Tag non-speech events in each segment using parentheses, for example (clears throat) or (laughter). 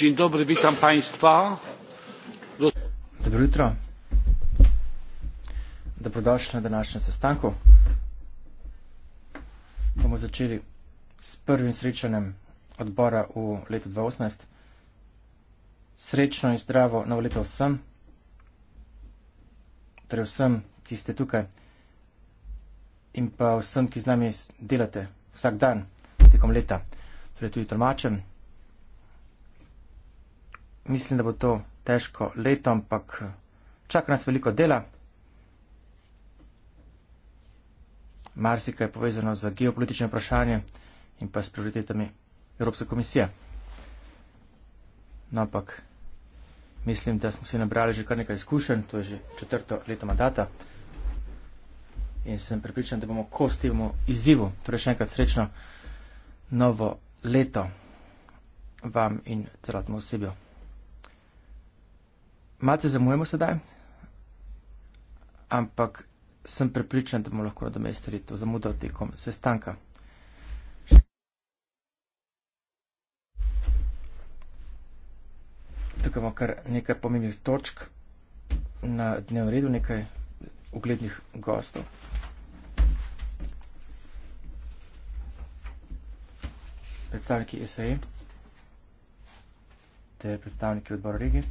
Dobro jutro. Dobrodošli na današnjem sestanku. Bomo začeli s prvim srečanjem odbora v letu 2018. Srečno in zdravo novo leto vsem, torej vsem, ki ste tukaj in pa vsem, ki z nami delate vsak dan tekom leta, torej tudi tolmačem mislim, da bo to težko leto, ampak čaka nas veliko dela. Marsika je povezano z geopolitičnim vprašanjem in pa s prioritetami Evropske komisije. No, ampak mislim, da smo si nabrali že kar nekaj izkušenj, to je že četrto leto mandata in sem pripričan, da bomo kostimo izzivu. Torej še enkrat srečno novo leto vam in celotno osebjo malce zamujamo sedaj, ampak sem prepričan, da bomo lahko nadomestili to zamudo tekom sestanka. Tukaj imamo kar nekaj pomembnih točk na dnevnem redu, nekaj uglednih gostov. Predstavniki SAE ter predstavniki odbora regije.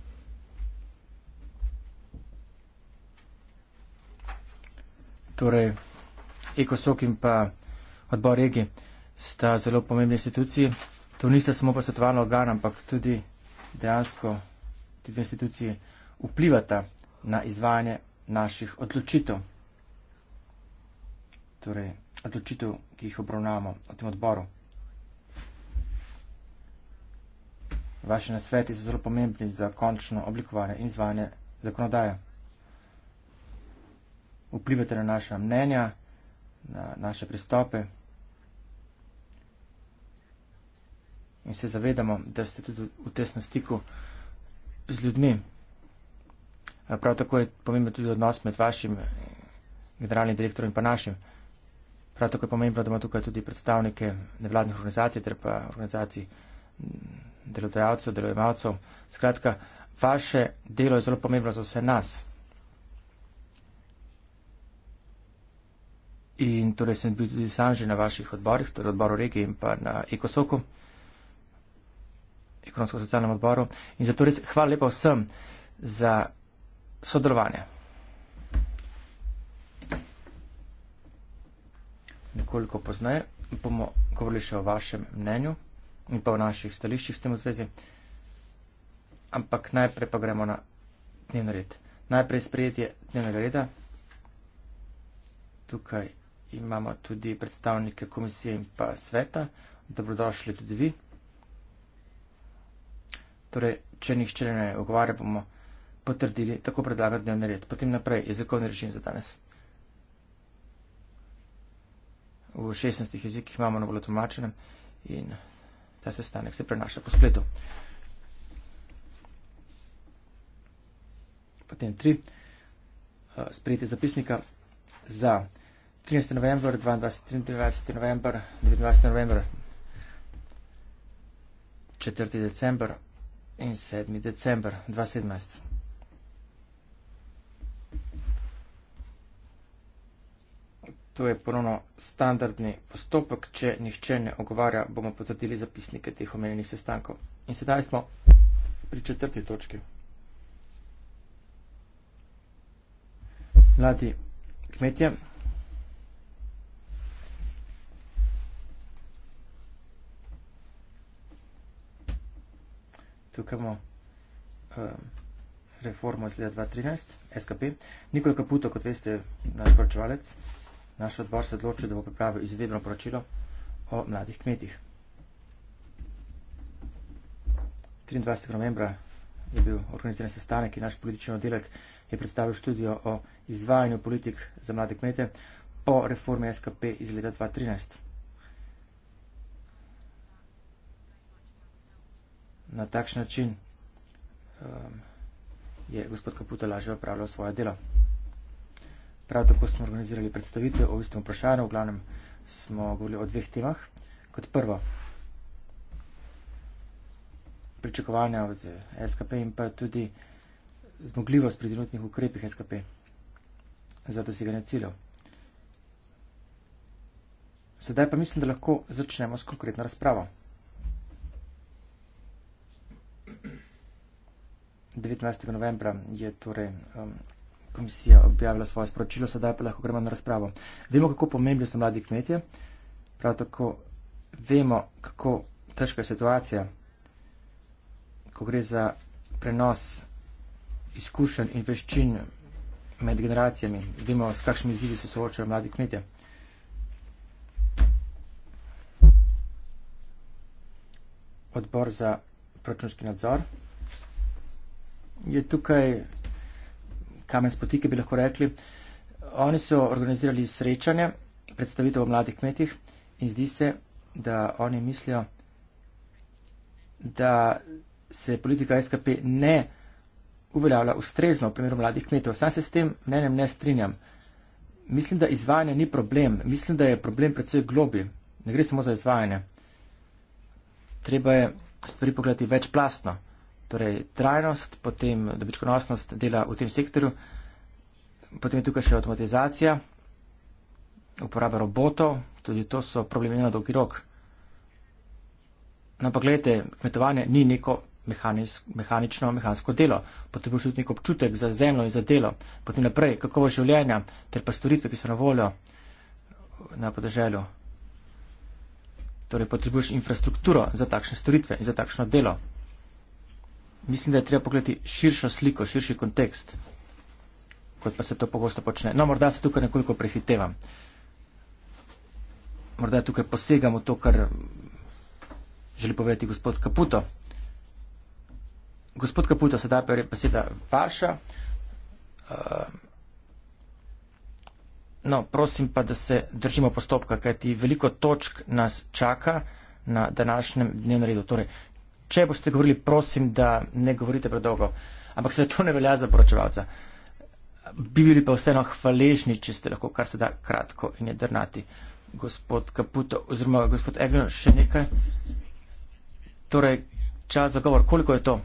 torej Ekosok in pa odbor regije sta zelo pomembni instituciji. To nista samo posvetovalna organa, ampak tudi dejansko ti dve instituciji vplivata na izvajanje naših odločitev. Torej, odločitev, ki jih obravnavamo v tem odboru. Vaši nasveti so zelo pomembni za končno oblikovanje in izvajanje zakonodaje vplivate na naša mnenja, na naše pristope. In se zavedamo, da ste tudi v tesnem stiku z ljudmi. Prav tako je pomemben tudi odnos med vašim generalnim direktorjem in pa našim. Prav tako je pomembno, da imamo tukaj tudi predstavnike nevladnih organizacij, ter pa organizacij delodajalcev, delojemalcev. Skratka, vaše delo je zelo pomembno za vse nas. In torej sem bil tudi sam že na vaših odborih, torej odboru regije in pa na Ekosoku, ekonomsko-socialnem odboru. In zato res hvala lepa vsem za sodelovanje. Nekoliko poznaje bomo govorili še o vašem mnenju in pa o naših stališčih s tem v zvezi. Ampak najprej pa gremo na dnevni red. Najprej sprejetje dnevnega reda. Tukaj imamo tudi predstavnike komisije in pa sveta. Dobrodošli tudi vi. Torej, če nihče ne ogovarja, bomo potrdili tako predlagan dnevni red. Potem naprej jezikovni režim za danes. V 16 jezikih imamo na voljo tolmačenem in ta sestanek se prenaša po spletu. Potem tri. Eh, Sprejete zapisnika za 13. november, 22, 23. november, 29. november, 4. december in 7. december, 2017. To je ponovno standardni postopek, če nišče ne ogovarja, bomo potrdili zapisnike teh omenjenih sestankov. In sedaj smo pri četrti točki. Mladi kmetje, tukaj imamo um, ehm, reformo iz leta 2013, SKP. Nikolaj Kaputo, kot veste, naš poročevalec, naš odbor se odločil, da bo pripravil izvedno poročilo o mladih kmetih. 23. novembra je bil organiziran sestanek in naš politični oddelek je predstavil študijo o izvajanju politik za mlade kmete po reformi SKP iz leta 2013. na takšen način um, je gospod Kaputa lažje opravljal svoje delo. Prav tako smo organizirali predstavitev o istem vprašanju, v glavnem smo govorili o dveh temah. Kot prvo, pričakovanja od SKP in pa tudi zmogljivost pri trenutnih ukrepih SKP za doseganje ciljev. Sedaj pa mislim, da lahko začnemo s konkretno razpravo. 19. novembra je torej um, komisija objavila svoje sporočilo, sedaj pa lahko gremo na razpravo. Vemo, kako pomembni so mladi kmetje, prav tako vemo, kako težka je situacija, ko gre za prenos izkušenj in veščin med generacijami. Vemo, s kakšnimi izzivi se soočajo mladi kmetje. Odbor za proračunski nadzor je tukaj kamen spoti, ki bi lahko rekli. Oni so organizirali srečanje, predstavitev o mladih kmetih in zdi se, da oni mislijo, da se politika SKP ne uveljavlja ustrezno v primeru mladih kmetov. Sam se s tem mnenjem ne strinjam. Mislim, da izvajanje ni problem. Mislim, da je problem predvsej globi. Ne gre samo za izvajanje. Treba je stvari pogledati večplastno torej trajnost, potem dobičkonosnost dela v tem sektorju, potem je tukaj še avtomatizacija, uporaba robotov, tudi to so problemi na dolgi rok. No, pa gledajte, kmetovanje ni neko mehanično, mehanično, mehansko delo. Potem boš tudi nek občutek za zemljo in za delo. Potem naprej, kakovo življenja ter pa storitve, ki so na voljo na podeželju. Torej, potrebuješ infrastrukturo za takšne storitve in za takšno delo mislim, da je treba pogledati širšo sliko, širši kontekst, kot pa se to pogosto počne. No, morda se tukaj nekoliko prehitevam. Morda tukaj posegamo to, kar želi povedati gospod Kaputo. Gospod Kaputo, sedaj pa je beseda vaša. Uh, no, prosim pa, da se držimo postopka, kajti veliko točk nas čaka na današnjem dnevnem redu. Torej, če boste govorili, prosim, da ne govorite predolgo. Ampak se to ne velja za poročevalca. Bi bili pa vseeno hvaležni, če ste lahko kar se da kratko in jedrnati. Gospod Kaputo, oziroma gospod Eglon, še nekaj. Torej, čas za govor, koliko je to?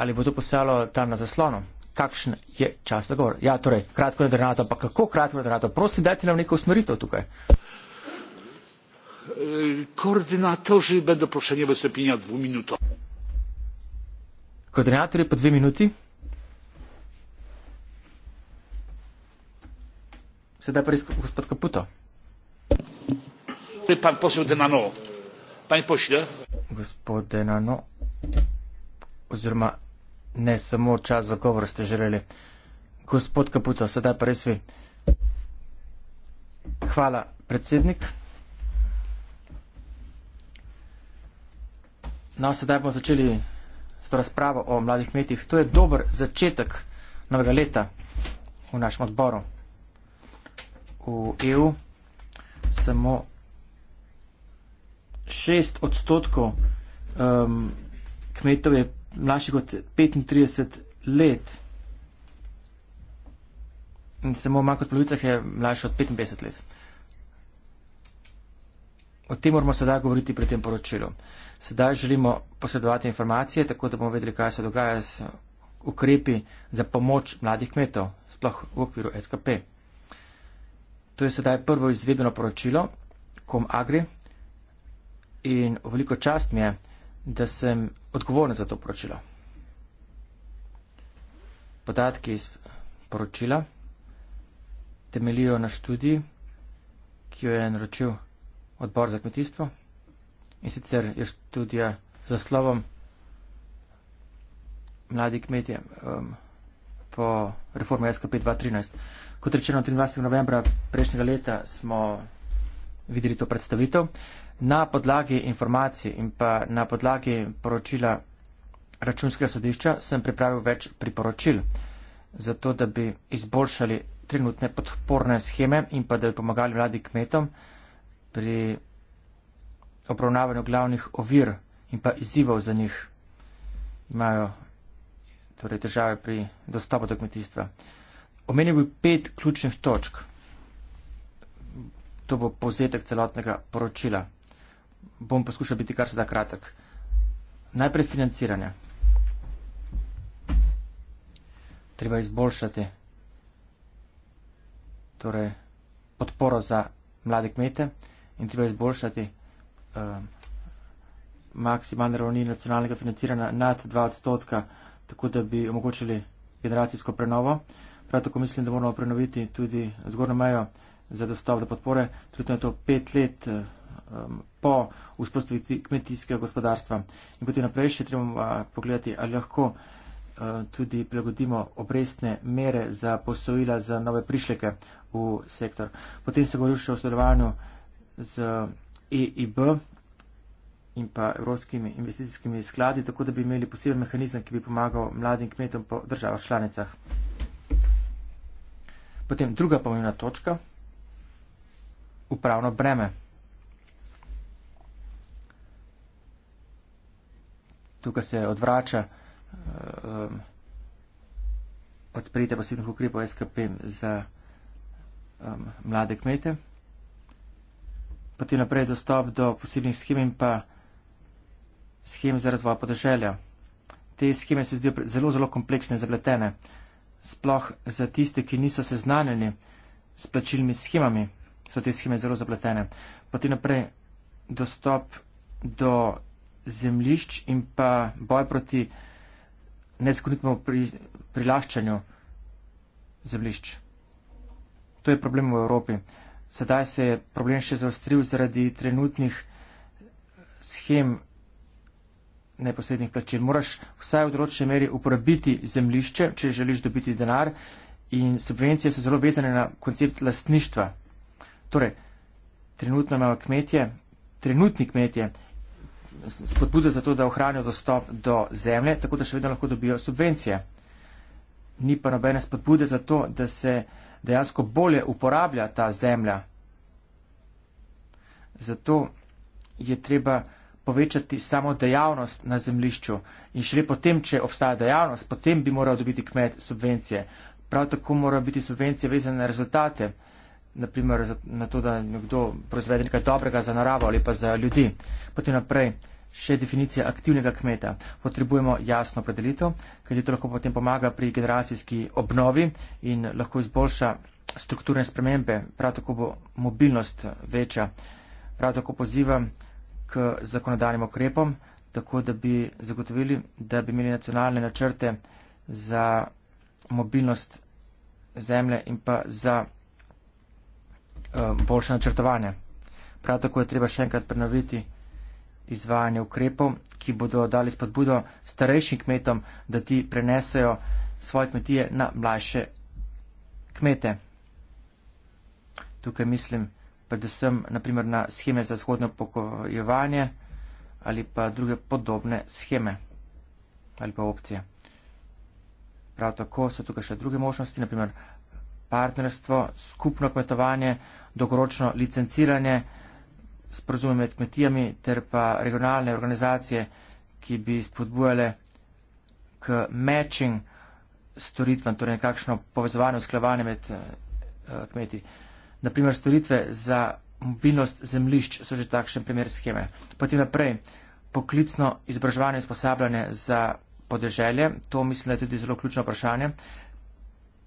Ali bo to posalo tam na zaslonu? Kakšen je čas za govor? Ja, torej, kratko in jedrnato, pa kako kratko in jedrnato? Prosim, dajte nam neko usmeritev tukaj. E, Koordinatorzy będą proszeni o wystąpienia dwuminutowe. Koordinatorzy po dwie minuty. Sada pan gospod Kaputo. Pan poseł Denano. Panie pośle. Gospod Denano. Oziroma nie samo czas za govor ste żereli. Gospod Kaputo, sada pan Hvala, predsednik. No, sedaj bomo začeli s to razpravo o mladih kmetih. To je dober začetek novega leta v našem odboru v EU. Samo šest odstotkov um, kmetov je mlajših od 35 let in samo manj kot polovica je mlajših od 55 let. O tem moramo sedaj govoriti pri tem poročilu. Uh, Sedaj želimo posredovati informacije, tako da bomo vedeli, kaj se dogaja z ukrepi za pomoč mladih kmetov, sploh v okviru SKP. To je sedaj prvo izvedeno poročilo, kom agri, in veliko čast mi je, da sem odgovoren za to poročilo. Podatki iz poročila temelijo na študiji, ki jo je naročil odbor za kmetijstvo in sicer je študija z naslovom Mladi kmetje um, po reformi SKP 2013. Kot rečeno, 23. novembra prejšnjega leta smo videli to predstavitev. Na podlagi informacij in pa na podlagi poročila računskega sodišča sem pripravil več priporočil za to, da bi izboljšali trenutne podporne scheme in pa da bi pomagali mladim kmetom pri obravnavanju glavnih ovir in pa izzivov za njih. Imajo torej težave pri dostopu do kmetijstva. Omenil bi pet ključnih točk. To bo povzetek celotnega poročila. Bom poskušal biti kar se da kratek. Najprej financiranje. Treba izboljšati torej, podporo za mlade kmete in treba izboljšati Um, maksimalne ravni nacionalnega financiranja nad 2 odstotka, tako da bi omogočili generacijsko prenovo. Prav tako mislim, da moramo prenoviti tudi zgornjo mejo za dostop do podpore, tudi na to pet let um, po vzpostavitvi kmetijskega gospodarstva. In potem naprej še treba uh, pogledati, ali lahko uh, tudi prilagodimo obrestne mere za posojila za nove prišleke v sektor. Potem se govori še o sodelovanju z EIB in pa evropskimi investicijskimi skladi, tako da bi imeli poseben mehanizem, ki bi pomagal mladim kmetom po državah članicah. Potem druga pomembna točka, upravno breme. Tukaj se odvrača um, od sprejete posebnih ukrepov SKP za um, mlade kmete potem naprej dostop do posebnih schem in pa schem za razvoj podeželja. Te scheme se zdijo zelo, zelo kompleksne in zapletene, sploh za tiste, ki niso seznanjeni s plačilnimi schemami, so te scheme zelo zapletene. Potem naprej dostop do zemlišč in pa boj proti nezakonitmu pri, prilaščanju zemlišč. To je problem v Evropi sedaj se je problem še zaostril zaradi trenutnih schem neposrednih plačil. Moraš vsaj v določenem meri uporabiti zemlišče, če želiš dobiti denar in subvencije so zelo vezane na koncept lastništva. Torej, trenutno imamo kmetje, trenutni kmetje, spodbude za to, da ohranijo dostop do zemlje, tako da še vedno lahko dobijo subvencije. Ni pa nobene spodbude za to, da se uh, dejansko bolje uporablja ta zemlja. Zato je treba povečati samo dejavnost na zemlišču in šele potem, če obstaja dejavnost, potem bi moral dobiti kmet subvencije. Prav tako morajo biti subvencije vezane na rezultate, naprimer na to, da nekdo proizvede nekaj dobrega za naravo ali pa za ljudi. Potem naprej še definicija aktivnega kmeta. Potrebujemo jasno predelitev, ker je to lahko potem pomaga pri generacijski obnovi in lahko izboljša strukturne spremembe, prav tako bo mobilnost večja. Prav tako pozivam k zakonodajnim okrepom, tako da bi zagotovili, da bi imeli nacionalne načrte za mobilnost zemlje in pa za uh, boljše načrtovanje. Prav tako je treba še enkrat prenoviti izvajanje ukrepov, ki bodo dali spodbudo starejšim kmetom, da ti prenesejo svoje kmetije na mlajše kmete. Tukaj mislim predvsem naprimer, na scheme za shodno pokojevanje ali pa druge podobne scheme ali pa opcije. Prav tako so tukaj še druge možnosti, naprimer partnerstvo, skupno kmetovanje, dogoročno licenciranje, sporozume med kmetijami ter pa regionalne organizacije, ki bi spodbujale k matching storitvam, torej nekakšno povezovanje, usklajevanje med eh, eh, kmeti. Naprimer, storitve za mobilnost zemlišč so že takšen primer scheme. Potem naprej, poklicno izobraževanje in sposabljanje za podeželje, to mislim, da je tudi zelo ključno vprašanje.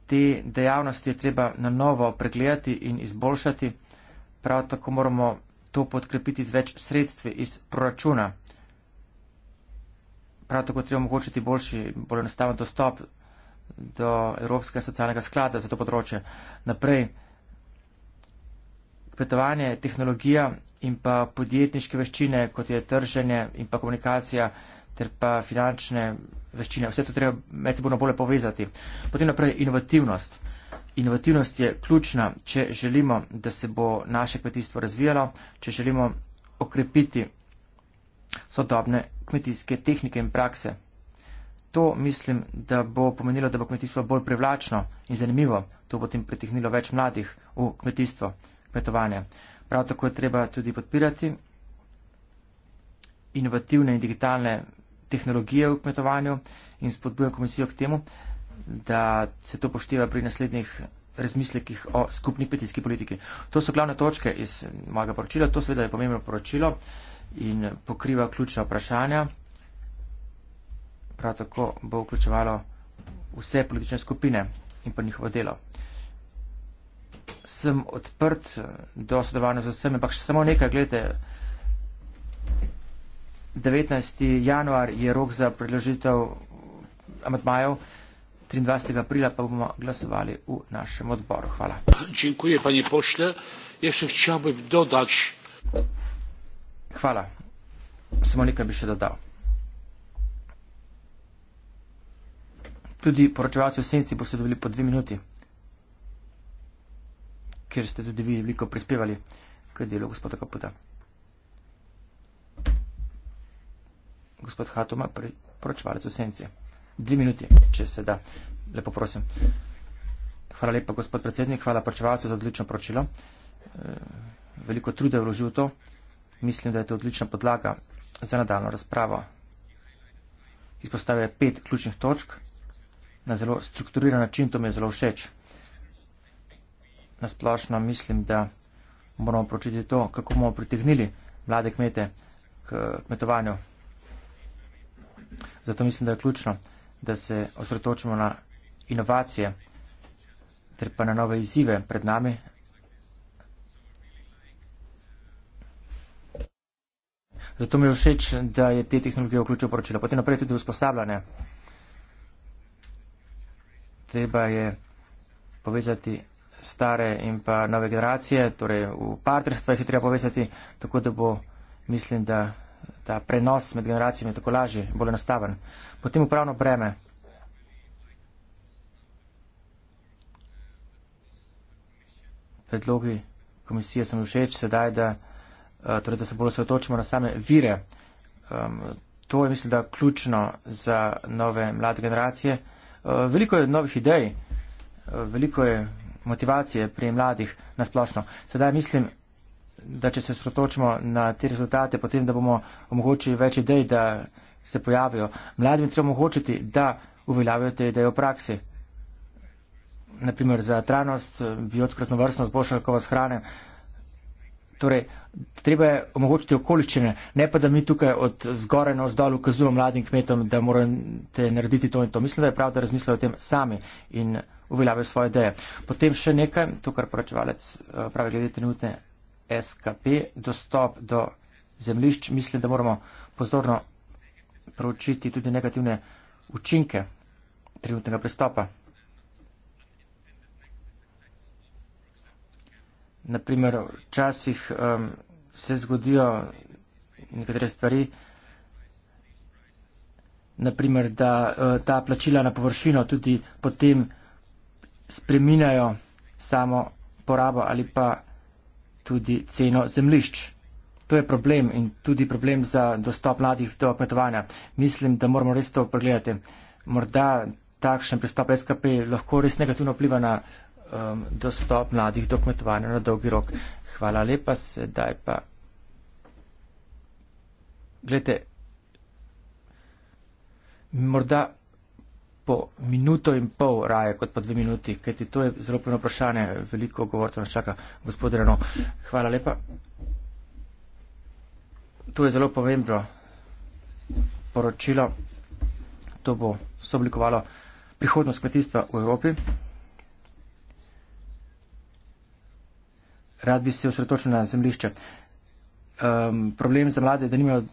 Te dejavnosti je treba na novo pregledati in izboljšati. Prav tako moramo to podkrepiti z več sredstvi iz proračuna. Prav tako treba omogočiti boljši, bolj enostaven dostop do Evropskega socialnega sklada za to področje. Naprej, kmetovanje, tehnologija in pa podjetniške veščine, kot je trženje in pa komunikacija ter pa finančne veščine. Vse to treba medsebojno bolje povezati. Potem naprej, inovativnost. Uh, inovativnost je ključna, če želimo, da se bo naše kmetijstvo razvijalo, če želimo okrepiti sodobne kmetijske tehnike in prakse. To mislim, da bo pomenilo, da bo kmetijstvo bolj privlačno in zanimivo. To bo potem pritihnilo več mladih v kmetijstvo, kmetovanje. Prav tako je treba tudi podpirati inovativne in digitalne tehnologije v kmetovanju in spodbujo komisijo k temu, da se to pošteva pri naslednjih razmislekih o skupni petijski politiki. To so glavne točke iz mojega poročila, to seveda je pomembno poročilo in pokriva ključna vprašanja. Prav tako bo vključevalo vse politične skupine in pa njihovo delo. Sem odprt do sodelovanja z vsemi, ampak samo nekaj, gledajte, 19. januar je rok za predložitev amatmajev. 23. aprila pa bomo glasovali v našem odboru. Hvala. Dziękuję, panie pošle. Jeszcze chciałbym dodać. Hvala. Samo nekaj bi še dodal. Tudi poročevalci v senci boste dobili po dve minuti, ker ste tudi vi veliko prispevali k delu gospoda Kaputa. Gospod Hatoma, poročevalec v senci. Dve minuti, če se da. Lepo prosim. Hvala lepa, gospod predsednik, hvala pročevalcu za odlično pročilo. E, veliko truda je vložil to. Mislim, da je to odlična podlaga za nadaljno razpravo. Izpostavlja pet ključnih točk. Na zelo strukturiran način to mi je zelo všeč. Nasplošno mislim, da moramo pročiti to, kako bomo pritegnili mlade kmete k kmetovanju. Zato mislim, da je ključno da se osredotočimo na inovacije ter pa na nove izzive pred nami. Zato mi je všeč, da je te tehnologije vključil poročilo. Potem naprej tudi usposabljanje. Treba je povezati stare in pa nove generacije, torej v partnerstvo jih je treba povezati, tako da bo, mislim, da ta prenos med generacijami je tako lažji, bolj enostaven. Potem upravno breme. Predlogi komisije sem všeč sedaj, da, eh, torej, da se bolj osredotočimo na same vire. Um, to je, mislim, da ključno za nove mlade generacije. Uh, veliko je novih idej, uh, veliko je motivacije pri mladih nasplošno. Sedaj mislim, da če se sotočimo na te rezultate, potem da bomo omogočili več idej, da se pojavijo. Mladim treba omogočiti, da uveljavijo te ideje v praksi. Naprimer za trajnost, biotsko raznovrstnost, boljša kakovost hrane. Torej, treba je omogočiti okoliščine, ne pa da mi tukaj od zgoraj na vzdolj ukazujemo mladim kmetom, da morate narediti to in to. Mislim, da je prav, da razmislijo o tem sami in uveljavijo svoje ideje. Potem še nekaj, to, kar poročevalec eh, pravi glede trenutne SKP dostop do zemljišč. Mislim, da moramo pozorno pravčiti tudi negativne učinke trenutnega pristopa. Naprimer, včasih um, se zgodijo nekatere stvari, naprimer, da uh, ta plačila na površino tudi potem spreminjajo samo porabo ali pa tudi ceno zemlišč. To je problem in tudi problem za dostop mladih do kmetovanja. Mislim, da moramo res to pregledati. Morda takšen pristop SKP lahko res negativno vpliva na um, dostop mladih do kmetovanja na dolgi rok. Hvala lepa, sedaj pa. Glede, morda po minuto in pol raje kot pa dve minuti, ker ti to je zelo pomembno vprašanje, veliko govorcev nas čaka, gospod Rano. Hvala lepa. To je zelo pomembno poročilo, to bo soblikovalo prihodnost kmetijstva v Evropi. Rad bi se osredotočil na zemlišče. Um, problem za mlade je, da nimajo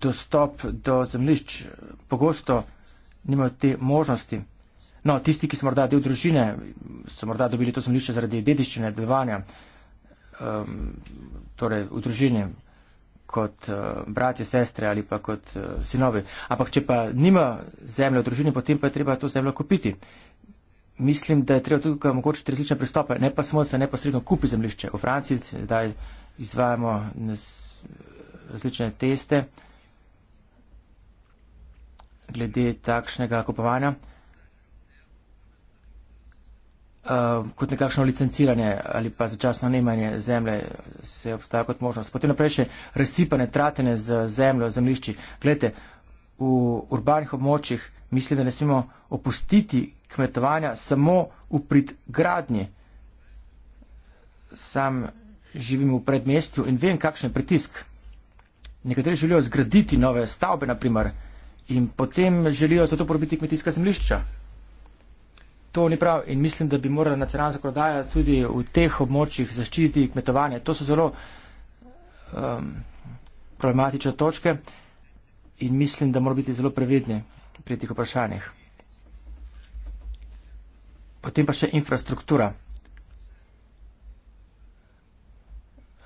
dostop do zemljišč, pogosto nimajo te možnosti. No, tisti, ki so morda del družine, so morda dobili to zemljišče zaradi dediščine, delovanja, um, torej v družini kot uh, bratje, sestre ali pa kot uh, sinovi. Ampak, če pa nima zemlje v družini, potem pa je treba to zemljo kupiti. Mislim, da je treba tukaj omogočiti različne pristope, ne pa samo, da se neposredno kupi zemljišče. V Franciji zdaj izvajamo različne teste, uh, glede takšnega kupovanja uh, kot nekakšno licenciranje ali pa začasno nemanje zemlje se obstaja kot možnost. Potem naprej še razsipane, tratene z zemljo, zemlišči. Glede, v urbanih območjih mislim, da ne smemo opustiti kmetovanja samo v pridgradnje. Sam živim v predmestju in vem, kakšen je pritisk. Nekateri želijo zgraditi nove stavbe, naprimer, in potem želijo zato porobiti kmetijska zemlišča. To ni prav in mislim, da bi morala nacionalna zakonodaja tudi v teh območjih zaščititi kmetovanje. To so zelo um, problematične točke in mislim, da moramo biti zelo previdni pri teh vprašanjih. Potem pa še infrastruktura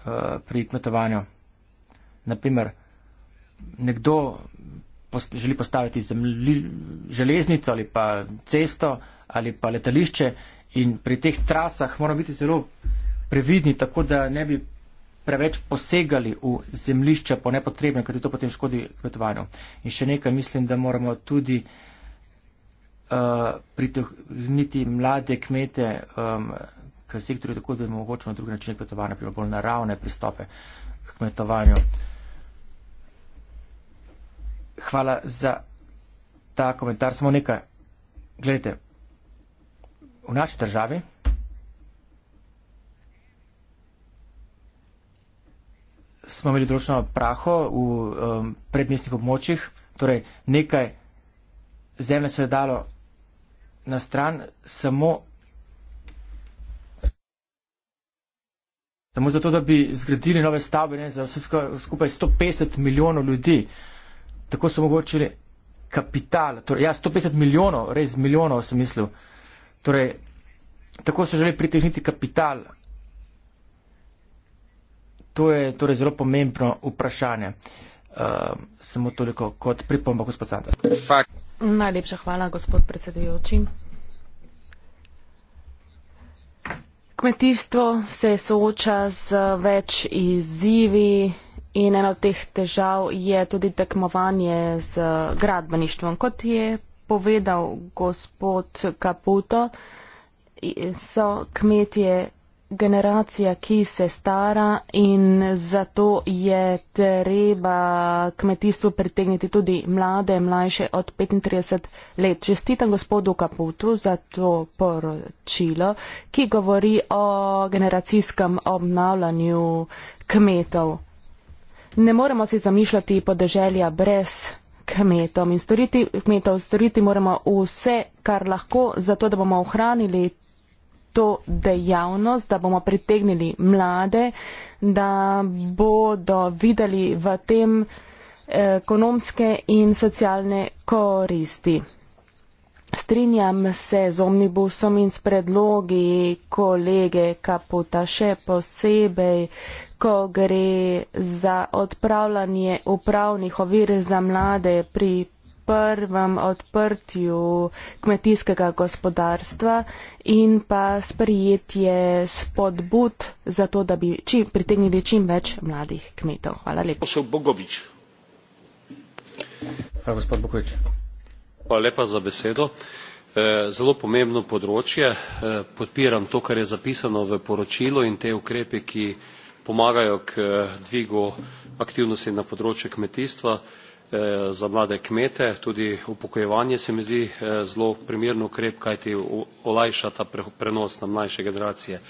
uh, pri kmetovanju. Naprimer, nekdo želi postaviti zemlji, železnico ali pa cesto ali pa letališče in pri teh trasah moramo biti zelo previdni, tako da ne bi preveč posegali v zemljišča po nepotrebnem, ker to potem škodi kmetovanju. In še nekaj mislim, da moramo tudi uh, pritegniti mlade kmete um, k sektorju, tako da je mogoče na drugi način kmetovanja, bolj naravne pristope k kmetovanju hvala za ta komentar. Samo nekaj. Gledajte, v naši državi smo imeli določeno praho v um, predmestnih območjih, torej nekaj zemlje se je dalo na stran samo, samo zato, da bi zgradili nove stavbe ne, za vse skupaj 150 milijonov ljudi. Uh, tako so omogočili kapital, torej, ja, 150 milijonov, res milijonov sem mislil. Torej, tako so želeli pritegniti kapital. To je torej zelo pomembno vprašanje. Uh, samo toliko kot pripomba gospod Santa. Fak. Najlepša hvala, gospod predsedujoči. Kmetijstvo se sooča z več izzivi. In ena od teh težav je tudi tekmovanje z gradbeništvom. Kot je povedal gospod Kaputo, so kmetje generacija, ki se stara in zato je treba kmetijstvu pritegniti tudi mlade, mlajše od 35 let. Čestitam gospodu Kaputu za to poročilo, ki govori o generacijskem obnavljanju kmetov ne moremo si zamišljati podeželja brez kmetom in storiti kmetov, storiti moramo vse, kar lahko, zato da bomo ohranili to dejavnost, da bomo pritegnili mlade, da bodo videli v tem eh, ekonomske in socialne koristi. Strinjam se z omnibusom in s predlogi kolege Kaputa, še posebej ko gre za odpravljanje upravnih ovir za mlade pri prvem odprtju kmetijskega gospodarstva in pa sprijetje spodbud za to, da bi čim, pritegnili čim več mladih kmetov. Hvala lepa. Hvala lepa za besedo. Eh, zelo pomembno področje. Eh, podpiram to, kar je zapisano v poročilu in te ukrepe, ki pomagajo k eh, dvigu aktivnosti na področju kmetijstva eh, za mlade kmete, tudi upokojevanje se mi zdi eh, zelo primerno ukrep, kaj ti olajša ta prenos na mlajše generacije.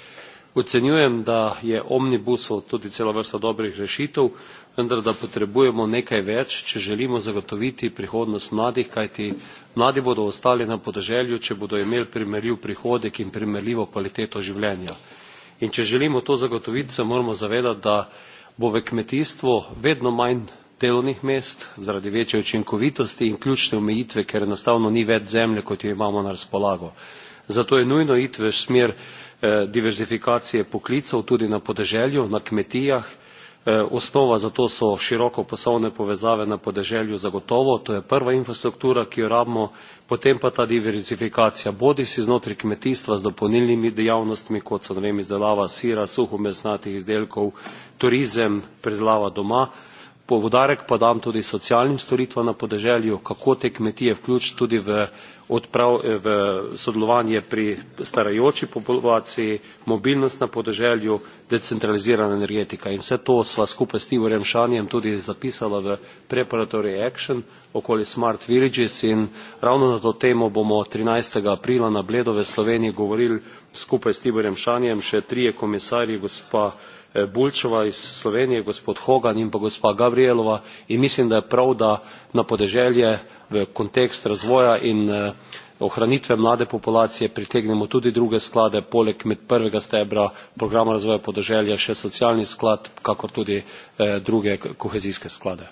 Ocenjujem, da je omnibusov tudi cela vrsta dobrih rešitev, vendar da potrebujemo nekaj več, če želimo zagotoviti prihodnost mladih, kajti mladi bodo ostali na podeželju, če bodo imeli primerljiv prihodek in primerljivo kvaliteto življenja. In če želimo to zagotoviti, se moramo zavedati, da bo v kmetijstvu vedno manj delovnih mest zaradi večje učinkovitosti in ključne omejitve, ker enostavno ni več zemlje, kot jo imamo na razpolago. Zato je nujno iti v smer eh, diverzifikacije poklicov tudi na podeželju, na kmetijah, E, osnova za to so široko poslovne povezave na podeželju zagotovo, to je prva infrastruktura, ki jo rabimo, potem pa ta diverzifikacija, bodi si znotraj kmetijstva z dopolnilnimi dejavnostmi, kot so, ne vem, izdelava sira, suhomesnatih izdelkov, turizem, predelava doma, Povdarek pa dam tudi socialnim storitvam na podeželju, kako te kmetije vključiti tudi v, odprav, v sodelovanje pri starajoči populaciji, mobilnost na podeželju, decentralizirana energetika. In vse to sva skupaj s Tivorjem Šanjem tudi zapisala v Preparatory Action okoli Smart Villages in ravno na to temo bomo 13. aprila na Bledove Sloveniji govorili skupaj s Tivorjem Šanjem, še trije komisarji, gospa Eh, bulčeva iz slovenije gospod hogan in pa gospa gabrielova in mislim da je prav da na podeželje v kontekst razvoja in eh, ohranitve mlade populacije pritegnemo tudi druge sklade poleg med prvega stebra programa razvoja podeželja še socialni sklad kakor tudi eh, druge kohezijske sklade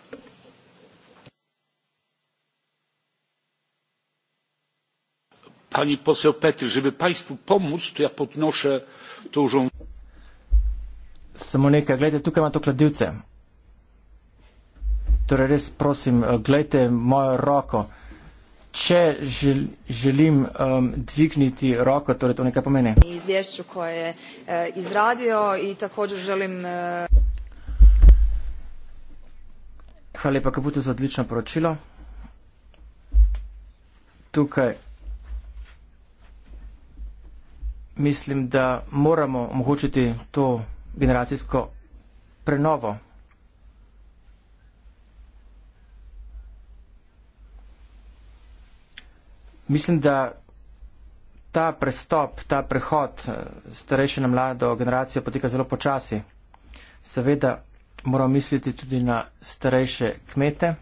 Pani poseł Petr, żeby państwu pomóc, to ja podnoszę dużą samo nekaj, gledajte, tukaj ima to kladivce. Torej, res prosim, eh, gledajte mojo roko. Če žel, želim um, dvigniti roko, torej to nekaj pomeni. Izvješču, koje je uh, izradio in također želim. Uh... Hvala lepa, Kaputo, za odlično poročilo. Tukaj mislim, da moramo omogočiti to generacijsko prenovo. Mislim, da ta prestop, ta prehod eh, starejše na mlado generacijo poteka zelo počasi. Seveda moramo misliti tudi na starejše kmete.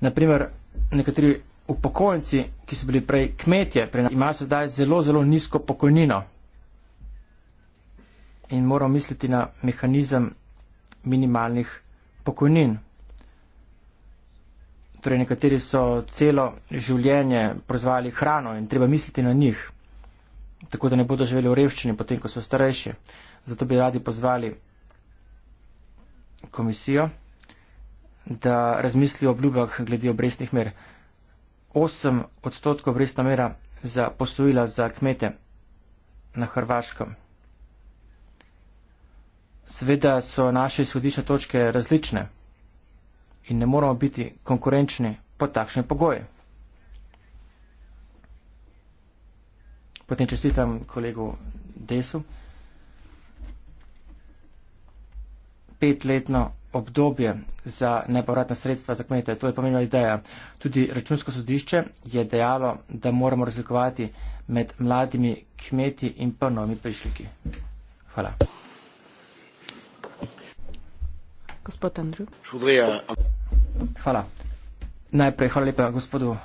Naprimer, nekateri upokojenci, ki so bili prej kmetje, prej imajo sedaj zelo, zelo nizko pokojnino. In moramo misliti na mehanizem minimalnih pokojnin. Torej, nekateri so celo življenje proizvajali hrano in treba misliti na njih, tako da ne bodo živeli v revščini, potem ko so starejši. Zato bi radi pozvali komisijo, da razmisli o obljubah glede obrestnih mer. 8 odstotkov vrestna mera za posojila za kmete na Hrvaškem. Sveda so naše izhodišne točke različne in ne moramo biti konkurenčni pod takšne pogoje. Potem čestitam kolegu Desu. Petletno obdobje za nepovratna sredstva za kmete. To je pomembna ideja. Tudi računsko sodišče je dejalo, da moramo razlikovati med mladimi kmeti in prnovimi prišljiki. Hvala. Gospod Andrew. Hvala. Najprej hvala lepa gospodu eh,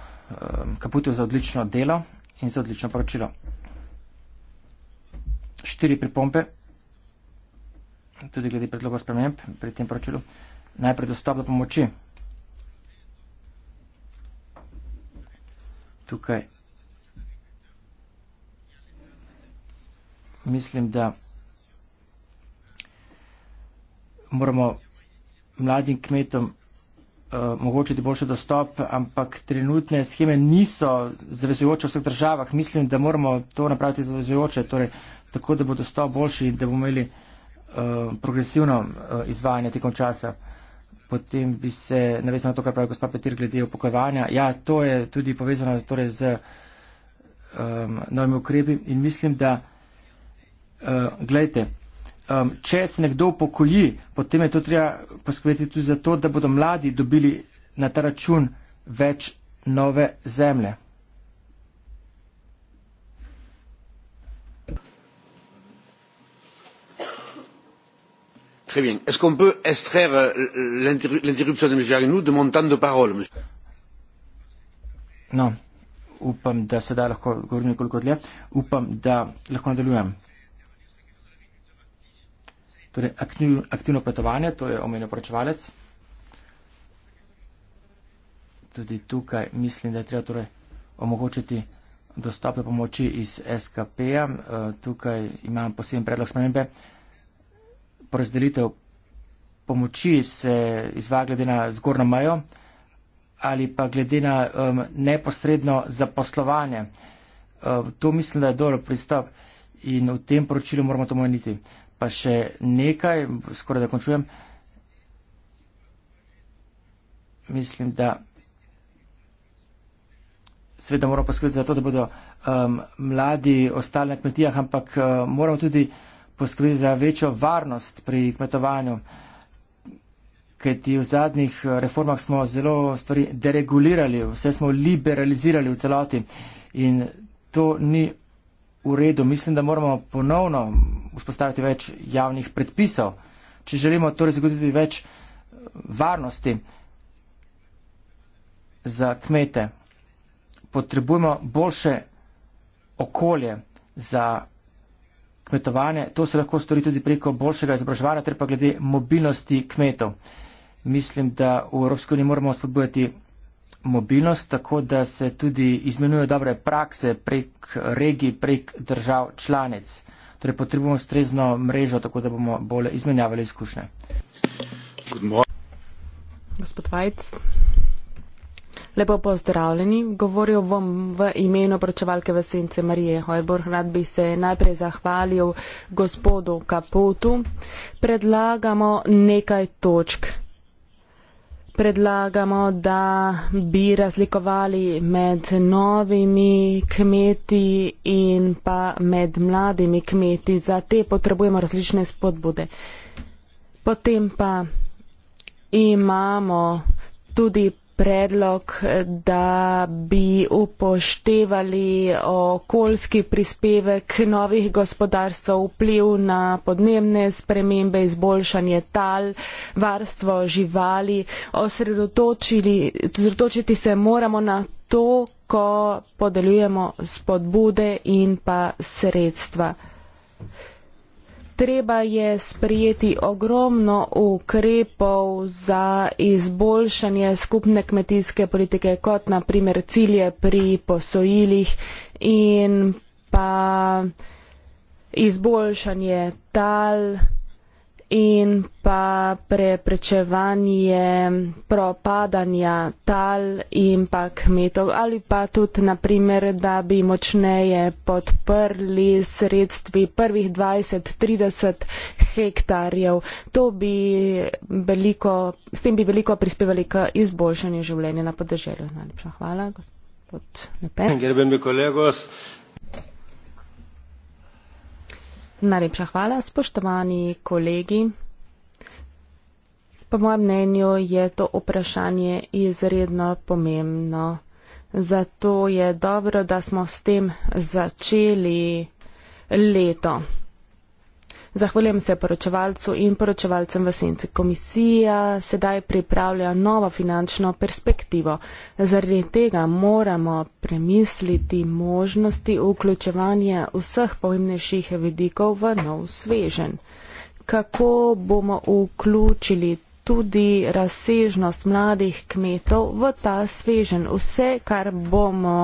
Kaputu za odlično delo in za odlično poročilo. Štiri pripombe tudi glede predlogov sprememb pri tem poročilu. Najprej dostop do pomoči. Tukaj mislim, da moramo mladim kmetom uh, eh, mogočiti boljši dostop, ampak trenutne scheme niso zavezujoče v vseh državah. Mislim, da moramo to napraviti zavezujoče, torej, tako da bo dostop boljši in da bomo imeli uh, Eh, progresivno uh, izvajanje tekom časa. Potem bi se navezal na to, kar pravi gospod Petir glede upokojevanja. Ja, to je tudi povezano torej, z um, novimi ukrepi in mislim, da, uh, eh, gledajte, um, če se nekdo upokoji, potem je to treba poskrbeti tudi za to, da bodo mladi dobili na ta račun več nove zemlje. Très bien. Est-ce qu'on peut extraire euh, l'interruption de M. Agnew de mon temps de parole monsieur Non. Upam, da se da lahko govorim nekoliko dlje. Upam, da lahko nadaljujem. Torej, aktiv, aktivno petovanje, to je omenil poročevalec. Tudi tukaj mislim, da je treba torej omogočiti dostop do pomoči iz SKP-ja. Eh, tukaj imam poseben predlog spremembe porazdelitev pomoči se izvaja glede na zgornjo mejo ali pa glede na um, neposredno zaposlovanje. Um, to mislim, da je dober pristop in v tem poročilu moramo to omeniti. Pa še nekaj, skoraj da končujem. Mislim, da seveda moramo poskrbeti za to, da bodo um, mladi ostali na kmetijah, ampak um, moramo tudi poskrbi za večjo varnost pri kmetovanju. Ker ti v zadnjih eh, reformah smo zelo stvari deregulirali, vse smo liberalizirali v celoti in to ni v redu. Mislim, da moramo ponovno vzpostaviti več javnih predpisov, če želimo torej zagotoviti več eh, varnosti za kmete. Potrebujemo boljše okolje za kmetovanje. To se lahko stori tudi preko boljšega izobraževanja, ter pa glede mobilnosti kmetov. Mislim, da v Evropski uniji moramo spodbujati mobilnost, tako da se tudi izmenjujo dobre prakse prek regij, prek držav članic. Torej potrebujemo strezno mrežo, tako da bomo bolje izmenjavali izkušnje. Gospod Vajc. Lepo pozdravljeni. Govoril bom v imenu pročevalke v sence Marije Hojbor. Rad bi se najprej zahvalil gospodu Kaputu. Predlagamo nekaj točk. Predlagamo, da bi razlikovali med novimi kmeti in pa med mladimi kmeti. Za te potrebujemo različne spodbude. Potem pa imamo tudi predlog, da bi upoštevali okoljski prispevek novih gospodarstv vpliv na podnebne spremembe, izboljšanje tal, varstvo živali. Osredotočiti se moramo na to, ko podeljujemo spodbude in pa sredstva. Treba je sprejeti ogromno ukrepov za izboljšanje skupne kmetijske politike, kot naprimer cilje pri posojilih in pa izboljšanje tal in pa preprečevanje propadanja tal in pa kmetov ali pa tudi naprimer, da bi močneje podprli sredstvi prvih 20-30 hektarjev. To bi veliko, s tem bi veliko prispevali k izboljšanju življenja na podeželju. Najlepša hvala. Gospod Lepen. Najlepša hvala, spoštovani kolegi. Po mojem mnenju je to vprašanje izredno pomembno. Zato je dobro, da smo s tem začeli leto. Zahvaljujem se poročevalcu in poročevalcem v senci. Komisija sedaj pripravlja novo finančno perspektivo. Zaradi tega moramo premisliti možnosti vključevanja vseh pomembnejših vidikov v nov svežen. Kako bomo vključili tudi razsežnost mladih kmetov v ta svežen? Vse, kar bomo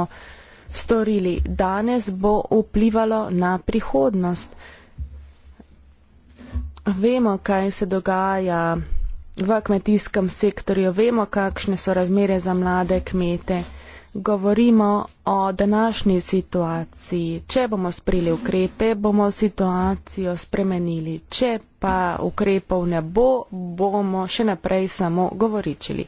storili danes, bo vplivalo na prihodnost vemo, kaj se dogaja v kmetijskem sektorju, vemo, kakšne so razmere za mlade kmete. Govorimo o današnji situaciji. Če bomo sprili ukrepe, bomo situacijo spremenili. Če pa ukrepov ne bo, bomo še naprej samo govoričili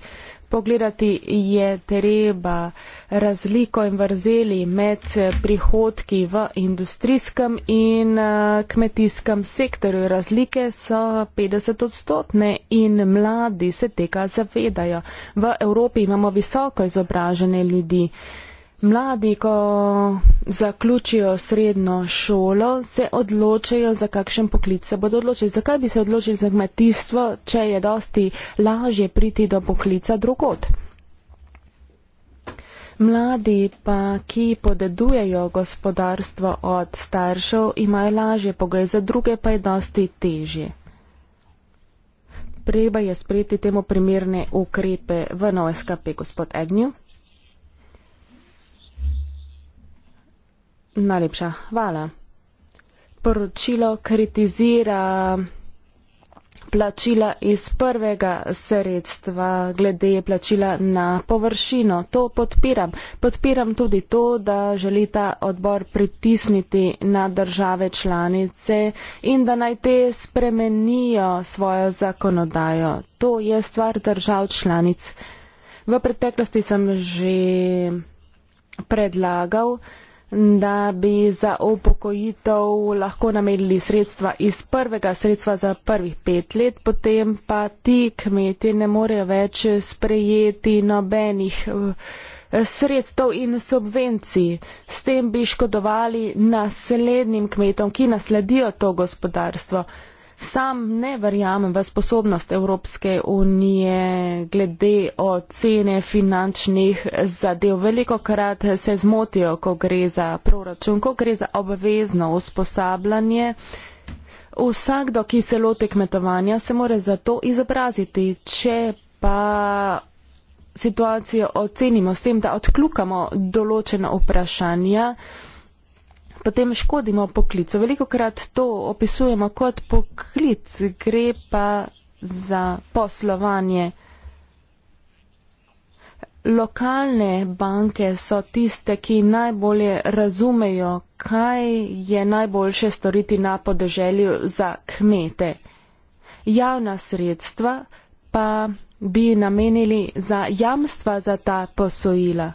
pogledati, je treba razliko in vrzeli med prihodki v industrijskem in eh, kmetijskem sektorju. Razlike so 50 odstotne in mladi se tega zavedajo. V Evropi imamo visoko izobražene ljudi. Mladi, ko zaključijo srednjo šolo, se odločajo, za kakšen poklic se bodo odločili. Zakaj bi se odločili za kmetijstvo, če je dosti lažje priti do poklica drugot? Mladi pa, ki podedujejo gospodarstvo od staršev, imajo lažje pogoje, za druge pa je dosti težje. Treba je sprejeti temu primerne ukrepe v NOSKP, gospod Ednju. Najlepša hvala. Poročilo kritizira plačila iz prvega sredstva glede plačila na površino. To podpiram. Podpiram tudi to, da želi ta odbor pritisniti na države članice in da naj te spremenijo svojo zakonodajo. To je stvar držav članic. V preteklosti sem že predlagal, da bi za upokojitev lahko namenili sredstva iz prvega sredstva za prvih pet let, potem pa ti kmeti ne morejo več sprejeti nobenih eh, sredstev in subvencij. S tem bi škodovali naslednjim kmetom, ki nasledijo to gospodarstvo. Sam ne verjamem v sposobnost Evropske unije glede ocene finančnih zadev. Veliko krat se zmotijo, ko gre za proračun, ko gre za obvezno usposabljanje. Vsakdo, ki se loti kmetovanja, se mora za to izobraziti. Če pa situacijo ocenimo s tem, da odkljukamo določena vprašanja, potem škodimo poklicu. Veliko krat to opisujemo kot poklic, gre pa za poslovanje. Lokalne banke so tiste, ki najbolje razumejo, kaj je najboljše storiti na podeželju za kmete. Javna sredstva pa bi namenili za jamstva za ta posojila.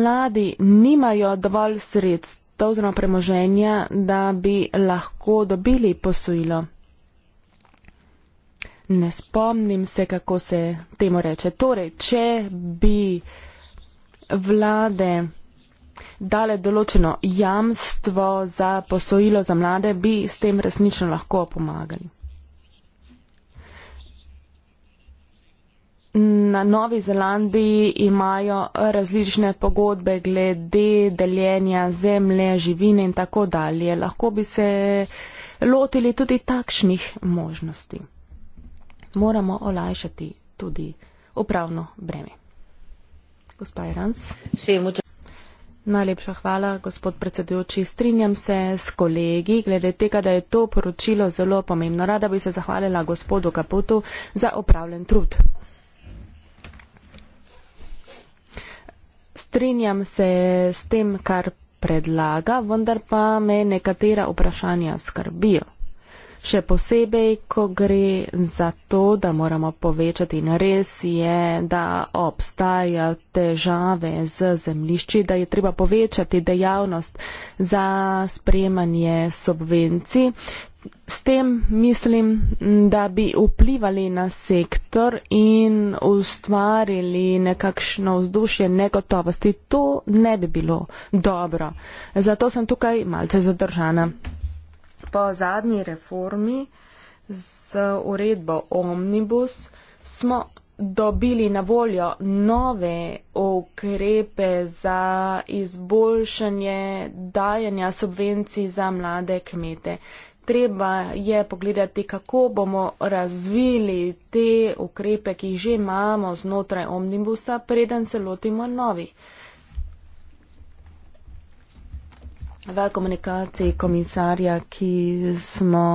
Mladi nimajo dovolj sredstv obrta oziroma premoženja, da bi lahko dobili posojilo. Ne spomnim se, kako se temu reče. Torej, če bi vlade dale določeno jamstvo za posojilo za mlade, bi s tem resnično lahko pomagali. Na Novi Zelandiji imajo različne pogodbe glede deljenja zemlje, živine in tako dalje. Lahko bi se lotili tudi takšnih možnosti. Moramo olajšati tudi upravno breme. Gospa Iranc. Najlepša hvala, gospod predsedujoči. Strinjam se s kolegi glede tega, da je to poročilo zelo pomembno. Rada bi se zahvalila gospodu Kaputu za opravljen trud. strinjam se s tem, kar predlaga, vendar pa me nekatera vprašanja skrbijo. Še posebej, ko gre za to, da moramo povečati in res je, da obstaja težave z zemlišči, da je treba povečati dejavnost za sprejemanje subvencij, S tem mislim, da bi vplivali na sektor in ustvarili nekakšno vzdušje negotovosti. To ne bi bilo dobro. Zato sem tukaj malce zadržana. Po zadnji reformi z uredbo Omnibus smo dobili na voljo nove ukrepe za izboljšanje dajanja subvencij za mlade kmete treba je pogledati, kako bomo razvili te ukrepe, ki jih že imamo znotraj omnibusa, preden se lotimo novih. V komunikaciji komisarja, ki smo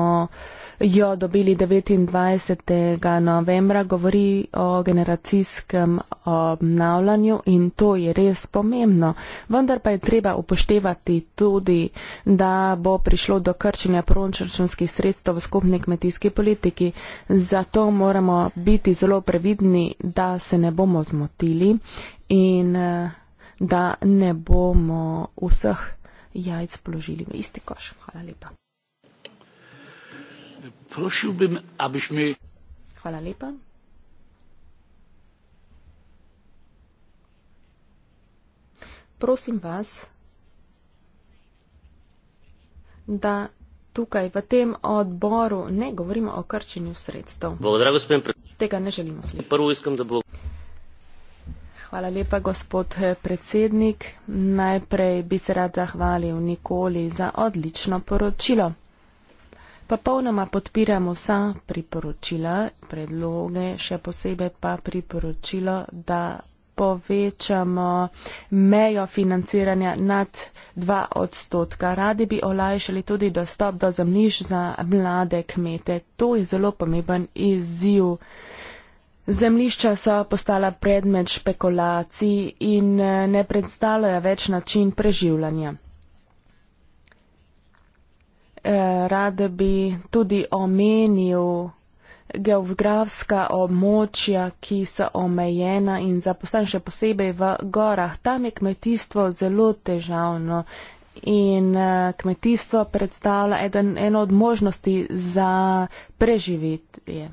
jo dobili 29. novembra, govori o generacijskem obnavljanju in to je res pomembno. Vendar pa je treba upoštevati tudi, da bo prišlo do krčenja proračunskih sredstev v skupni kmetijski politiki. Zato moramo biti zelo previdni, da se ne bomo zmotili in eh, da ne bomo vseh jajc položili v isti koš. Hvala lepa prosil bi abyś mi Hvala lepa. Prosim vas, da tukaj v tem odboru ne govorimo o krčenju sredstev. Tega ne želimo slišati. Hvala lepa, gospod eh, predsednik. Najprej bi se rad zahvalil Nikoli za odlično poročilo popolnoma podpiramo vsa priporočila, predloge, še posebej pa priporočilo, da povečamo mejo financiranja nad 2 odstotka. Radi bi olajšali tudi dostop do zemljišč za mlade kmete. To je zelo pomemben izziv. Zemlišča so postala predmet špekulacij in eh, ne predstavljajo več način preživljanja rad bi tudi omenil geografska območja, ki so omejena in zaposlen še posebej v gorah. Tam je kmetijstvo zelo težavno in eh, kmetijstvo predstavlja eden, eno od možnosti za preživitje.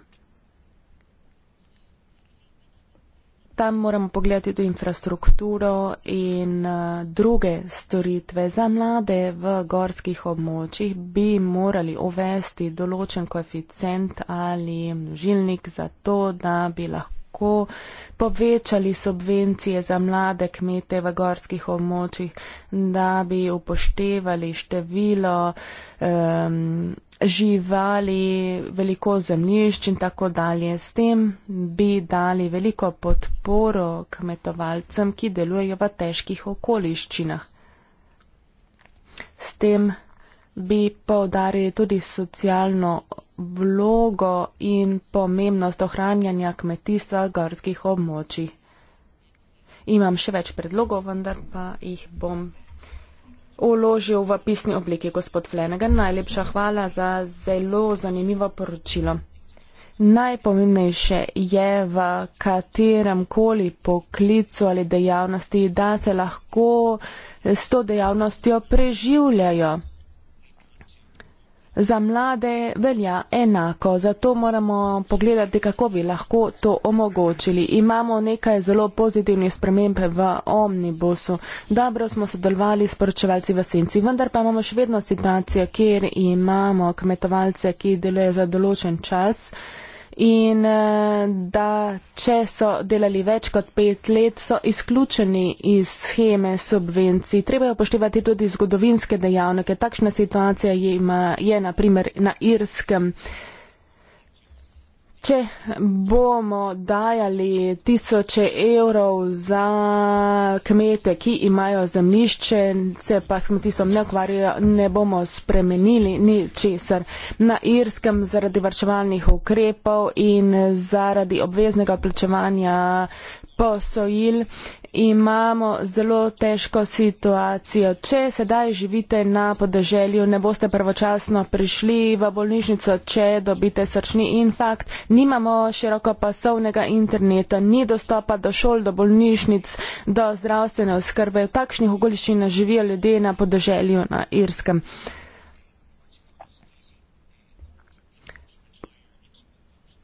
Tam moramo pogledati tudi infrastrukturo in uh, druge storitve. Za mlade v gorskih območjih bi morali uvesti določen koeficient ali žilnik za to, da bi lahko tako povečali subvencije za mlade kmete v gorskih območjih, da bi upoštevali število um, živali, veliko zemljišč in tako dalje. S tem bi dali veliko podporo kmetovalcem, ki delujejo v težkih okoliščinah. S tem bi poudarili tudi socialno vlogo in pomembnost ohranjanja kmetijstva gorskih območij. Imam še več predlogov, vendar pa jih bom uložil v pisni obliki, gospod Flenega. Najlepša hvala za zelo zanimivo poročilo. Najpomembnejše je v katerem koli poklicu ali dejavnosti, da se lahko s to dejavnostjo preživljajo. Za mlade velja enako, zato moramo pogledati, kako bi lahko to omogočili. Imamo nekaj zelo pozitivnih sprememb v omnibusu. Dobro smo sodelovali s poročevalci v Senci, vendar pa imamo še vedno situacijo, kjer imamo kmetovalce, ki delujejo za določen čas in eh, da če so delali več kot pet let, so izključeni iz scheme subvencij. Treba je upoštevati tudi zgodovinske dejavnike. Takšna situacija je, ima, je naprimer na Irskem. Če bomo dajali tisoče evrov za kmete, ki imajo zemlišče, se pa s kmetijstvom ne ukvarjajo, ne bomo spremenili ni česar. Na Irskem zaradi varčevalnih ukrepov in zaradi obveznega plačevanja posojil imamo zelo težko situacijo. Če sedaj živite na podeželju, ne boste pravočasno prišli v bolnišnico, če dobite srčni infarkt, nimamo širokopasovnega interneta, ni dostopa do šol, do bolnišnic, do zdravstvene oskrbe. V takšnih okoliščinah živijo ljudje na podeželju na Irskem.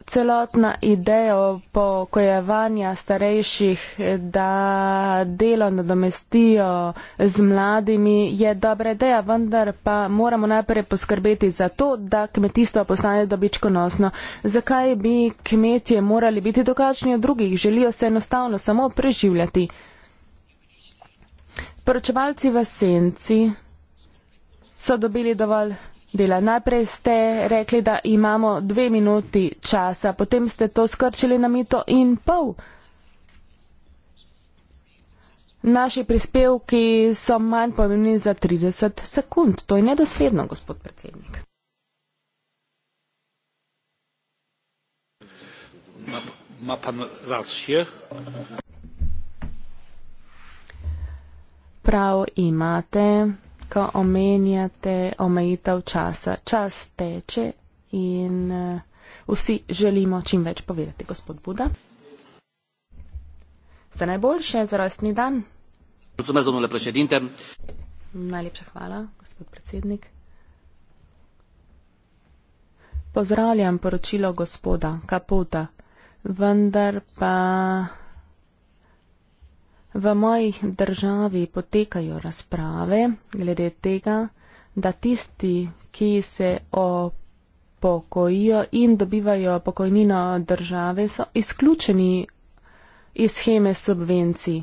celotna ideja pokojevanja starejših, da delo nadomestijo z mladimi, je dobra ideja, vendar pa moramo najprej poskrbeti za to, da kmetijstvo postane dobičkonosno. Zakaj bi kmetje morali biti dokačni od drugih? Želijo se enostavno samo preživljati. Poročevalci v senci so dobili dovolj dela. Najprej ste rekli, da imamo dve minuti časa, potem ste to skrčili na mito in pol. Naši prispevki so manj pomembni za 30 sekund. To je nedosledno, gospod predsednik. Ma pa racije. Prav imate ko omenjate omejitev časa. Čas teče in eh, vsi želimo čim več povedati, gospod Buda. Vse najboljše za rojstni dan. Najlepša hvala, gospod predsednik. Pozdravljam poročilo gospoda Kaputa, vendar pa. V moji državi potekajo razprave glede tega, da tisti, ki se opokojijo in dobivajo pokojnino države, so izključeni iz scheme subvencij.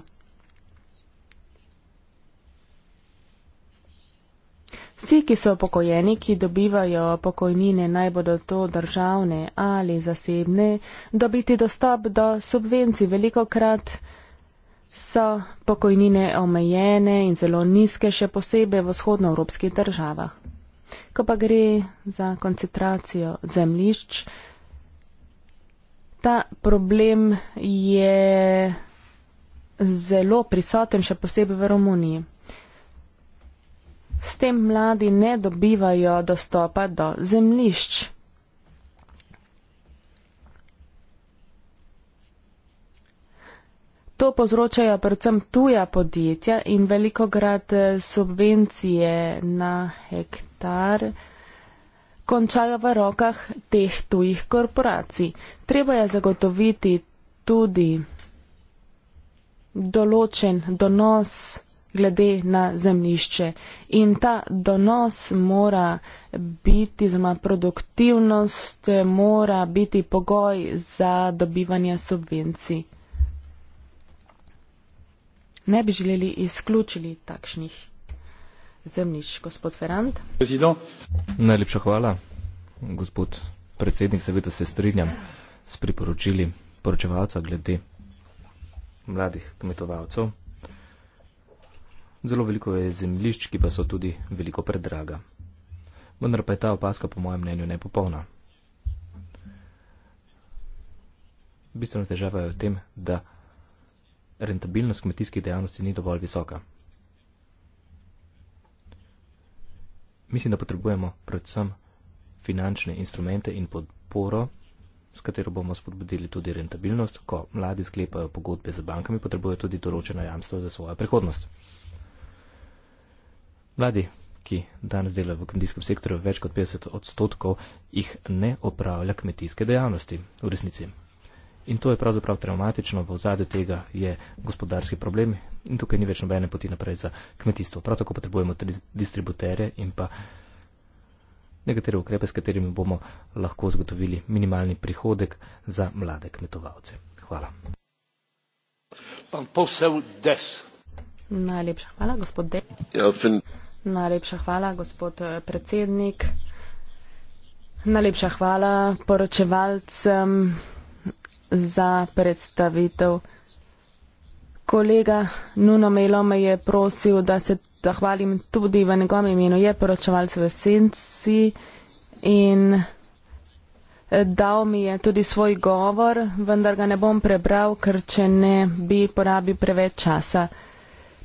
Vsi, ki so pokojeni, ki dobivajo pokojnine, naj bodo to državne ali zasebne, dobiti dostop do subvencij veliko krat so pokojnine omejene in zelo nizke, še posebej v vzhodnoevropskih državah. Ko pa gre za koncentracijo zemljišč, ta problem je zelo prisoten, še posebej v Romuniji. S tem mladi ne dobivajo dostopa do zemljišč. to povzročajo predvsem tuja podjetja in velikokrat eh, subvencije na hektar končajo v rokah teh tujih korporacij. Treba je zagotoviti tudi določen donos glede na zemlišče in ta donos mora biti, zma produktivnost eh, mora biti pogoj za dobivanje subvencij ne bi želeli izključiti takšnih zemljišč. Gospod Ferrand. Najlepša hvala, gospod predsednik. Seveda se strinjam s priporočili poročevalca glede mladih kmetovalcev. Zelo veliko je zemljišč, ki pa so tudi veliko predraga. Vendar pa je ta opaska po mojem mnenju nepopolna. Bistveno težava je v tem, da rentabilnost kmetijskih dejavnosti ni dovolj visoka. Mislim, da potrebujemo predvsem finančne instrumente in podporo, s katero bomo spodbudili tudi rentabilnost. Ko mladi sklepajo pogodbe z bankami, potrebujejo tudi določeno jamstvo za svojo prihodnost. Mladi, ki danes delajo v kmetijskem sektorju, več kot 50 odstotkov jih ne opravlja kmetijske dejavnosti v resnici. In to je pravzaprav traumatično, v ozadju tega je gospodarski problem in tukaj ni več nobene poti naprej za kmetijstvo. Prav tako potrebujemo tri distributere in pa nekatere ukrepe, s katerimi bomo lahko zagotovili minimalni prihodek za mlade kmetovalce. Hvala. Najlepša hvala, gospod De. Ja, fin... Najlepša hvala, gospod eh, predsednik. Najlepša hvala poročevalcem. Um za predstavitev. Kolega Nuno Melo me je prosil, da se zahvalim tudi v njegovem imenu, je poročevalc v senci in eh, dal mi je tudi svoj govor, vendar ga ne bom prebral, ker če ne bi porabil preveč časa.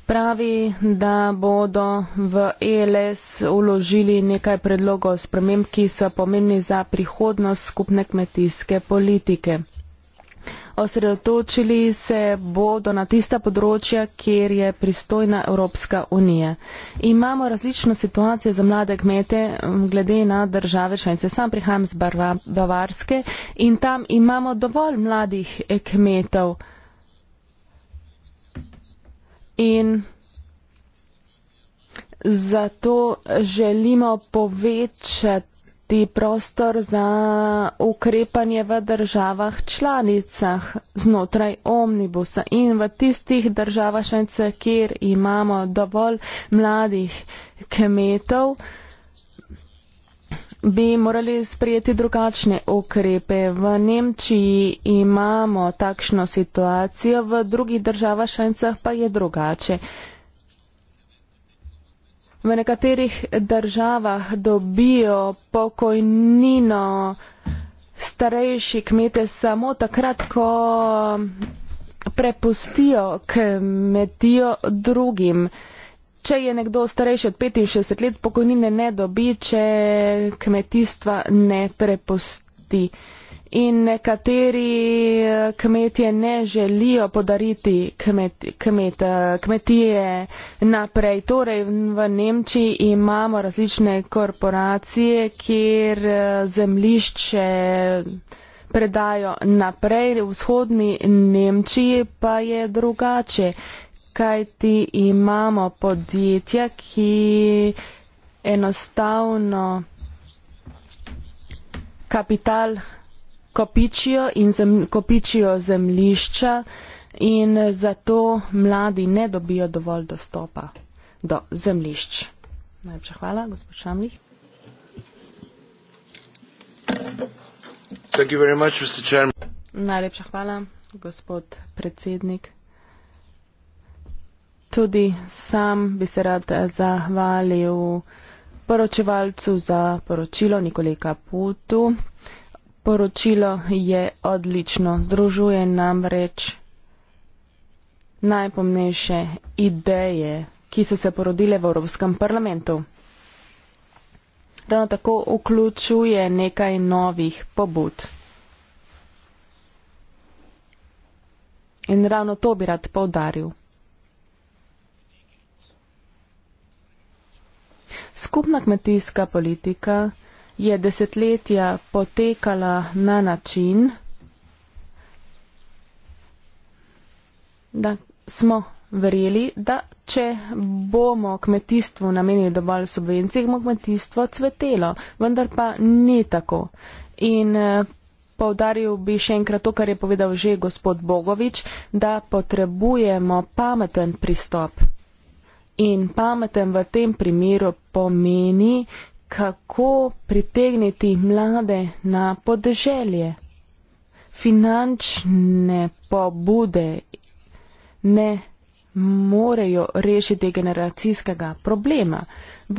Pravi, da bodo v ELS uložili nekaj predlogov sprememb, ki so pomembni za prihodnost skupne kmetijske politike osredotočili se bodo na tista področja, kjer je pristojna Evropska unija. Imamo različno situacijo za mlade kmete glede na države članice. Sam prihajam z Bavarske in tam imamo dovolj mladih eh, kmetov. In zato želimo povečati tudi prostor za ukrepanje v državah članicah znotraj omnibusa in v tistih državah članicah, kjer imamo dovolj mladih kmetov, bi morali sprejeti drugačne ukrepe. V Nemčiji imamo takšno situacijo, v drugih državah članicah pa je drugače v nekaterih državah dobijo pokojnino starejši kmete samo takrat, ko prepustijo kmetijo drugim. Če je nekdo starejši od 65 let, pokojnine ne dobi, če kmetijstva ne prepusti in nekateri eh, kmetje ne želijo podariti kmet, kmet, eh, kmetije naprej. Torej, v Nemčiji imamo različne korporacije, kjer eh, zemlišče predajo naprej, v vzhodni Nemčiji pa je drugače, kajti imamo podjetja, ki enostavno kapital kopičijo in zem, kopičijo zemlišča in zato mladi ne dobijo dovolj dostopa do zemlišč. Najlepša hvala, gospod Šamlih. Thank you very much, Mr. Chairman. Najlepša hvala, gospod predsednik. Tudi sam bi se rad zahvalil poročevalcu za poročilo Nikolika Putu, Poročilo je odlično, združuje namreč najpomnejše ideje, ki so se porodile v Evropskem parlamentu. Ravno tako vključuje nekaj novih pobud. In ravno to bi rad povdaril. Skupna kmetijska politika je desetletja potekala na način, da smo verjeli, da če bomo kmetijstvu namenili dovolj subvencij, bomo kmetijstvo cvetelo, vendar pa ni tako. In eh, Povdaril bi še enkrat to, kar je povedal že gospod Bogovič, da potrebujemo pameten pristop. In pameten v tem primeru pomeni kako pritegniti mlade na podeželje. Finančne pobude ne morejo rešiti generacijskega problema,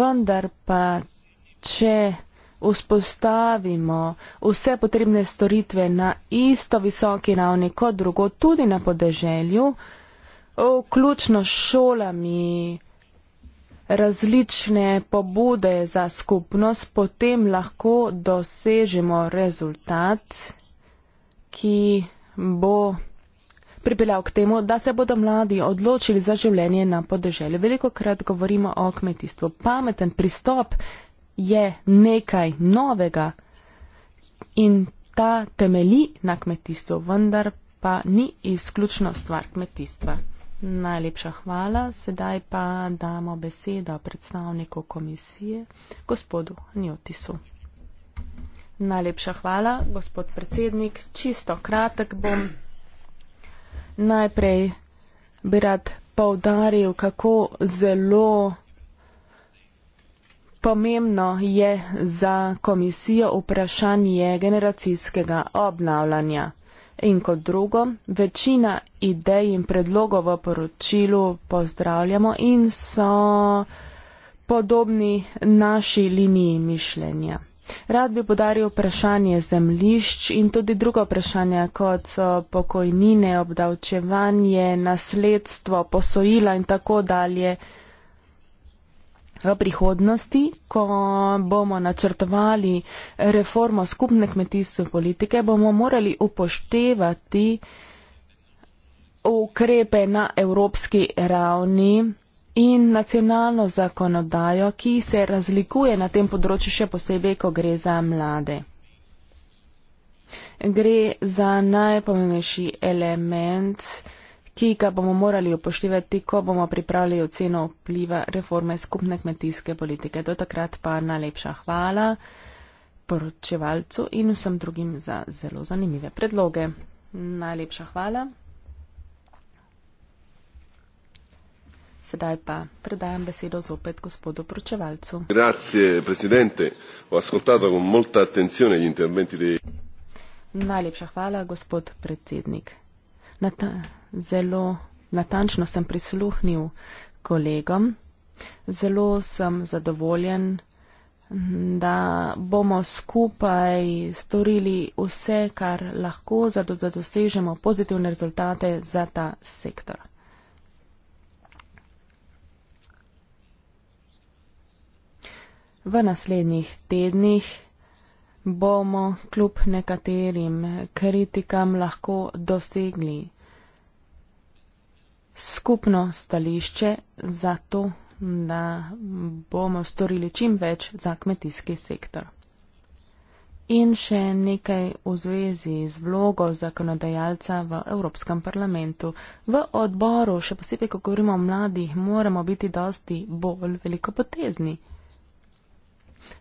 vendar pa če vzpostavimo vse potrebne storitve na isto visoki ravni kot drugo, tudi na podeželju, vključno šolami, različne pobude za skupnost, potem lahko dosežemo rezultat, ki bo pripeljal k temu, da se bodo mladi odločili za življenje na podeželju. Veliko krat govorimo o kmetijstvu. Pameten pristop je nekaj novega in ta temelji na kmetijstvu, vendar pa ni izključno stvar kmetijstva. Najlepša hvala. Sedaj pa damo besedo predstavniku komisije, gospodu Njotisu. Najlepša hvala, gospod predsednik. Čisto kratek bom. Najprej bi rad povdaril, kako zelo pomembno je za komisijo vprašanje generacijskega obnavljanja. In kot drugo, večina idej in predlogov v poročilu pozdravljamo in so podobni naši liniji mišljenja. Rad bi podaril vprašanje zemlišč in tudi druga vprašanja, kot so pokojnine, obdavčevanje, nasledstvo, posojila in tako dalje v prihodnosti, ko bomo načrtovali reformo skupne kmetijske politike, bomo morali upoštevati ukrepe na evropski ravni in nacionalno zakonodajo, ki se razlikuje na tem področju, še posebej, ko gre za mlade. Gre za najpomembnejši element, ki ga bomo morali upoštevati, ko bomo pripravili oceno vpliva reforme skupne kmetijske politike. Do takrat pa najlepša hvala poročevalcu in vsem drugim za zelo zanimive predloge. Najlepša hvala. Sedaj pa predajam besedo zopet gospodu poročevalcu. Najlepša hvala, gospod predsednik. Na ta zelo natančno sem prisluhnil kolegom. Zelo sem zadovoljen, da bomo skupaj storili vse, kar lahko, zato da dosežemo pozitivne rezultate za ta sektor. V naslednjih tednih bomo kljub nekaterim kritikam lahko dosegli skupno stališče za to, da bomo storili čim več za kmetijski sektor. In še nekaj v zvezi z vlogo zakonodajalca v Evropskem parlamentu. V odboru, še posebej, ko govorimo o mladih, moramo biti dosti bolj velikopotezni.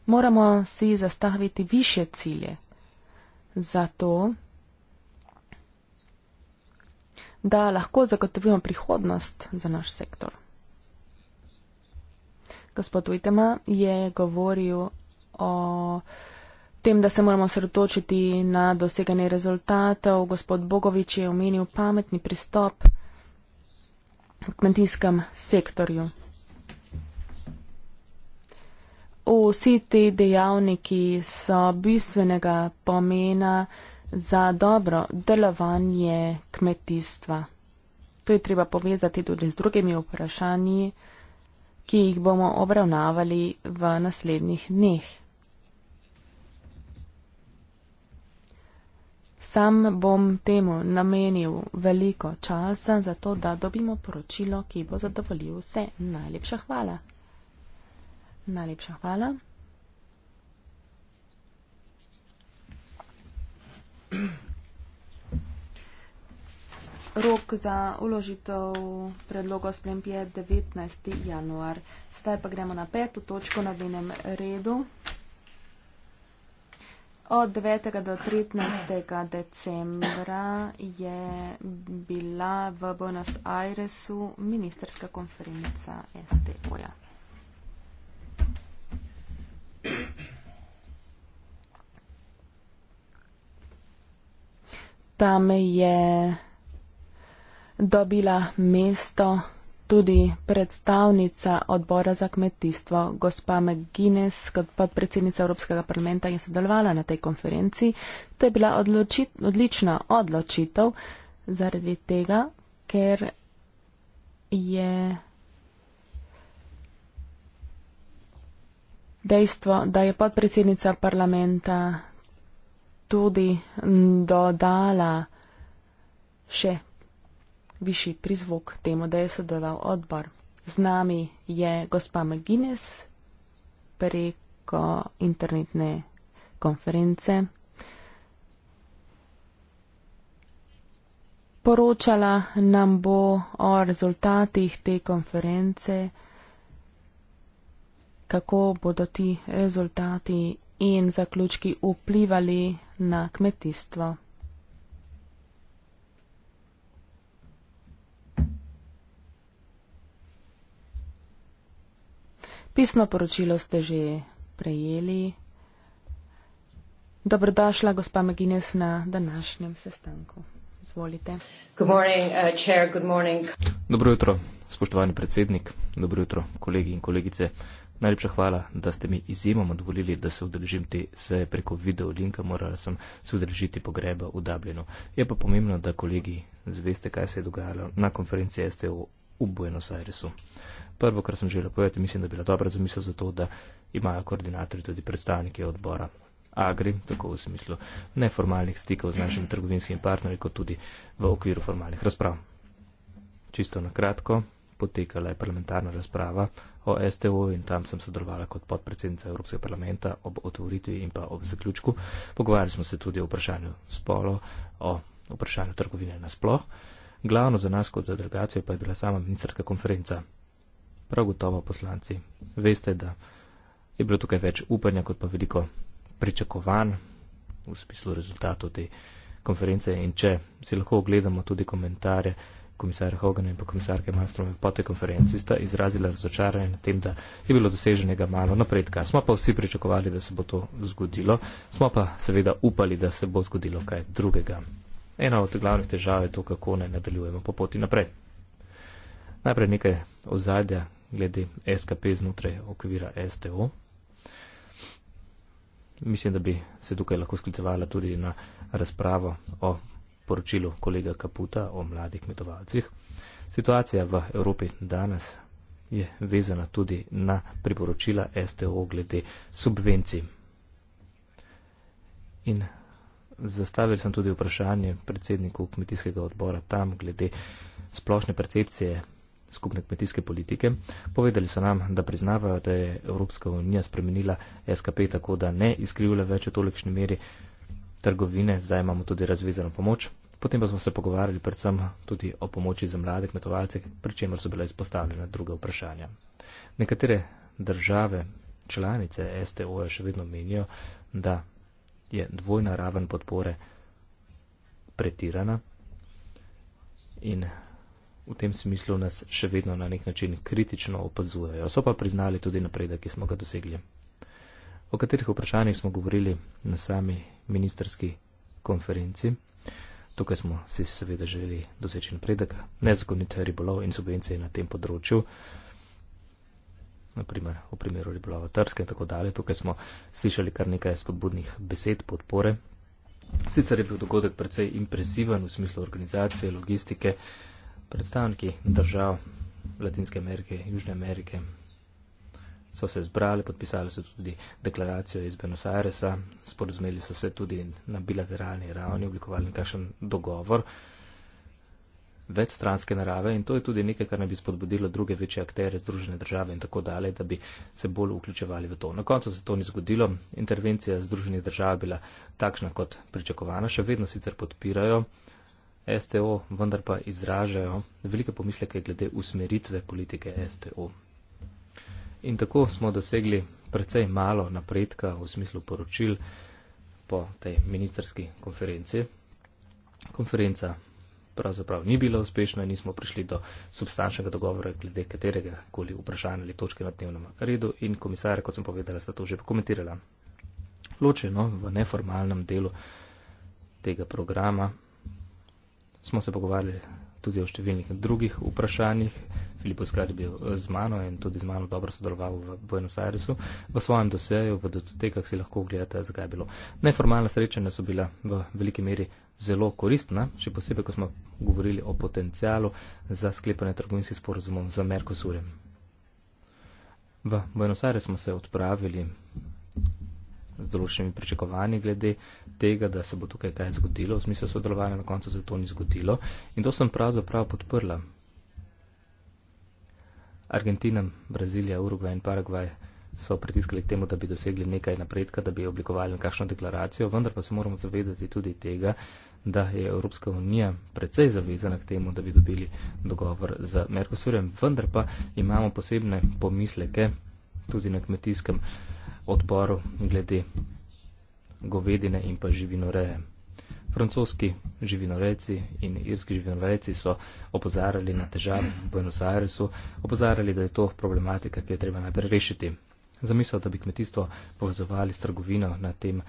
Moramo si zastaviti više cilje. Zato da lahko zagotovimo prihodnost za naš sektor. Gospod Ujtema je govoril o tem, da se moramo sredotočiti na doseganje rezultatov. Gospod Bogovič je omenil pametni pristop v kmetijskem sektorju. Vsi ti dejavniki so bistvenega pomena za dobro delovanje kmetijstva. To je treba povezati tudi z drugimi vprašanji, ki jih bomo obravnavali v naslednjih dneh. Sam bom temu namenil veliko časa, zato da dobimo poročilo, ki bo zadovoljil vse. Najlepša hvala. Najlepša hvala. (clears throat) Rok za uložitev predloga sprem je 19. januar. Zdaj pa gremo na peto točko na dnevnem redu. Od 9. do 13. decembra je bila v Buenos Airesu ministerska konferenca STO-ja. (clears throat) tam je dobila mesto tudi predstavnica odbora za kmetijstvo, gospa McGuinness, kot podpredsednica Evropskega parlamenta in sodelovala na tej konferenci. To je bila odloči, odlična odločitev zaradi tega, ker je dejstvo, da je podpredsednica parlamenta tudi dodala še višji prizvok temu, da je sodeloval odbor. Z nami je gospa McGuinness preko internetne konference poročala nam bo o rezultatih te konference, kako bodo ti rezultati in zaključki vplivali na kmetijstvo. Pisno poročilo ste že prejeli. Dobrodošla, gospa Magines, na današnjem sestanku. Izvolite. Morning, uh, chair, Dobro jutro, spoštovani predsednik. Dobro jutro, kolegi in kolegice. Najlepša hvala, da ste mi izjemoma dovolili, da se udeležim te seje preko video linka, morala sem se udeležiti pogreba v Dublinu. Je pa pomembno, da kolegi zveste, kaj se je dogajalo na konferenci STO v Buenos Airesu. Prvo, kar sem želela povedati, mislim, da bi bila dobra zamisel za to, da imajo koordinatorji tudi predstavnike odbora Agri, tako v smislu neformalnih stikov z našimi trgovinskimi partnerji, kot tudi v okviru formalnih razprav. Čisto na kratko, potekala je parlamentarna razprava o STO in tam sem sodelovala kot podpredsednica Evropskega parlamenta ob otvoritvi in pa ob zaključku. Pogovarjali smo se tudi o vprašanju spolo, o vprašanju trgovine nasploh. Glavno za nas kot za delegacijo pa je bila sama ministrska konferenca. Prav gotovo poslanci veste, da je bilo tukaj več upanja kot pa veliko pričakovanj v smislu rezultatov te konference in če si lahko ogledamo tudi komentarje, komisarja Hogana in pa komisarke Malmstrome po tej konferenci sta izrazila razočaranje na tem, da je bilo doseženega malo napredka. Smo pa vsi pričakovali, da se bo to zgodilo, smo pa seveda upali, da se bo zgodilo kaj drugega. Ena od glavnih težav je to, kako naj nadaljujemo po poti naprej. Najprej nekaj ozadja glede SKP znotraj okvira STO. Mislim, da bi se tukaj lahko sklicevala tudi na razpravo o poročilu kolega Kaputa o mladih kmetovalcih. Situacija v Evropi danes je vezana tudi na priporočila STO glede subvencij. In zastavili sem tudi vprašanje predsedniku kmetijskega odbora tam glede splošne percepcije skupne kmetijske politike. Povedali so nam, da priznavajo, da je Evropska unija spremenila SKP tako, da ne izkrivlja več v tolikšni meri trgovine, zdaj imamo tudi razvezano pomoč. Potem pa smo se pogovarjali predvsem tudi o pomoči za mlade kmetovalce, pri čemer so bile izpostavljene druge vprašanja. Nekatere države članice STO-ja še vedno menijo, da je dvojna raven podpore pretirana in v tem smislu nas še vedno na nek način kritično opazujejo. So pa priznali tudi napredek, ki smo ga dosegli. O katerih vprašanjih smo govorili na sami ministerski konferenci. Tukaj smo si seveda želeli doseči napredek, nezakonite ribolov in subvencije na tem področju, naprimer v primeru ribolova Trske in tako dalje. Tukaj smo slišali kar nekaj spodbudnih besed, podpore. Sicer je bil dogodek precej impresiven v smislu organizacije, logistike, predstavniki držav Latinske Amerike, Južne Amerike, so se zbrali, podpisali so tudi deklaracijo iz Buenos Airesa, sporozumeli so se tudi na bilateralni ravni, oblikovali nekakšen dogovor večstranske narave in to je tudi nekaj, kar ne bi spodbudilo druge večje akterje, Združene države in tako dalje, da bi se bolj vključevali v to. Na koncu se to ni zgodilo. Intervencija Združenih držav bila takšna kot pričakovana. Še vedno sicer podpirajo STO, vendar pa izražajo velike pomisleke glede usmeritve politike STO. In tako smo dosegli precej malo napredka v smislu poročil po tej ministerski konferenci. Konferenca pravzaprav ni bila uspešna in nismo prišli do substančnega dogovora glede katerega koli vprašanja ali točke na dnevnem redu in komisar, kot sem povedala, sta to že pokomentirala. Ločeno v neformalnem delu tega programa smo se pogovarjali tudi o številnih drugih vprašanjih. Filip Oskar je bil eh, z mano in tudi z mano dobro sodeloval v Buenos Airesu. V svojem doseju, v datotekah si lahko ogledate, zakaj je bilo. Neformalna srečanja so bila v veliki meri zelo koristna, še posebej, ko smo govorili o potencijalu za sklepanje trgovinskih sporozumov z Merkosurjem. V Buenos Aires smo se odpravili z določenimi pričakovanji glede tega, da se bo tukaj kaj zgodilo, v smislu sodelovanja na koncu se to ni zgodilo in to sem pravzaprav podprla. Argentina, Brazilija, Urugvaj in Paragvaj so pritiskali k temu, da bi dosegli nekaj napredka, da bi oblikovali nekakšno deklaracijo, vendar pa se moramo zavedati tudi tega, da je Evropska unija precej zavezana k temu, da bi dobili dogovor z Merkosurjem, vendar pa imamo posebne pomisleke tudi na kmetijskem. Uh, odboru glede govedine in pa živinoreje. Francoski živinorejci in irski živinorejci so opozarjali na težave v Buenos Airesu, opozarjali, da je to problematika, ki jo treba najprej rešiti. Zamisel, da bi kmetijstvo povezovali s trgovino na tem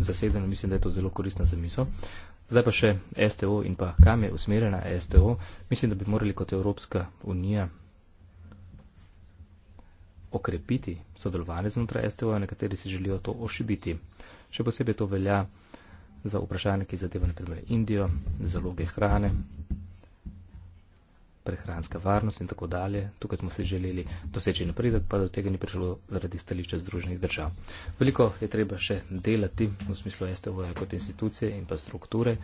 zasedanju, mislim, da je to zelo koristna zamisel. Zdaj pa še STO in pa kam je usmerjena STO. Mislim, da bi morali kot Evropska unija okrepiti sodelovanje znotraj STO, a nekateri si želijo to ošibiti. Še posebej to velja za vprašanje, ki zadeva naprimer Indijo, zaloge hrane, prehranska varnost in tako dalje. Tukaj smo si želeli doseči napredek, pa do tega ni prišlo zaradi stališča združenih držav. Veliko je treba še delati v smislu STO-ja e kot institucije in pa strukture.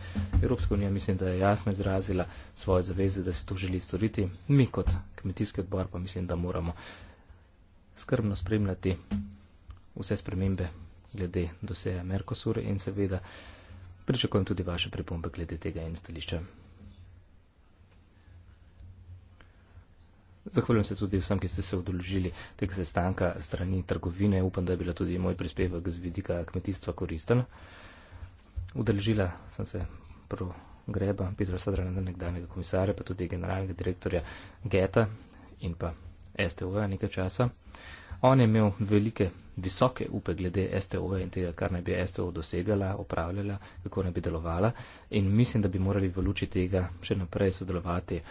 Evropska unija mislim, da je jasno izrazila svoje zaveze, da se to želi storiti. Mi kot kmetijski odbor pa mislim, da moramo skrbno spremljati vse spremembe glede doseja Merkosur in seveda pričakujem tudi vaše pripombe glede tega in stališča. Zahvaljujem se tudi vsem, ki ste se odložili tega sestanka strani trgovine. Upam, da je bila tudi moj prispevek z vidika kmetijstva koristen. Udeležila sem se prvo greba Petra Sadrana, nekdanjega komisarja, pa tudi generalnega direktorja Geta in pa STO-ja nekaj časa. On je imel velike, visoke upe glede STO-ja in tega, kar naj bi STO dosegala, opravljala, kako naj bi delovala in mislim, da bi morali v luči tega še naprej sodelovati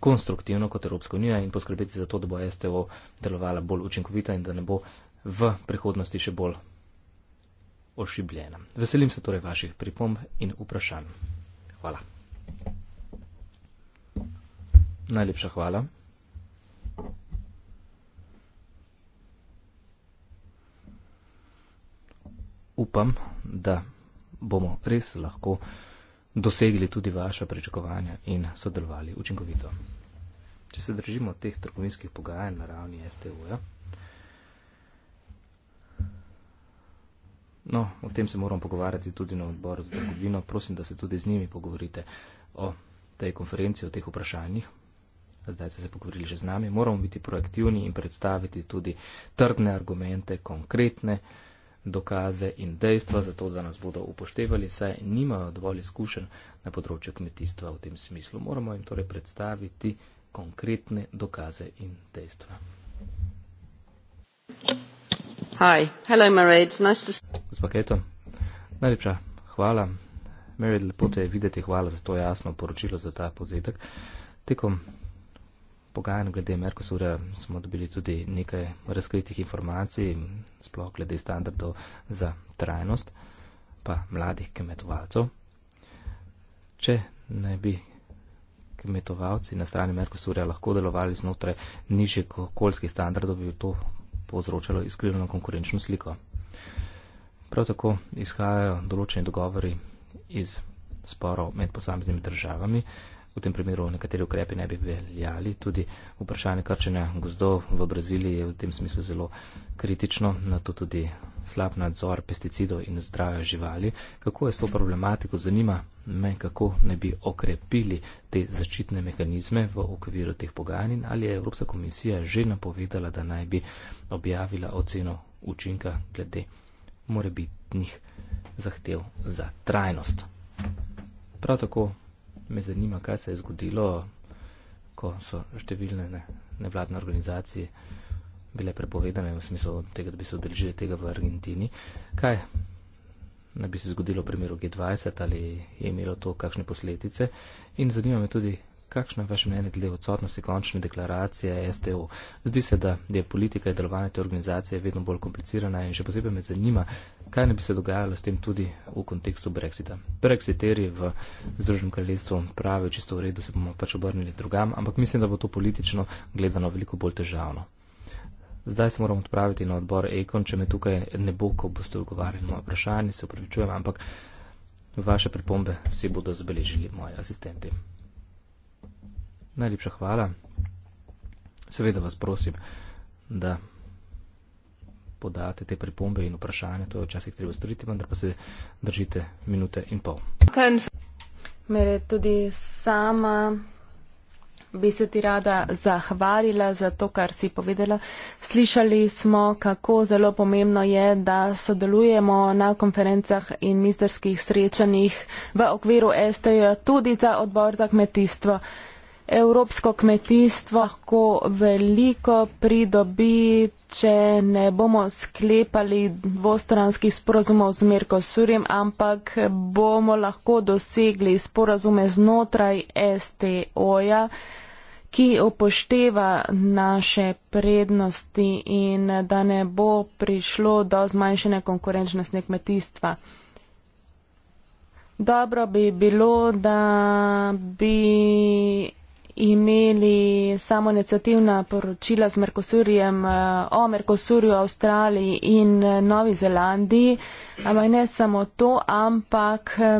konstruktivno kot Evropska unija in poskrbeti za to, da bo STO delovala bolj učinkovita in da ne bo v prihodnosti še bolj ošibljena. Veselim se torej vaših pripomb in vprašanj. Hvala. Najlepša hvala. Upam, da bomo res lahko dosegli tudi vaša pričakovanja in sodelovali učinkovito. Če se držimo teh trgovinskih pogajanj na ravni STO-ja, no, o tem se moramo pogovarjati tudi na odboru za trgovino. Prosim, da se tudi z njimi pogovorite o tej konferenci, o teh vprašanjih. Zdaj ste se pogovorili že z nami. Moramo biti proaktivni in predstaviti tudi trdne argumente, konkretne argumente dokaze in dejstva, zato da nas bodo upoštevali, saj nimajo dovolj izkušenj na področju kmetijstva v tem smislu. Moramo jim torej predstaviti konkretne dokaze in dejstva. Hi. Hello, nice to... Gospa Keto, najlepša hvala. Mary, lepo te je videti, hvala za to jasno poročilo, za ta povzetek. Tekom pogajanj glede Merkosura smo dobili tudi nekaj razkritih informacij, sploh glede standardov za trajnost, pa mladih kmetovalcev. Če ne bi kmetovalci na strani Merkosura lahko delovali znotraj nižjih okoljskih standardov, bi to povzročalo iskrivljeno konkurenčno sliko. Prav tako izhajajo določeni dogovori iz sporov med posameznimi državami, V tem primeru nekateri ukrepi ne bi veljali. Tudi vprašanje krčenja gozdov v Braziliji je v tem smislu zelo kritično, na to tudi slab nadzor pesticidov in zdrave živali. Kako je s to problematiko? Zanima me, kako ne bi okrepili te zaščitne mehanizme v okviru teh pogajanj. Ali je Evropska komisija že napovedala, da naj bi objavila oceno učinka glede morebitnih zahtev za trajnost? Prav tako me zanima, kaj se je zgodilo, ko so številne ne, nevladne organizacije bile prepovedane v smislu tega, da bi se odrežili tega v Argentini. Kaj naj bi se zgodilo v primeru G20 ali je imelo to kakšne posledice? In zanima me tudi, Kakšno je vaš mnenje glede odsotnosti končne deklaracije STO? Zdi se, da je politika in delovanje te organizacije vedno bolj komplicirana in še posebej me zanima, kaj ne bi se dogajalo s tem tudi v kontekstu Brexita. Brexiteri v Združenem kraljestvu pravijo čisto v redu, se bomo pač obrnili drugam, ampak mislim, da bo to politično gledano veliko bolj težavno. Zdaj se moram odpraviti na odbor Ekon, če me tukaj ne bo, ko boste odgovarjali na vprašanje, se upravičujem, ampak vaše pripombe si bodo zabeležili moji asistenti. Najlepša hvala. Seveda vas prosim, da podate te pripombe in vprašanja, to je včasih treba storiti, vendar pa se držite minute in pol. Mer je tudi sama, bi se ti rada zahvalila za to, kar si povedala. Slišali smo, kako zelo pomembno je, da sodelujemo na konferencah in ministerskih srečanjih v okviru STJ tudi za odbor za kmetijstvo evropsko kmetijstvo lahko veliko pridobi, če ne bomo sklepali dvostranskih sporazumov z Mercosurjem, ampak bomo lahko dosegli sporazume znotraj STO-ja ki upošteva naše prednosti in da ne bo prišlo do zmanjšene konkurenčnosti kmetijstva. Dobro bi bilo, da bi imeli samo inicijativna poročila z Merkosurjem eh, o Merkosurju, Avstraliji in eh, Novi Zelandiji. Ampak ne samo to, ampak eh,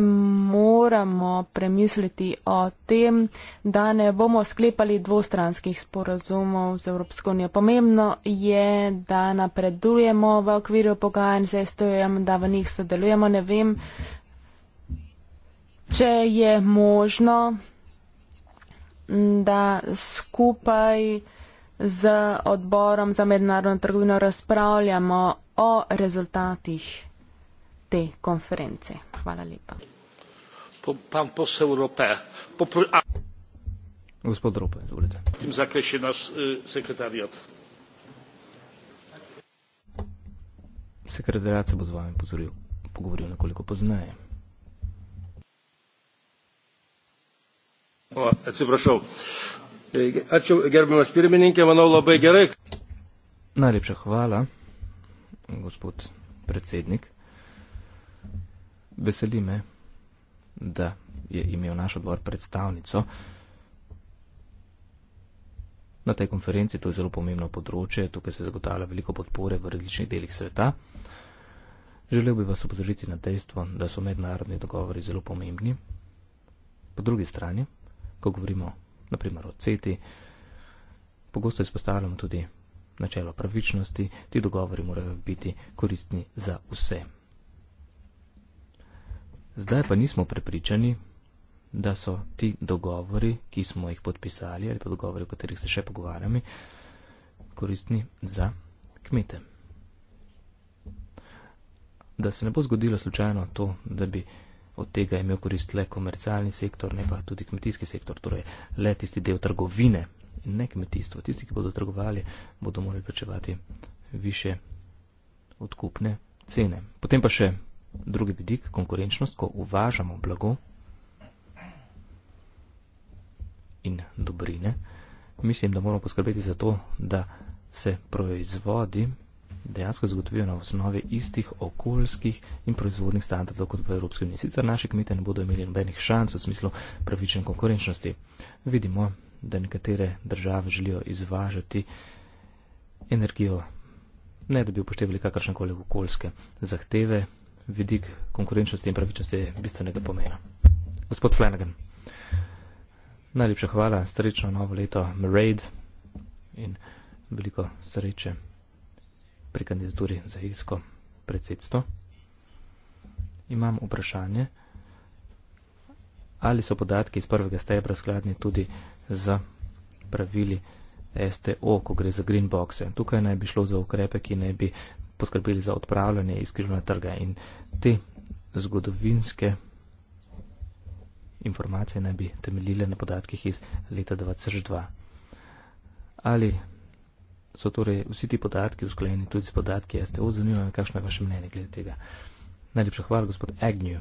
moramo premisliti o tem, da ne bomo sklepali dvostranskih sporazumov z Evropsko unijo. Pomembno je, da napredujemo v okviru pogajanj z STO-jem, da v njih sodelujemo. Ne vem, če je možno da skupaj z odborom za mednarodno trgovino razpravljamo o rezultatih te konference. Hvala lepa. Gospod Ropa, izvolite. Tim zakaj še naš sekretarijat. Sekretarjat se bo z vami pozoril, pogovoril nekoliko pozneje. Ačiū, gerbiamas pirmininkė, manau labai gerai. Nalipšė hvala, gospod predsednik. Veselime, da je imel naš odbor predstavnico. Na tej konferenci to je zelo pomembno področje, tukaj se zagotavlja veliko podpore v različnih delih sveta. Želel bi vas opozoriti na dejstvo, da so mednarodni dogovori zelo pomembni. Po drugi strani ko govorimo naprimer o ceti. Pogosto izpostavljamo tudi načelo pravičnosti, ti dogovori morajo biti koristni za vse. Zdaj pa nismo prepričani, da so ti dogovori, ki smo jih podpisali ali pa dogovori, o katerih se še pogovarjamo, koristni za kmete. Da se ne bo zgodilo slučajno to, da bi od tega je imel korist le komercialni sektor, ne pa tudi kmetijski sektor, torej le tisti del trgovine in ne kmetijstvo. Tisti, ki bodo trgovali, bodo morali plačevati više odkupne cene. Potem pa še drugi vidik, konkurenčnost, ko uvažamo blago in dobrine. Mislim, da moramo poskrbeti za to, da se proizvodi dejansko zagotovijo na osnovi istih okoljskih in proizvodnih standardov kot v Evropski uniji. Sicer naši kmete ne bodo imeli nobenih šans v smislu pravične konkurenčnosti. Vidimo, da nekatere države želijo izvažati energijo, ne da bi upoštevali kakršnekoli okoljske zahteve. Vidik konkurenčnosti in pravičnosti je bistvenega pomena. Gospod Flanagan, najlepša hvala, srečno novo leto, Mraid in veliko sreče pri kandidaturi za irsko predsedstvo. Imam vprašanje, ali so podatki iz prvega stebra skladni tudi za pravili STO, ko gre za green boxe. Tukaj naj bi šlo za ukrepe, ki naj bi poskrbeli za odpravljanje izkrivljena trga in te zgodovinske informacije naj bi temeljile na podatkih iz leta 2002. Ali so torej vsi ti podatki usklajeni, tudi s podatki STO, zanima me, kakšno je vaše mnenje glede tega. Najlepša hvala, gospod Agnew.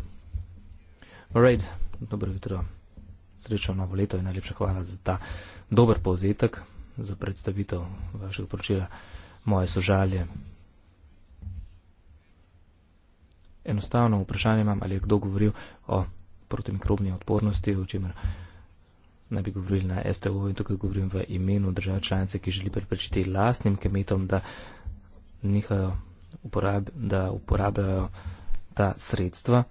Alright, dobro jutro, srečno novo leto in najlepša hvala za ta dober povzetek, za predstavitev vašega poročila. Moje sožalje. Enostavno vprašanje imam, ali je kdo govoril o protimikrobni odpornosti, o čemer. Uh, naj bi govorili na STO in tukaj govorim v imenu države članice, ki želi preprečiti lastnim kmetom, da nehajo uporab, da uporabljajo ta sredstva.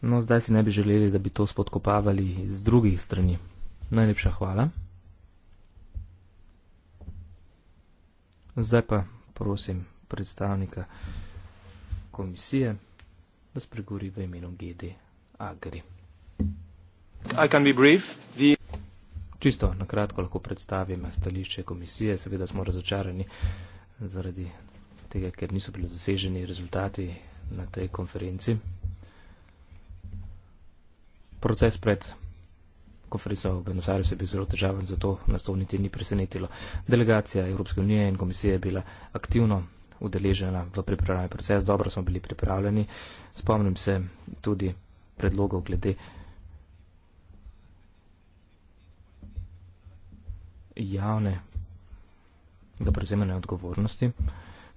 No, zdaj si ne bi želeli, da bi to spodkopavali z drugih strani. Najlepša hvala. Zdaj pa prosim predstavnika komisije, da spregovori v imenu GD Agri. Čisto na kratko lahko predstavim stališče komisije. Seveda smo razočarani zaradi tega, ker niso bili doseženi rezultati na tej konferenci. Proces pred konferenco v Buenos Aires je bil zelo težaven, zato nas to niti ni presenetilo. Delegacija Evropske unije in komisije je bila aktivno udeležena v pripravljanju procesa. Dobro smo bili pripravljeni. Spomnim se tudi predlogov glede javne prevzemene odgovornosti.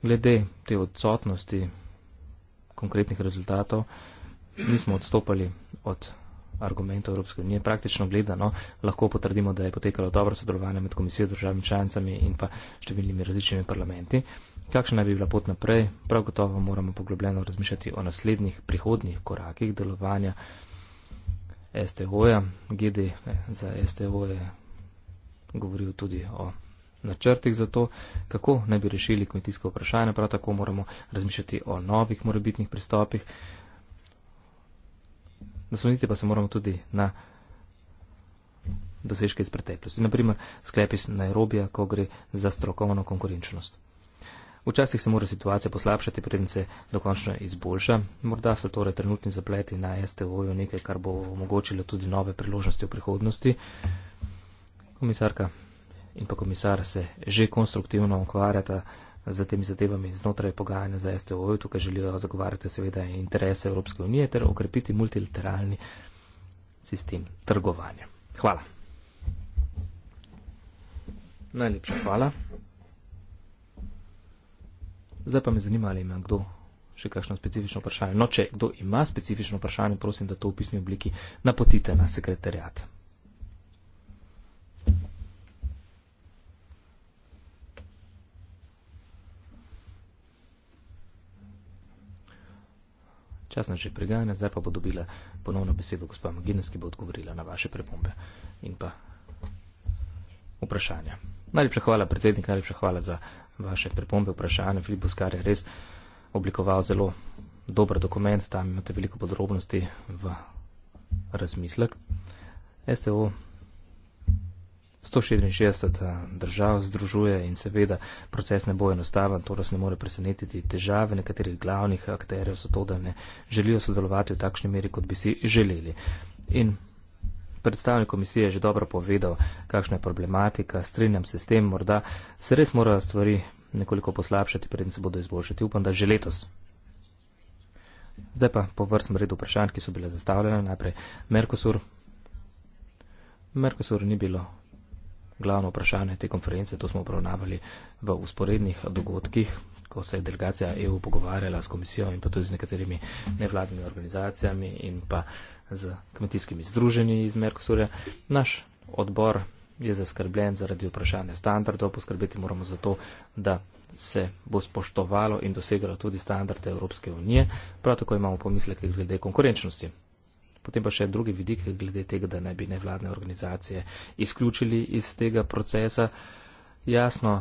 Glede te odsotnosti konkretnih rezultatov nismo odstopali od argumentov Evropske unije. Praktično gledano lahko potrdimo, da je potekalo dobro sodelovanje med komisijo državami članicami in pa številnimi različnimi parlamenti. Kakšna naj bi bila pot naprej? Prav gotovo moramo poglobljeno razmišljati o naslednjih prihodnjih korakih delovanja STO-ja. GD eh, za STO je govoril tudi o načrtih za to, kako naj bi rešili kmetijsko vprašanje, prav tako moramo razmišljati o novih morebitnih pristopih. Nasloniti pa se moramo tudi na dosežke iz preteklosti, naprimer sklep iz Nairobija, ko gre za strokovno konkurenčnost. Včasih se mora situacija poslabšati, preden se dokončno izboljša. Morda so torej trenutni zapleti na STO-ju nekaj, kar bo omogočilo tudi nove priložnosti v prihodnosti komisarka in pa komisar se že konstruktivno ukvarjata z temi zadevami znotraj pogajanja za STO. E, tukaj želijo zagovarjati seveda interese Evropske unije ter okrepiti multilateralni sistem trgovanja. Hvala. Najlepša hvala. Zdaj pa me zanima, ali ima kdo še kakšno specifično vprašanje. No, če kdo ima specifično vprašanje, prosim, da to v pisni obliki napotite na sekretarjat. čas na že preganja, zdaj pa bo dobila ponovno besedo gospa Maginas, ki bo odgovorila na vaše prepombe in pa vprašanja. Najlepša hvala, predsednik, najlepša hvala za vaše prepombe, vprašanja. Filip Boskar je res oblikoval zelo dober dokument, tam imate veliko podrobnosti v razmislek. STO 164 eh, držav združuje in seveda proces ne bo enostaven, to nas ne more presenetiti. Težave nekaterih glavnih akterjev so to, da ne želijo sodelovati v takšni meri, kot bi si želeli. In predstavnik komisije je že dobro povedal, kakšna je problematika, strinjam se s tem, morda se res morajo stvari nekoliko poslabšati, preden se bodo izboljšati. Upam, da že letos. Zdaj pa po vrstem redu vprašanj, ki so bile zastavljene. Najprej Merkosur. Merkosur ni bilo glavno vprašanje te konference, to smo obravnavali v usporednih dogodkih, ko se je delegacija EU pogovarjala s komisijo in pa tudi z nekaterimi nevladnimi organizacijami in pa z kmetijskimi združenji iz Merkosurja. Naš odbor je zaskrbljen zaradi vprašanja standardov, poskrbeti moramo za to, da se bo spoštovalo in dosegalo tudi standarde Evropske unije. Prav tako imamo pomisleke glede konkurenčnosti potem pa še drugi vidik glede tega, da ne bi nevladne organizacije izključili iz tega procesa. Jasno,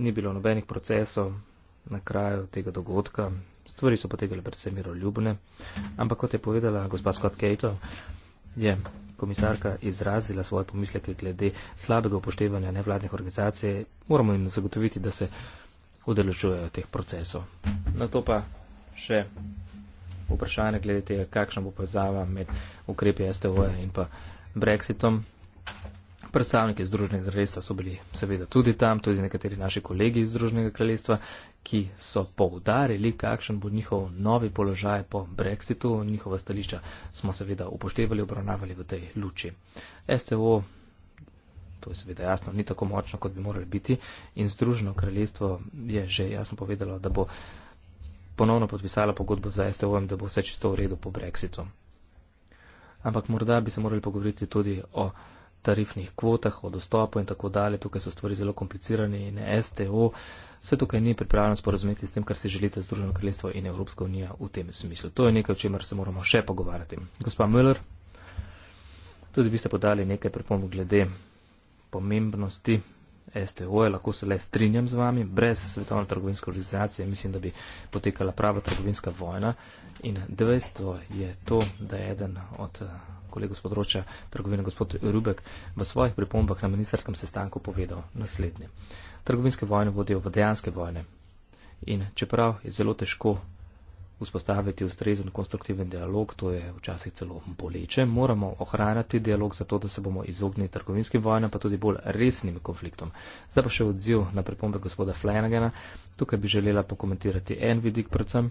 ni bilo nobenih procesov na kraju tega dogodka, stvari so potekale predvsem miroljubne, ampak kot je povedala gospa Scott Cato, je komisarka izrazila svoje pomisleke glede slabega upoštevanja nevladnih organizacij, moramo jim zagotoviti, da se udeležujejo teh procesov. Na to pa še vprašanje glede tega, kakšna bo povezava med ukrepi STO -ja in pa Brexitom. Predstavniki Združenega kraljestva so bili seveda tudi tam, tudi nekateri naši kolegi iz Združenega kraljestva, ki so poudarili, kakšen bo njihov novi položaj po Brexitu. Njihova stališča smo seveda upoštevali, obravnavali v tej luči. STO, to je seveda jasno, ni tako močno, kot bi morali biti in Združeno kraljestvo je že jasno povedalo, da bo. Uh, ponovno podpisala pogodbo za STO in da bo vse čisto v redu po brexitu. Ampak morda bi se morali pogovoriti tudi o tarifnih kvotah, o dostopu in tako dalje. Tukaj so stvari zelo komplicirane in STO se tukaj ni pripravljeno sporozumeti s tem, kar si želite Združeno kraljestvo in Evropska unija v tem smislu. To je nekaj, o čemer se moramo še pogovarjati. Gospa Müller, tudi vi ste podali nekaj pripomb glede pomembnosti STO-je, lahko se le strinjam z vami, brez svetovne trgovinske organizacije mislim, da bi potekala prava trgovinska vojna. In dejstvo je to, da je eden od eh, kolegov z področja trgovine, gospod Rubek, v svojih pripombah na ministerskem sestanku povedal naslednje. Trgovinske vojne vodijo v dejanske vojne. In čeprav je zelo težko vzpostaviti ustrezen konstruktiven dialog, to je včasih celo boleče, moramo ohranjati dialog zato, da se bomo izognili trgovinskim vojnam, pa tudi bolj resnim konfliktom. Zdaj pa še odziv na pripombe gospoda Flanagana. Tukaj bi želela pokomentirati en vidik predvsem.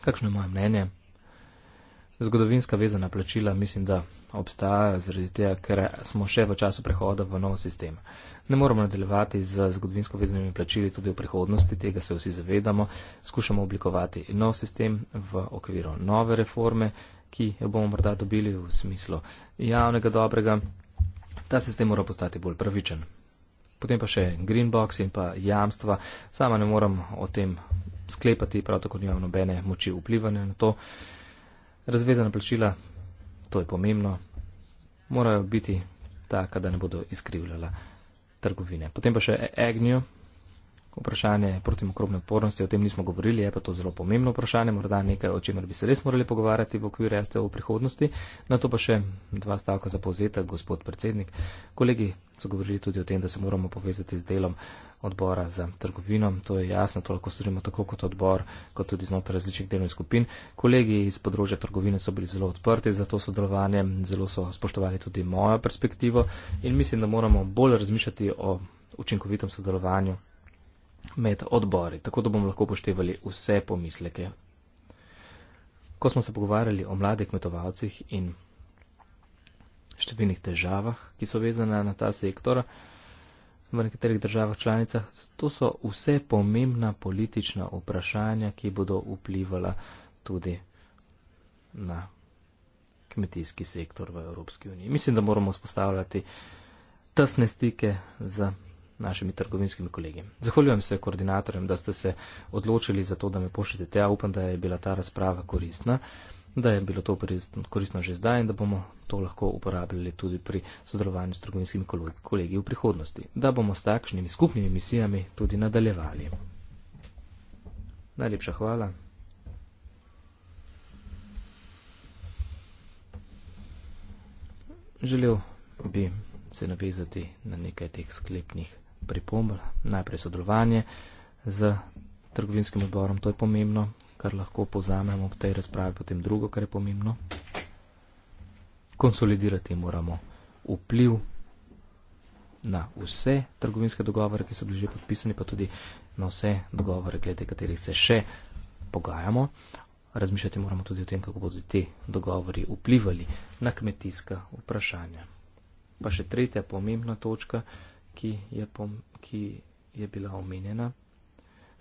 Kakšno je moje mnenje? zgodovinska veza na plačila, mislim, da obstajajo zaradi tega, ker smo še v času prehoda v nov sistem. Ne moramo nadaljevati z zgodovinsko veznimi plačili tudi v prihodnosti, tega se vsi zavedamo. Skušamo oblikovati nov sistem v okviru nove reforme, ki jo bomo morda dobili v smislu javnega dobrega. Ta sistem mora postati bolj pravičen. Potem pa še green box in pa jamstva. Sama ne moram o tem sklepati, prav tako nimam nobene moči vplivanja na to. Uh, Razvezana plačila, to je pomembno, morajo biti taka, da ne bodo izkrivljala trgovine. Potem pa še Agnew, vprašanje protimikrobne odpornosti, o tem nismo govorili, je pa to zelo pomembno vprašanje, morda nekaj, o čemer bi se res morali pogovarjati v okviru STO v prihodnosti. Na to pa še dva stavka za povzetek, gospod predsednik. Kolegi so govorili tudi o tem, da se moramo povezati z delom odbora za trgovino, to je jasno, to lahko storimo tako kot odbor, kot tudi znotraj različnih delovnih skupin. Kolegi iz področja trgovine so bili zelo odprti za to sodelovanje, zelo so spoštovali tudi mojo perspektivo in mislim, da moramo bolj razmišljati o učinkovitem sodelovanju med odbori, tako da bomo lahko poštevali vse pomisleke. Ko smo se pogovarjali o mladih kmetovalcih in številnih težavah, ki so vezane na ta sektor v nekaterih državah članicah, to so vse pomembna politična vprašanja, ki bodo vplivala tudi na kmetijski sektor v Evropski uniji. Mislim, da moramo spostavljati tesne stike za našimi trgovinskimi kolegi. Zahvaljujem se koordinatorjem, da ste se odločili za to, da me pošljete tja. Upam, da je bila ta razprava koristna, da je bilo to koristno že zdaj in da bomo to lahko uporabljali tudi pri sodelovanju s trgovinskimi kolegi v prihodnosti. Da bomo s takšnimi skupnimi misijami tudi nadaljevali. Najlepša hvala. Želel bi se navezati na nekaj teh sklepnih pripomb, najprej sodelovanje z trgovinskim odborom, to je pomembno, kar lahko povzamemo v tej razpravi, potem drugo, kar je pomembno. Konsolidirati moramo vpliv na vse trgovinske dogovore, ki so bili že podpisani, pa tudi na vse dogovore, glede katerih se še pogajamo. Razmišljati moramo tudi o tem, kako bodo ti dogovori vplivali na kmetijska vprašanja. Pa še tretja pomembna točka ki je, pom, ki je bila omenjena,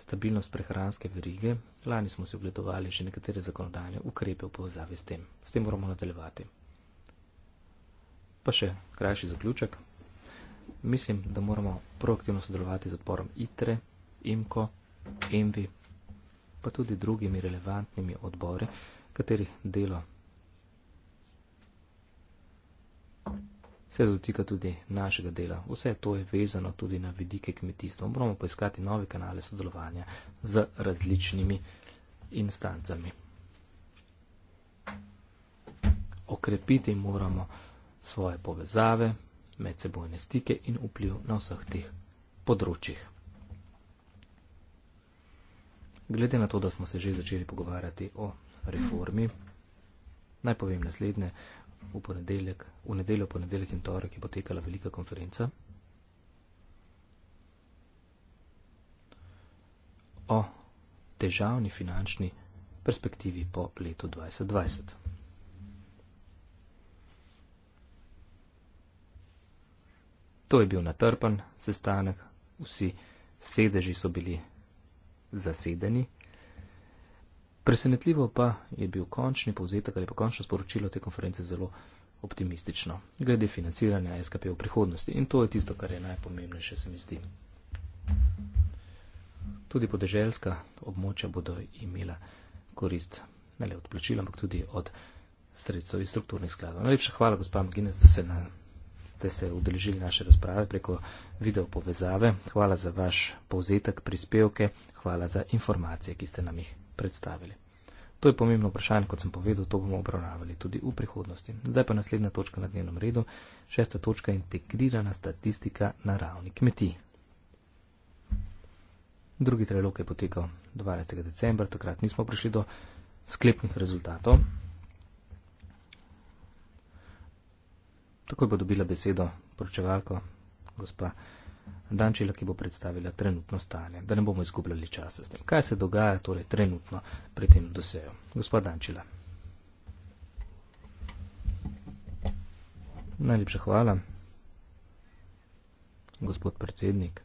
stabilnost prehranske verige, lani smo si ogledovali že nekatere zakonodajne ukrepe v povezavi s tem. S tem moramo nadaljevati. Pa še krajši zaključek. Mislim, da moramo proaktivno sodelovati z odborom ITRE, IMKO, ENVI, pa tudi drugimi relevantnimi odbori, katerih delo se dotika tudi našega dela. Vse to je vezano tudi na vidike kmetijstva. Moramo poiskati nove kanale sodelovanja z različnimi instancami. Okrepiti moramo svoje povezave, medsebojne stike in vpliv na vseh teh področjih. Glede na to, da smo se že začeli pogovarjati o reformi, naj povem naslednje v ponedeljek, v nedeljo, ponedeljek in torek je potekala velika konferenca o težavni finančni perspektivi po letu 2020. To je bil natrpan sestanek, vsi sedeži so bili zasedeni. Presenetljivo pa je bil končni povzetek ali pa končno sporočilo te konference zelo optimistično glede financiranja SKP v prihodnosti in to je tisto, kar je najpomembnejše, se mi zdi. Tudi podeželska območja bodo imela korist ne le od plačila, ampak tudi od sredstev iz strukturnih skladov. Najlepša hvala, gospa Mginec, da se na, ste se udeležili naše razprave preko video povezave. Hvala za vaš povzetek, prispevke, hvala za informacije, ki ste nam jih predstavili. To je pomembno vprašanje, kot sem povedal, to bomo obravnavali tudi v prihodnosti. Zdaj pa naslednja točka na dnevnem redu, šesta točka integrirana statistika na ravni kmetij. Drugi trilog je potekal 12. decembra, takrat nismo prišli do sklepnih rezultatov. Takoj bo dobila besedo poročevalko, gospa. Dančila, ki bo predstavila trenutno stanje, da ne bomo izgubljali časa s tem. Kaj se dogaja torej trenutno pri tem doseju? Gospod Dančila. Najlepša hvala, gospod predsednik.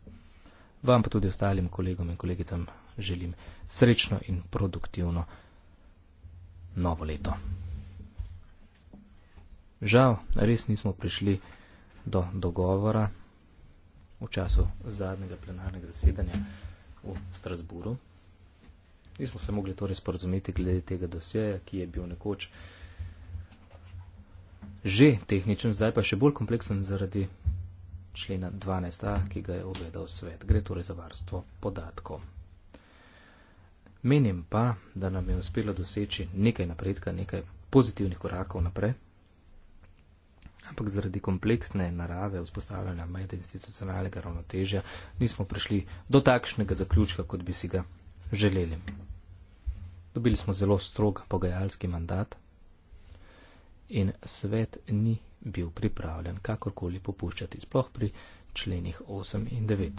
Vam pa tudi ostalim kolegom in kolegicam želim srečno in produktivno novo leto. Žal, res nismo prišli do dogovora v času zadnjega plenarnega zasedanja v Strasburu. Nismo se mogli torej sporozumeti glede tega dosjeja, ki je bil nekoč že tehničen, zdaj pa še bolj kompleksen zaradi člena 12a, ki ga je ogledal svet. Gre torej za varstvo podatkov. Menim pa, da nam je uspelo doseči nekaj napredka, nekaj pozitivnih korakov naprej ampak zaradi kompleksne narave vzpostavljanja medinstitucionalnega ravnotežja nismo prišli do takšnega zaključka, kot bi si ga želeli. Dobili smo zelo strog pogajalski mandat in svet ni bil pripravljen kakorkoli popuščati, sploh pri členih 8 in 9.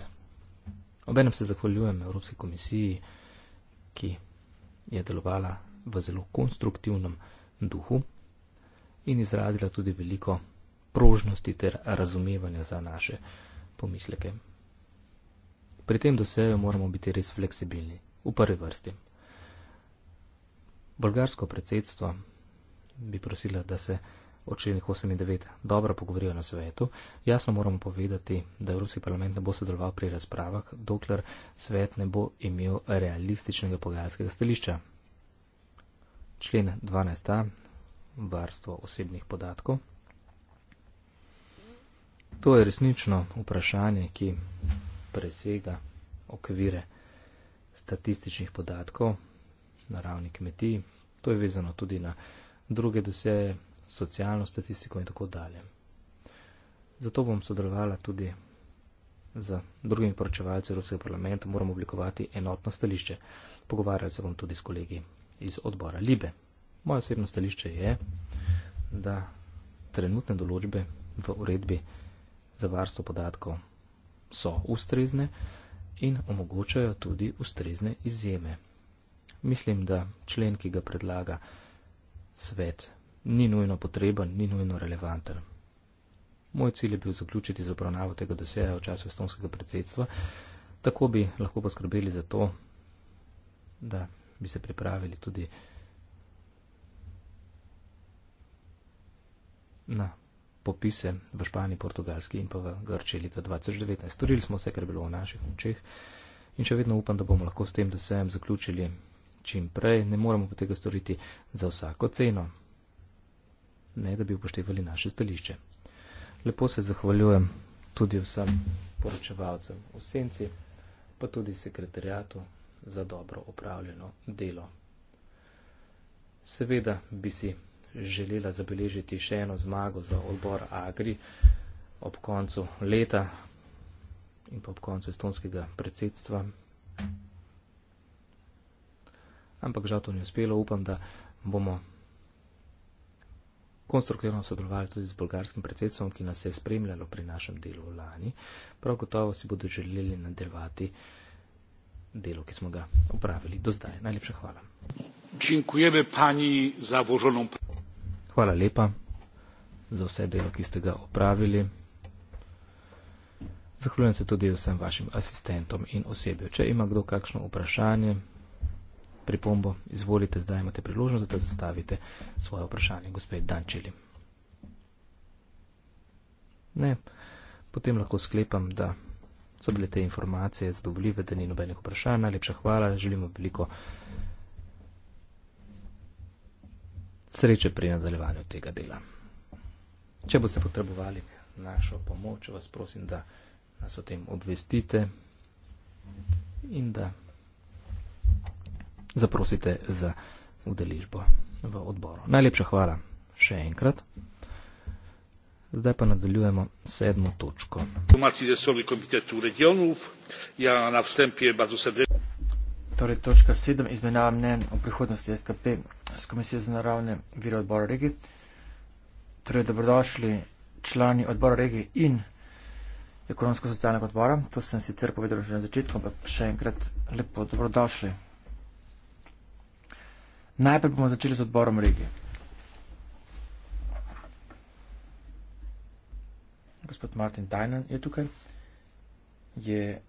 Obenem se zahvaljujem Evropski komisiji, ki je delovala v zelo konstruktivnem duhu in izrazila tudi veliko prožnosti ter razumevanja za naše pomisleke. Pri tem dosejo moramo biti res fleksibilni, v prvi vrsti. Bolgarsko predsedstvo bi prosila, da se o členih 8 in 9 dobro pogovorijo na svetu. Jasno moramo povedati, da Evropski parlament ne bo sodeloval pri razpravah, dokler svet ne bo imel realističnega pogajalskega stališča. Člen 12. Varstvo osebnih podatkov. To je resnično vprašanje, ki presega okvire statističnih podatkov na ravni kmetij. To je vezano tudi na druge doseje, socialno statistiko in tako dalje. Zato bom sodelovala tudi z drugimi poročevalci Evropskega parlamenta, moramo oblikovati enotno stališče. Pogovarjali se bom tudi s kolegi iz odbora Libe. Moje osebno stališče je, da trenutne določbe v uredbi za varstvo podatkov so ustrezne in omogočajo tudi ustrezne izjeme. Mislim, da člen, ki ga predlaga svet, ni nujno potreben, ni nujno relevanten. Moj cilj je bil zaključiti z obravnavo tega doseja v času estonskega predsedstva, tako bi lahko poskrbeli za to, da bi se pripravili tudi na popise v Španiji, Portugalski in pa v Grčiji leta 2019. Storili smo vse, kar je bilo v naših močeh in še vedno upam, da bomo lahko s tem, da se jim zaključili čim prej. Ne moremo pa tega storiti za vsako ceno, ne da bi upoštevali naše stališče. Lepo se zahvaljujem tudi vsem poročevalcem v senci, pa tudi sekretarjatu za dobro opravljeno delo. Seveda bi si želela zabeležiti še eno zmago za odbor Agri ob koncu leta in pa ob koncu estonskega predsedstva. Ampak žal to ni uspelo. Upam, da bomo konstruktivno sodelovali tudi z bolgarskim predsedstvom, ki nas je spremljalo pri našem delu v lani. Prav gotovo si bodo želeli nadaljevati delo, ki smo ga upravili do zdaj. Najlepša hvala. Dziękujemy pani za włożoną pracę. Hvala lepa za vse delo, ki ste ga opravili. Zahvaljujem se tudi vsem vašim asistentom in osebju. Če ima kdo kakšno vprašanje, pripombo, izvolite, zdaj imate priložnost, da zastavite svoje vprašanje, gospod Dančili. Ne, potem lahko sklepam, da so bile te informacije zadovoljive, da ni nobenih vprašanj. Najlepša hvala, želimo veliko sreče pri nadaljevanju tega dela. Če boste potrebovali našo pomoč, vas prosim, da nas o tem obvestite in da zaprosite za udeležbo v odboru. Najlepša hvala še enkrat. Zdaj pa nadaljujemo sedmo točko. Informacije za sobni komitet v regionu. Ja, na vstempi je bardzo srdečno torej točka sedem izmenjava mnen o prihodnosti SKP s Komisijo za naravne vire odbora regi. Torej, dobrodošli člani odbora regi in ekonomsko-socialnega odbora. To sem sicer povedal že na začetku, ampak še enkrat lepo dobrodošli. Najprej bomo začeli z odborom regi. Gospod Martin Dajnan je tukaj. Je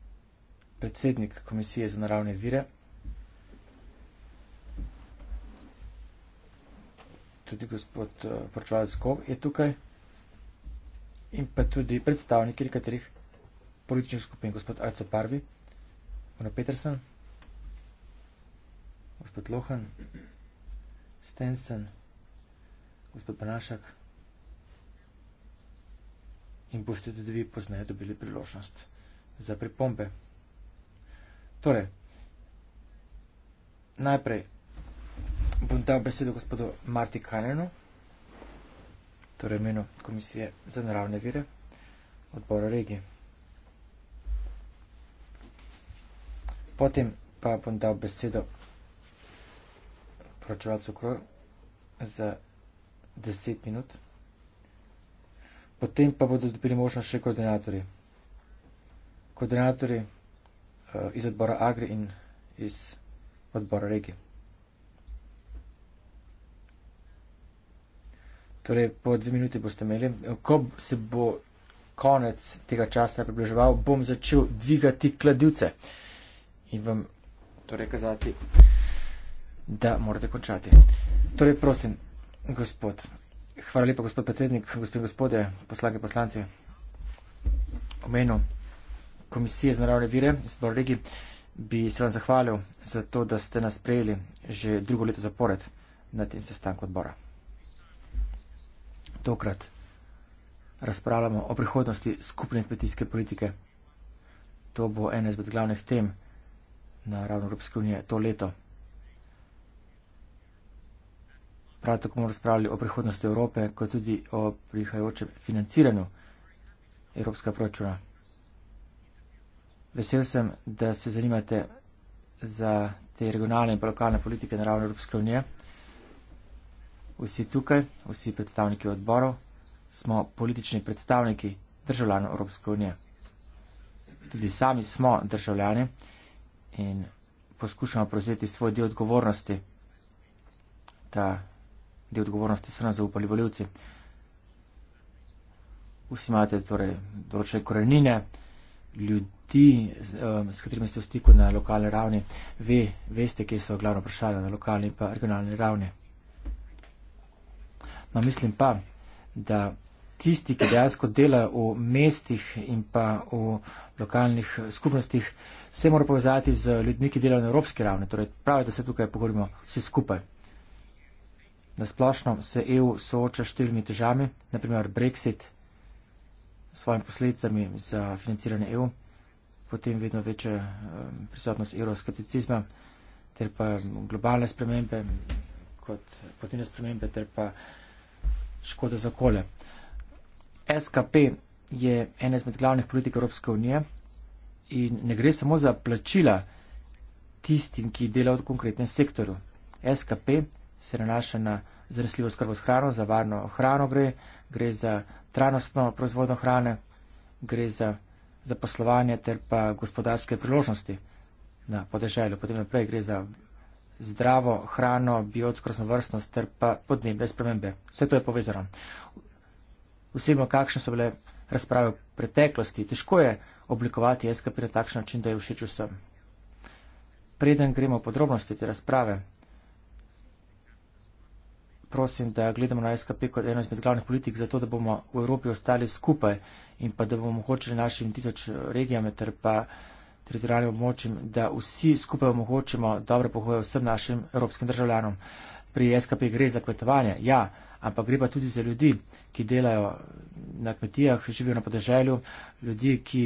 predsednik Komisije za naravne vire. tudi gospod uh, eh, Pročvalskov je tukaj in pa tudi predstavniki nekaterih političnih skupin, gospod Alco Parvi, Ona Petersen, gospod Lohan, Stensen, gospod Panašak in boste tudi vi poznaje dobili priložnost za pripombe. Torej, najprej bom dal besedo gospodu Marti Kanenu, torej menu Komisije za naravne vire odbora regije. Potem pa bom dal besedo poročevalcu Kroj za 10 minut. Potem pa bodo dobili možno še koordinatorji. Koordinatorji eh, iz odbora Agri in iz odbora regije. Torej, po dve minuti boste imeli. Ko se bo konec tega časa približeval, bom začel dvigati kladivce in vam torej kazati, da morate končati. Torej, prosim, gospod. Hvala lepa, gospod predsednik, gospod gospode, poslanke poslanci. Omenu Komisije za naravne vire, zbor regi, bi se vam zahvalil za to, da ste nas prejeli že drugo leto zapored na tem sestanku odbora tokrat razpravljamo o prihodnosti skupne kmetijske politike. To bo ena izmed glavnih tem na ravni Evropske unije to leto. Prav tako bomo razpravljali o prihodnosti Evrope, kot tudi o prihajajočem financiranju Evropskega proračuna. Vesel sem, da se zanimate za te regionalne in lokalne politike na ravni Evropske unije vsi tukaj, vsi predstavniki odborov, smo politični predstavniki državljanov Evropske unije. Tudi sami smo državljani in poskušamo prevzeti svoj del odgovornosti. Ta del odgovornosti so nam zaupali voljivci. Vsi imate torej določene korenine, ljudi, eh, s katerimi ste v stiku na lokalni ravni, ve, veste, kje so glavno vprašanje na lokalni in regionalni ravni. No, mislim pa, da tisti, ki dejansko delajo v mestih in pa v lokalnih skupnostih, se mora povezati z ljudmi, ki delajo na evropski ravni. Torej, prav je, da se tukaj pogovorimo vsi skupaj. Na splošno se EU sooča številimi težami, naprimer Brexit s svojimi posledicami za financiranje EU, potem vedno večja um, prisotnost euroskepticizma ter pa globalne spremembe, kot potem spremembe ter pa škode za okolje. SKP je ena izmed glavnih politik Evropske unije in ne gre samo za plačila tistim, ki delajo v konkretnem sektorju. SKP se nanaša na zresljivo skrbo s hrano, za varno hrano gre, gre za trajnostno proizvodno hrane, gre za zaposlovanje ter pa gospodarske priložnosti na podeželju. Potem naprej gre za zdravo hrano, biotsko raznovrstnost ter pa podnebne spremembe. Vse to je povezano. Vsemo, kakšne so bile razprave v preteklosti, težko je oblikovati SKP na takšen način, da je všeč vsem. Preden gremo v podrobnosti te razprave, prosim, da gledamo na SKP kot eno izmed glavnih politik, zato da bomo v Evropi ostali skupaj in pa da bomo hočeli našim tisoč regijam ter pa teritorijalnim območjem, da vsi skupaj omogočimo dobre pogoje vsem našim evropskim državljanom. Pri SKP gre za kmetovanje, ja, ampak gre pa tudi za ljudi, ki delajo na kmetijah, živijo na podeželju, ljudi, ki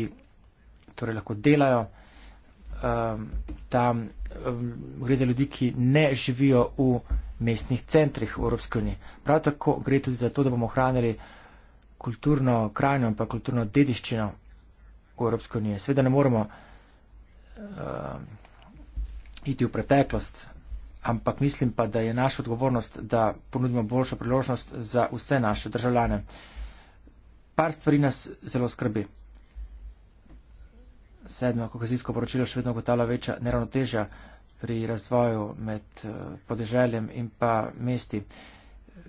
torej lahko delajo um, tam, um, gre za ljudi, ki ne živijo v mestnih centrih v Evropski uniji. Prav tako gre tudi za to, da bomo ohranili kulturno krajino in pa kulturno dediščino v Evropski uniji. Sveda ne moremo uh, iti v preteklost, ampak mislim pa, da je naša odgovornost, da ponudimo boljšo priložnost za vse naše državljane. Par stvari nas zelo skrbi. Sedmo kohezijsko poročilo še vedno gotala večja neravnotežja pri razvoju med eh, podeželjem in pa mesti.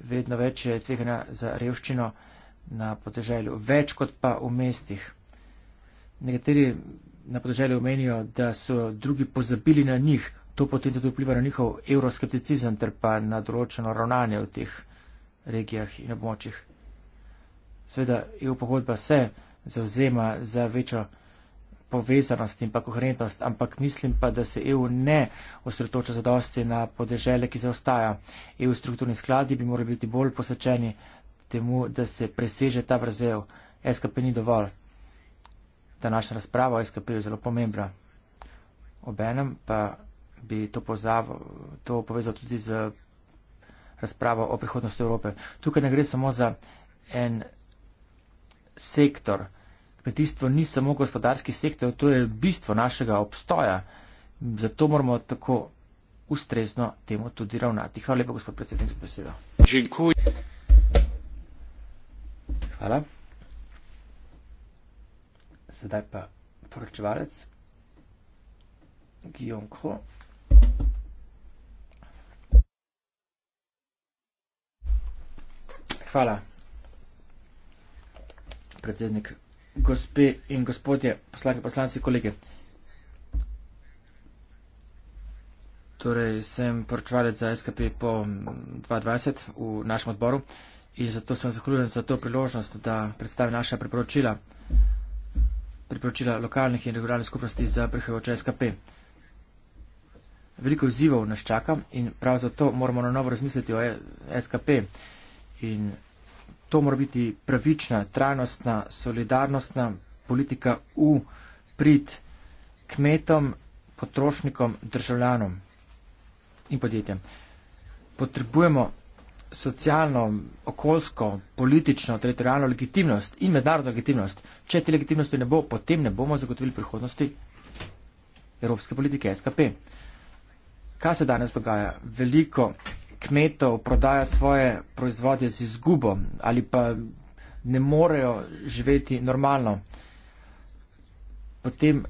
Vedno več je tveganja za revščino na podeželju, več kot pa v mestih. Nekateri na podeželju omenijo, da so drugi pozabili na njih, to potem tudi vpliva na njihov euroskepticizem ter pa na določeno ravnanje v teh regijah in območjih. Sveda EU pogodba se zauzema za večjo povezanost in pa koherentnost, ampak mislim pa, da se EU ne osredotoča zadosti na podeželje, ki zaostaja. EU strukturni skladi bi morali biti bolj posvečeni temu, da se preseže ta vrzel. SKP ni dovolj današnja razprava o SKP je zelo pomembna. Obenem pa bi to, pozav, to povezal tudi z razpravo o prihodnosti Evrope. Tukaj ne gre samo za en sektor. Kmetijstvo ni samo gospodarski sektor, to je bistvo našega obstoja. Zato moramo tako ustrezno temu tudi ravnati. Hvala lepa, gospod predsednik, za besedo. Hvala zdaj pa poročevalec Gionko. Hvala, predsednik, gospe in gospodje, poslanke, poslanci, kolege. Torej, sem poročevalec za SKP po 2020 v našem odboru in zato sem zahvaljujem za to priložnost, da predstavim naša priporočila priporočila lokalnih in regionalnih skupnosti za prihajajoče SKP. Veliko izzivov nas čaka in prav zato moramo na novo razmisliti o SKP. In to mora biti pravična, trajnostna, solidarnostna politika v prid kmetom, potrošnikom, državljanom in podjetjem. Potrebujemo socialno, okoljsko, politično, teritorijalno legitimnost in mednarodno legitimnost. Če te legitimnosti ne bo, potem ne bomo zagotovili prihodnosti evropske politike SKP. Kaj se danes dogaja? Veliko kmetov prodaja svoje proizvodje z izgubo ali pa ne morejo živeti normalno. Potem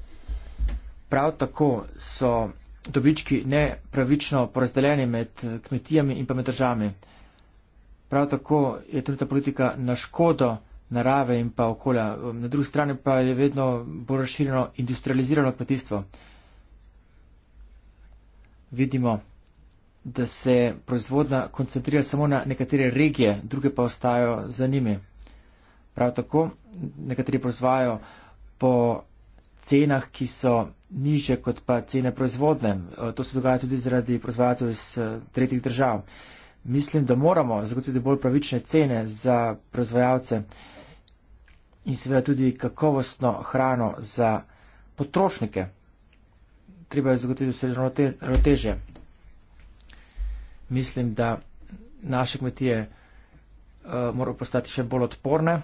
prav tako so dobički nepravično porazdeljeni med kmetijami in pa med državami. Prav tako je trenutna politika na škodo narave in pa okolja. Na drugi strani pa je vedno bolj razširjeno industrializirano kmetijstvo. Vidimo, da se proizvodna koncentrira samo na nekatere regije, druge pa ostajajo za nimi. Prav tako nekateri proizvajajo po cenah, ki so niže kot pa cene proizvodne. To se dogaja tudi zaradi proizvajalcev iz eh, tretjih držav mislim, da moramo zagotoviti bolj pravične cene za proizvajalce in seveda tudi kakovostno hrano za potrošnike. Treba je zagotoviti vse ravnotežje. Mislim, da naše kmetije uh, morajo postati še bolj odporne.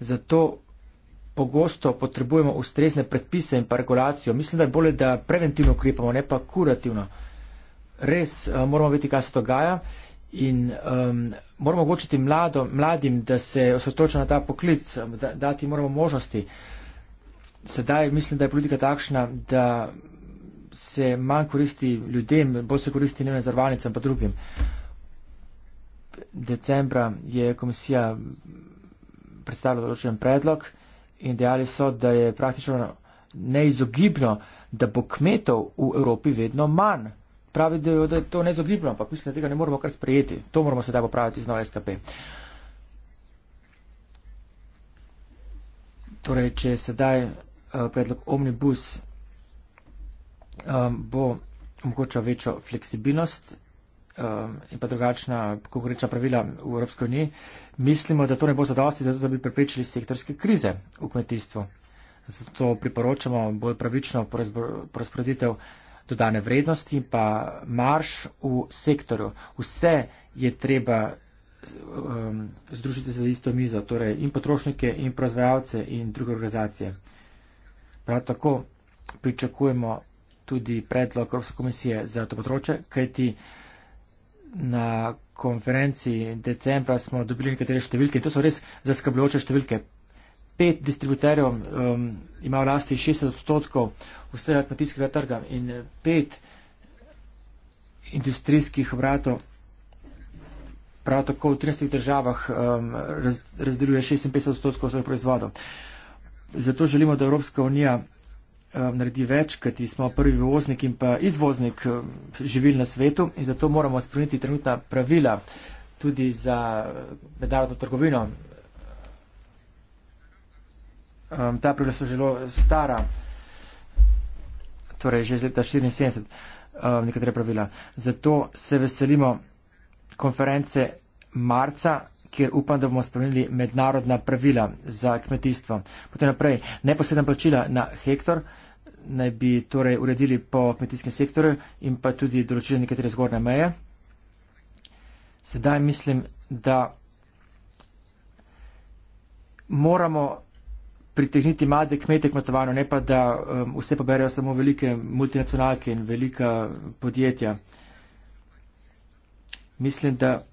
Zato pogosto potrebujemo ustrezne predpise in pa regulacijo. Mislim, da je bolje, da preventivno ukrepamo, ne pa kurativno res uh, moramo vedeti, kaj se dogaja in um, moramo omogočiti mladim, da se osredotočijo na ta poklic, da, dati moramo možnosti. Sedaj mislim, da je politika takšna, da se manj koristi ljudem, bolj se koristi njenim zarvalnicam pa drugim. Decembra je komisija predstavila določen predlog in dejali so, da je praktično neizogibno, da bo kmetov v Evropi vedno manj pravi, da, da je to nezogibno, ampak mislim, da tega ne moramo kar sprejeti. To moramo sedaj popraviti z nove SKP. Torej, če sedaj uh, predlog omnibus um, bo omogočal večjo fleksibilnost um, in pa drugačna konkurenčna pravila v Evropski uniji, mislimo, da to ne bo zadosti, zato da bi preprečili sektorske krize v kmetijstvu. Zato priporočamo bolj pravično porazporeditev. Porazbor dodane vrednosti, pa marš v sektorju. Vse je treba um, združiti za isto mizo, torej in potrošnike, in proizvajalce, in druge organizacije. Prav tako pričakujemo tudi predlog Evropske komisije za to področje, kajti na konferenci decembra smo dobili nekatere številke in to so res zaskrbljujoče številke. Pet distributerjev um, ima v lasti 60 odstotkov vsega kmetijskega trga in eh, pet industrijskih vratov, prav tako v 13 državah um, raz, razdeljuje 56 odstotkov svojih proizvodov. Zato želimo, da Evropska unija um, naredi več, kajti smo prvi voznik in pa izvoznik um, živil na svetu in zato moramo spremeniti trenutna pravila tudi za uh, mednarodno trgovino. Um, ta pravila so zelo stara torej že iz leta 1974, um, nekatere pravila. Zato se veselimo konference marca, kjer upam, da bomo spremenili mednarodna pravila za kmetijstvo. Potem naprej, neposredna plačila na hektar naj bi torej uredili po kmetijskem sektorju in pa tudi določili nekatere zgornje meje. Sedaj mislim, da moramo pritegniti mlade kmete kmetovanju, ne pa da um, vse poberajo samo velike multinacionalke in velika podjetja. Mislim, da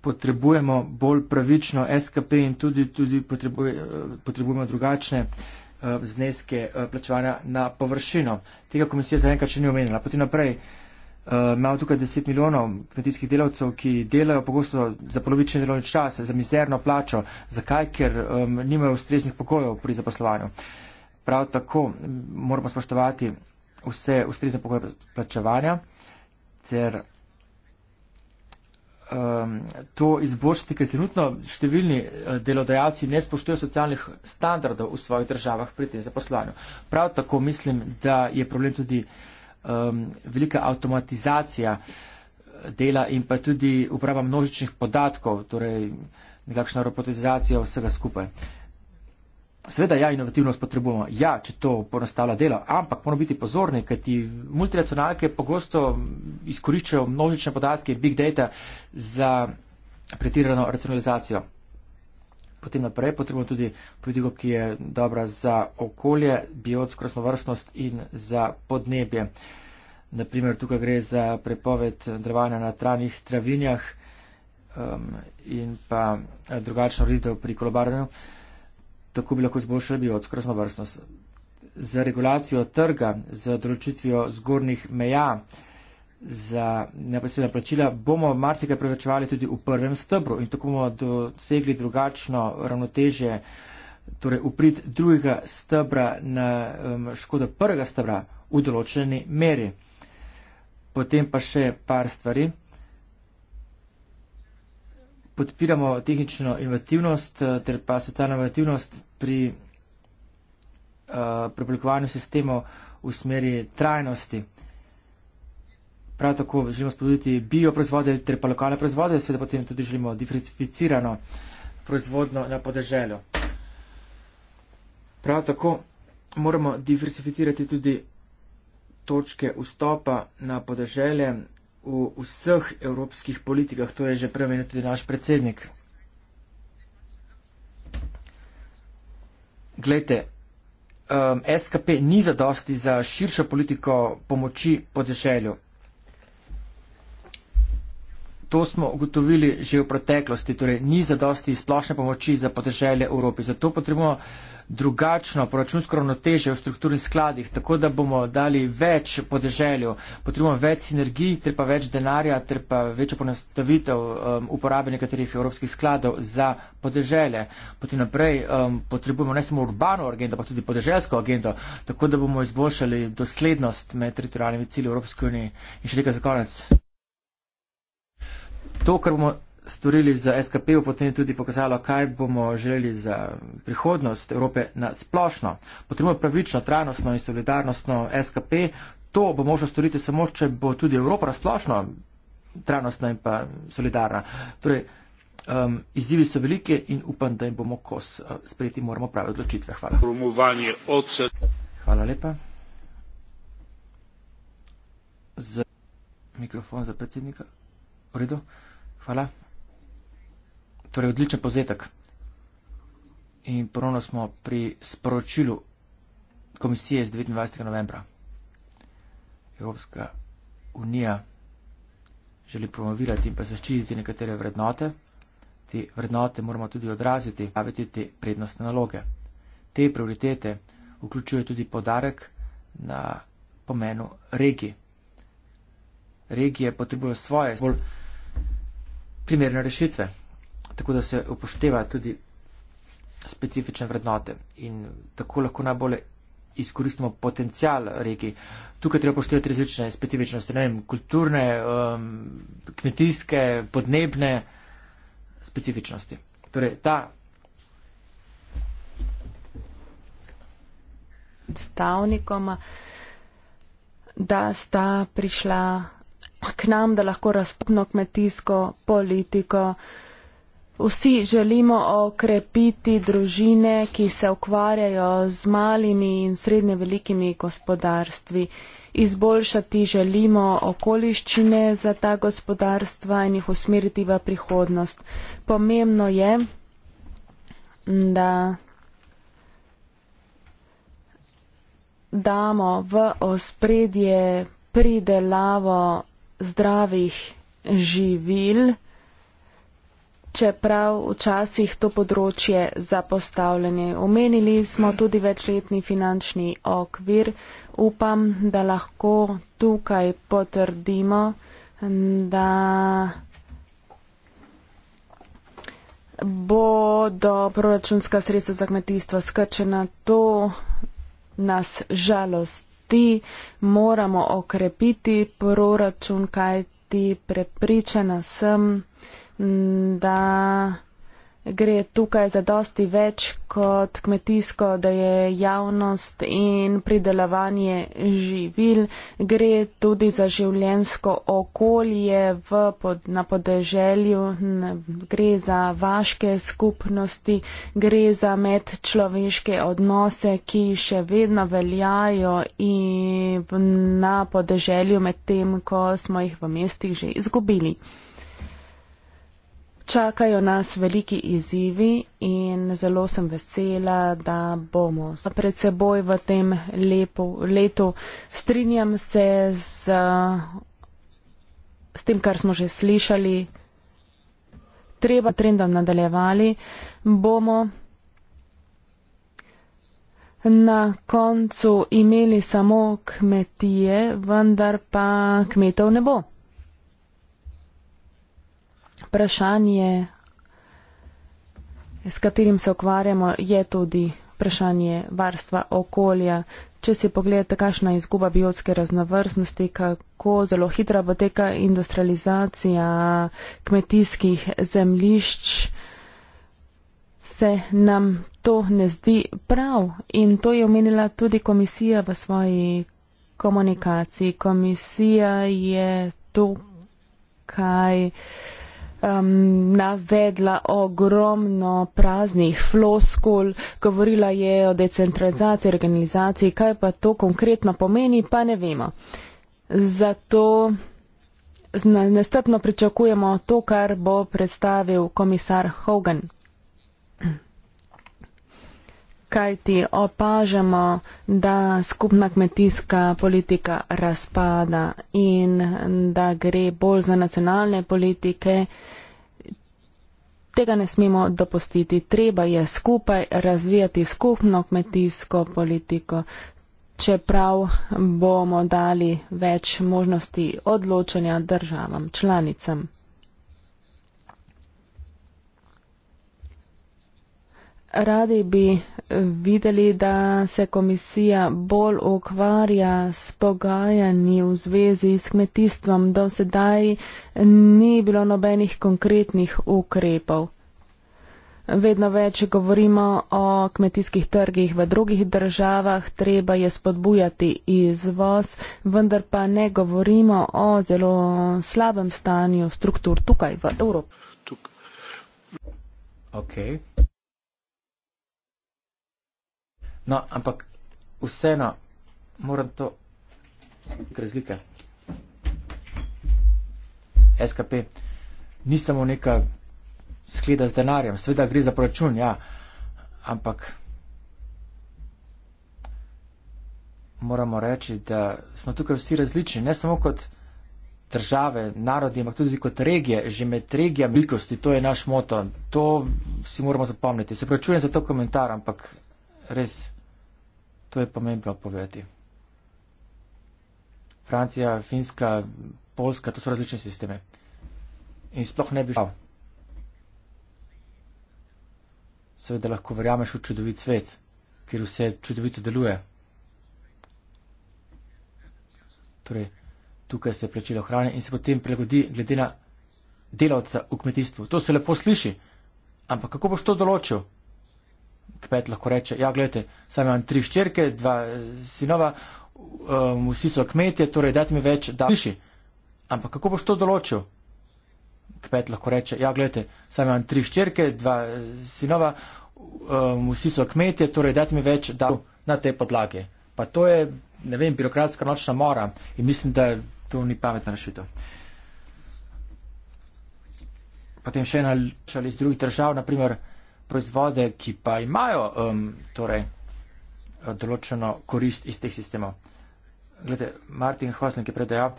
potrebujemo bolj pravično SKP in tudi, tudi potrebuje, potrebujemo drugačne uh, zneske uh, plačevanja na površino. Tega komisija zaenkrat še ni omenila. Potem naprej. Uh, Uh, imamo tukaj 10 milijonov kmetijskih delavcev, ki delajo pogosto za polovični delovni čas, za mizerno plačo. Zakaj? Ker um, nimajo ustreznih pokojev pri zaposlovanju. Prav tako moramo spoštovati vse ustrezne pokoje plačevanja ter um, to izboljšati, ker trenutno številni eh, delodajalci ne spoštujejo socialnih standardov v svojih državah pri tem zaposlovanju. Prav tako mislim, da je problem tudi uh, um, velika avtomatizacija uh, dela in pa tudi uporaba množičnih podatkov, torej nekakšna robotizacija vsega skupaj. Sveda, ja, inovativnost potrebujemo, ja, če to ponostavlja delo, ampak moramo biti pozorni, ker ti multinacionalke pogosto izkoriščajo množične podatke, big data za pretirano racionalizacijo potem naprej potrebujemo tudi politiko, ki je dobra za okolje, biotsko raznovrstnost in za podnebje. Naprimer, tukaj gre za prepoved drevanja na tranih travinjah um, in pa eh, drugačno roditev pri kolobarjenju. Tako bi lahko izboljšali biotsko raznovrstnost. Za regulacijo trga, za določitvijo zgornjih meja, za neposredna plačila, bomo marsikaj prevečevali tudi v prvem stebru in tako bomo dosegli drugačno ravnoteže, torej uprit drugega stebra na um, škodo prvega stebra v določeni meri. Potem pa še par stvari. Podpiramo tehnično inovativnost eh, ter pa socialno inovativnost pri uh, preoblikovanju sistemov v smeri trajnosti. Prav tako želimo spodbuditi bioproizvode ter pa lokalne proizvode, seveda potem tudi želimo diversificirano proizvodno na podeželju. Prav tako moramo diversificirati tudi točke vstopa na podeželje v vseh evropskih politikah, to je že premenil tudi naš predsednik. Glejte, um, SKP ni zadosti za širšo politiko pomoči podeželju. To smo ugotovili že v preteklosti, torej ni zadosti splošne pomoči za podeželje Evropi. Zato potrebujemo drugačno proračunsko ravnoteže v strukturnih skladih, tako da bomo dali več podeželju, potrebujemo več sinergij, ter pa več denarja, ter pa večjo ponastavitev um, uporabe nekaterih evropskih skladov za podeželje. Potem naprej um, potrebujemo ne samo urbano agendo, pa tudi podeželsko agendo, tako da bomo izboljšali doslednost med teritorijalnimi cilji Evropske unije. In še nekaj za konec to, kar bomo storili za SKP, bo potem tudi pokazalo, kaj bomo želeli za prihodnost Evrope na splošno. Potrebujemo pravično, trajnostno in solidarnostno SKP. To bo možno storiti samo, če bo tudi Evropa razplošno trajnostna in pa solidarna. Torej, um, izzivi so velike in upam, da jim bomo kos uh, sprejeti, moramo prave odločitve. Hvala. Hvala lepa. Z mikrofon za predsednika. V redu. Hvala. Torej, odličen povzetek. In ponovno smo pri sporočilu komisije z 29. novembra. Evropska unija želi promovirati in pa zaščititi nekatere vrednote. Te vrednote moramo tudi odraziti, praviti te prednostne naloge. Te prioritete vključuje tudi podarek na pomenu regije. Regije potrebujejo svoje, bolj primerne rešitve, tako da se upošteva tudi specifične vrednote in tako lahko najbolje izkoristimo potencial regij. Tukaj treba upoštevati različne specifičnosti, ne vem, kulturne, um, kmetijske, podnebne specifičnosti. Torej, ta predstavnikoma, da sta prišla k nam, da lahko razpuno kmetijsko politiko. Vsi želimo okrepiti družine, ki se ukvarjajo z malimi in srednje velikimi gospodarstvi. Izboljšati želimo okoliščine za ta gospodarstva in jih usmeriti v prihodnost. Pomembno je, da damo v ospredje pridelavo zdravih živil, čeprav včasih to področje zapostavljanje. Omenili smo tudi večletni finančni okvir. Upam, da lahko tukaj potrdimo, da bodo proračunska sredstva za kmetijstvo skrčena. To nas žalosti oblasti, moramo okrepiti proračun, kaj ti prepričana sem, da gre tukaj za dosti več kot kmetijsko, da je javnost in pridelovanje živil, gre tudi za življensko okolje v, pod, na podeželju, gre za vaške skupnosti, gre za medčloveške odnose, ki še vedno veljajo in na podeželju med tem, ko smo jih v mestih že izgubili. Čakajo nas veliki izzivi in zelo sem vesela, da bomo pred seboj v tem lepo letu. Strinjam se z, z tem, kar smo že slišali. Treba trendom nadaljevali. Bomo na koncu imeli samo kmetije, vendar pa kmetov ne bo vprašanje, s katerim se ukvarjamo, je tudi vprašanje varstva okolja. Če si pogledate, kakšna je izguba biotske raznovrstnosti, kako zelo hitra poteka industrializacija kmetijskih zemlišč, se nam to ne zdi prav. In to je omenila tudi komisija v svoji komunikaciji. Komisija je tukaj um, navedla ogromno praznih floskul, govorila je o decentralizaciji, organizaciji, kaj pa to konkretno pomeni, pa ne vemo. Zato nestrpno pričakujemo to, kar bo predstavil komisar Hogan kajti opažamo, da skupna kmetijska politika razpada in da gre bolj za nacionalne politike. Tega ne smemo dopustiti. Treba je skupaj razvijati skupno kmetijsko politiko. Čeprav bomo dali več možnosti odločanja državam, članicam. radi bi eh, videli, da se komisija bolj ukvarja s pogajanji v zvezi s kmetijstvom. Do sedaj ni bilo nobenih konkretnih ukrepov. Vedno več govorimo o kmetijskih trgih v drugih državah, treba je spodbujati izvoz, vendar pa ne govorimo o zelo slabem stanju struktur tukaj v Evropi. Okay. No, ampak vseeno moram to razlike. SKP ni samo neka skleda z denarjem, sveda gre za proračun, ja, ampak moramo reči, da smo tukaj vsi različni, ne samo kot države, narodi, ampak tudi kot regije, že med regijami velikosti, to je naš moto, to si moramo zapomniti. Se pravi, čujem za to komentar, ampak res. To je pomembno povedati. Francija, Finska, Poljska, to so različne sisteme. In sploh ne bi šel. Seveda lahko verjameš v čudovit svet, kjer vse čudovito deluje. Torej, tukaj se je plačilo hrane in se potem prilagodi glede na delavca v kmetijstvu. To se lepo sliši. Ampak kako boš to določil? kmet lahko reče, ja, gledajte, sam imam tri ščerke, dva eh, sinova, um, vsi so kmetje, torej dajte mi več, da piši. Ampak kako boš to določil? Kmet lahko reče, ja, gledajte, sam imam tri ščerke, dva eh, sinova, um, vsi so kmetje, torej dajte mi več, da na te podlage. Pa to je, ne vem, birokratska nočna mora in mislim, da to ni pametna rešitev. Potem še ena šala iz drugih držav, naprimer proizvode, ki pa imajo um, torej, določeno korist iz teh sistemov. Glede, Martin Hvasnik je predajal.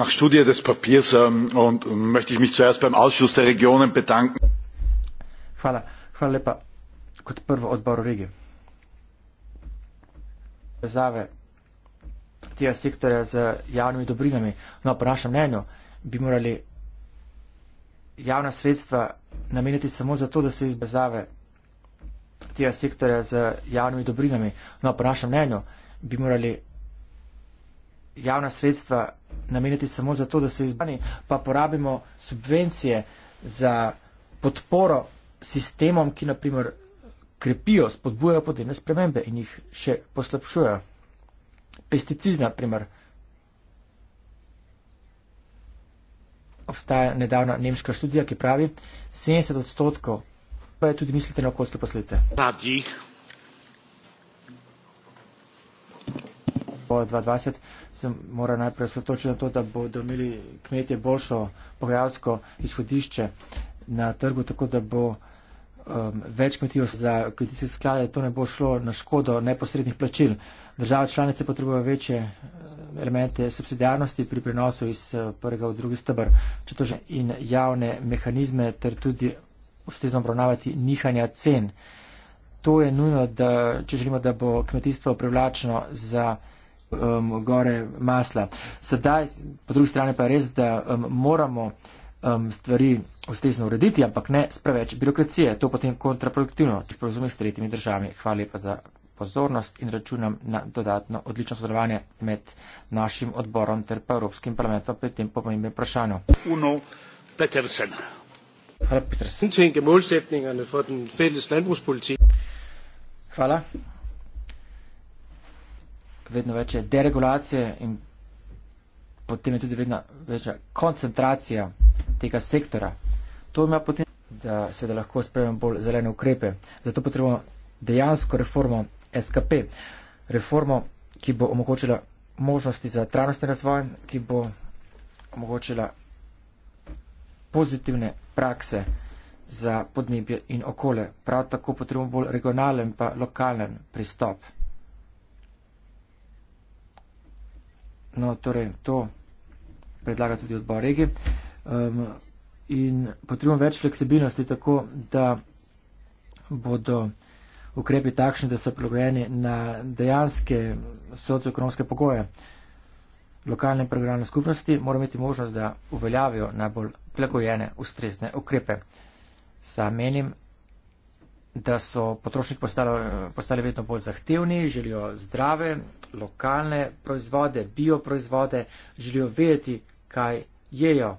Nach Studie des Papiers um, und um, möchte ich mich zuerst beim Ausschuss der Regionen bedanken. Hvala. Hvala lepa. Kot prvo odbor Rigi. Vezave tega sektorja z javnimi dobrinami. No, po našem mnenju bi morali javna sredstva namenjati samo zato, da se izbezave tega sektorja z javnimi dobrinami. No, po našem mnenju bi morali javna sredstva namenjati samo zato, da se izbezave, pa porabimo subvencije za podporo sistemom, ki naprimer krepijo, spodbujajo podnebne spremembe in jih še poslabšujejo. Pesticidi, naprimer, obstaja nedavna nemška študija, ki pravi, 70 odstotkov pa je tudi mislite na okoljske posledice. Radih. Po 2020 se mora najprej sotočiti na to, da bodo imeli kmetje boljšo pogajalsko izhodišče na trgu, tako da bo um, več kmetij za kmetijske sklade, to ne bo šlo na škodo neposrednih plačil. Države članice potrebujejo večje uh, elemente subsidijarnosti pri prenosu iz uh, prvega v drugi stebr in javne mehanizme ter tudi ustrezno obravnavati nihanja cen. To je nujno, da, če želimo, da bo kmetijstvo privlačno za um, gore masla. Sedaj, po drugi strani pa je res, da um, moramo um, stvari ustrezno urediti, ampak ne s preveč birokracije. To potem kontraproduktivno sporozumi s tretjimi državami. Hvala lepa za pozornost in računam na dodatno odlično sodelovanje med našim odborom ter pa Evropskim parlamentom pri tem pomembnem vprašanju. Uno Petersen. Hvala, Petersen. Hvala. Vedno več je deregulacije in potem je tudi vedno večja koncentracija tega sektora. To ima potem, da se da lahko sprejemo bolj zelene ukrepe. Zato potrebujemo dejansko reformo SKP. Reformo, ki bo omogočila možnosti za trajnostni razvoj, ki bo omogočila pozitivne prakse za podnebje in okole. Prav tako potrebujemo bolj regionalen pa lokalen pristop. No, torej, to predlaga tudi odbor regije. Um, in potrebujemo več fleksibilnosti, tako da bodo ukrepi takšni, da so prilagojeni na dejanske socioekonomske pogoje. Lokalne programe skupnosti morajo imeti možnost, da uveljavijo najbolj prilagojene, ustrezne ukrepe. Sam menim, da so potrošniki postali, postali vedno bolj zahtevni, želijo zdrave, lokalne proizvode, bioproizvode, želijo vedeti, kaj jejo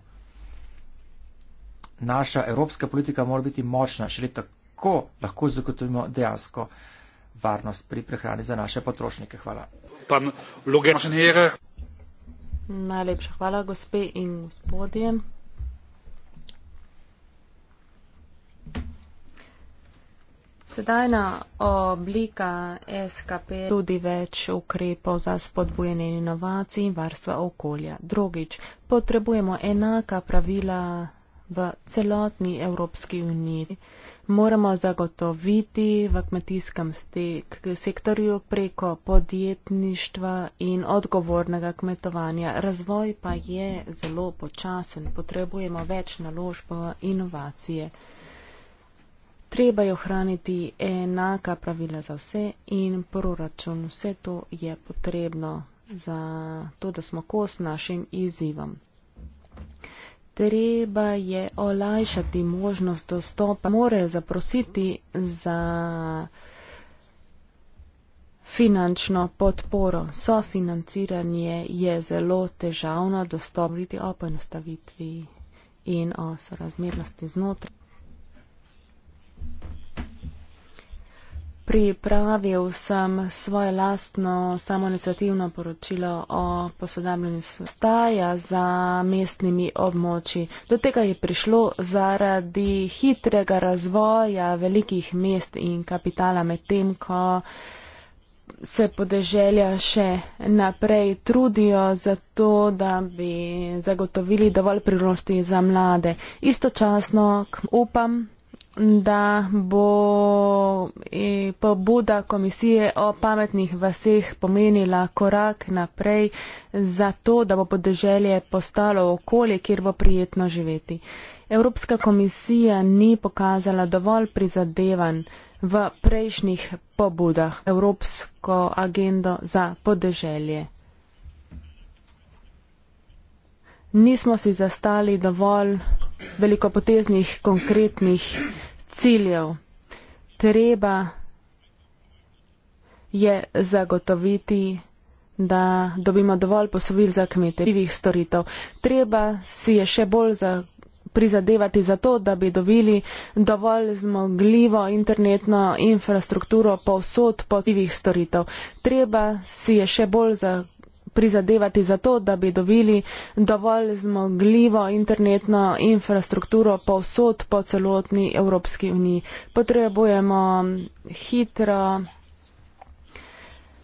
naša evropska politika mora biti močna, šele tako lahko zagotovimo dejansko varnost pri prehrani za naše potrošnike. Hvala. Najlepša hvala, gospe in gospodje. Sedajna oblika SKP tudi več ukrepov za spodbujanje inovacij in varstva okolja. Drugič, potrebujemo enaka pravila v celotni Evropski uniji. Moramo zagotoviti v kmetijskem stek, sektorju preko podjetništva in odgovornega kmetovanja. Razvoj pa je zelo počasen, potrebujemo več naložb v inovacije. Treba je ohraniti enaka pravila za vse in proračun. Vse to je potrebno za to, da smo kos našim izzivom treba je olajšati možnost dostopa, morajo zaprositi za finančno podporo. Sofinanciranje je zelo težavno dostopiti o poenostavitvi in o sorazmernosti znotraj. pripravil sem svoje lastno samoinicijativno poročilo o posodabljanju staja za mestnimi območji. Do tega je prišlo zaradi hitrega razvoja velikih mest in kapitala med tem, ko se podeželja še naprej trudijo za to, da bi zagotovili dovolj priložnosti za mlade. Istočasno upam, da bo e, pobuda komisije o pametnih vaseh pomenila korak naprej za to, da bo podeželje postalo okolje, kjer bo prijetno živeti. Evropska komisija ni pokazala dovolj prizadevan v prejšnjih pobudah Evropsko agendo za podeželje. Nismo si zastali dovolj velikopoteznih, konkretnih ciljev. Treba je zagotoviti, da dobimo dovolj posovil za kmete, živih storitev. Treba si je še bolj za, prizadevati za to, da bi dobili dovolj zmogljivo internetno infrastrukturo povsod po živih storitev. Treba si je še bolj za, prizadevati za to, da bi dobili dovolj zmogljivo internetno infrastrukturo povsod po celotni Evropski uniji. Potrebujemo hitro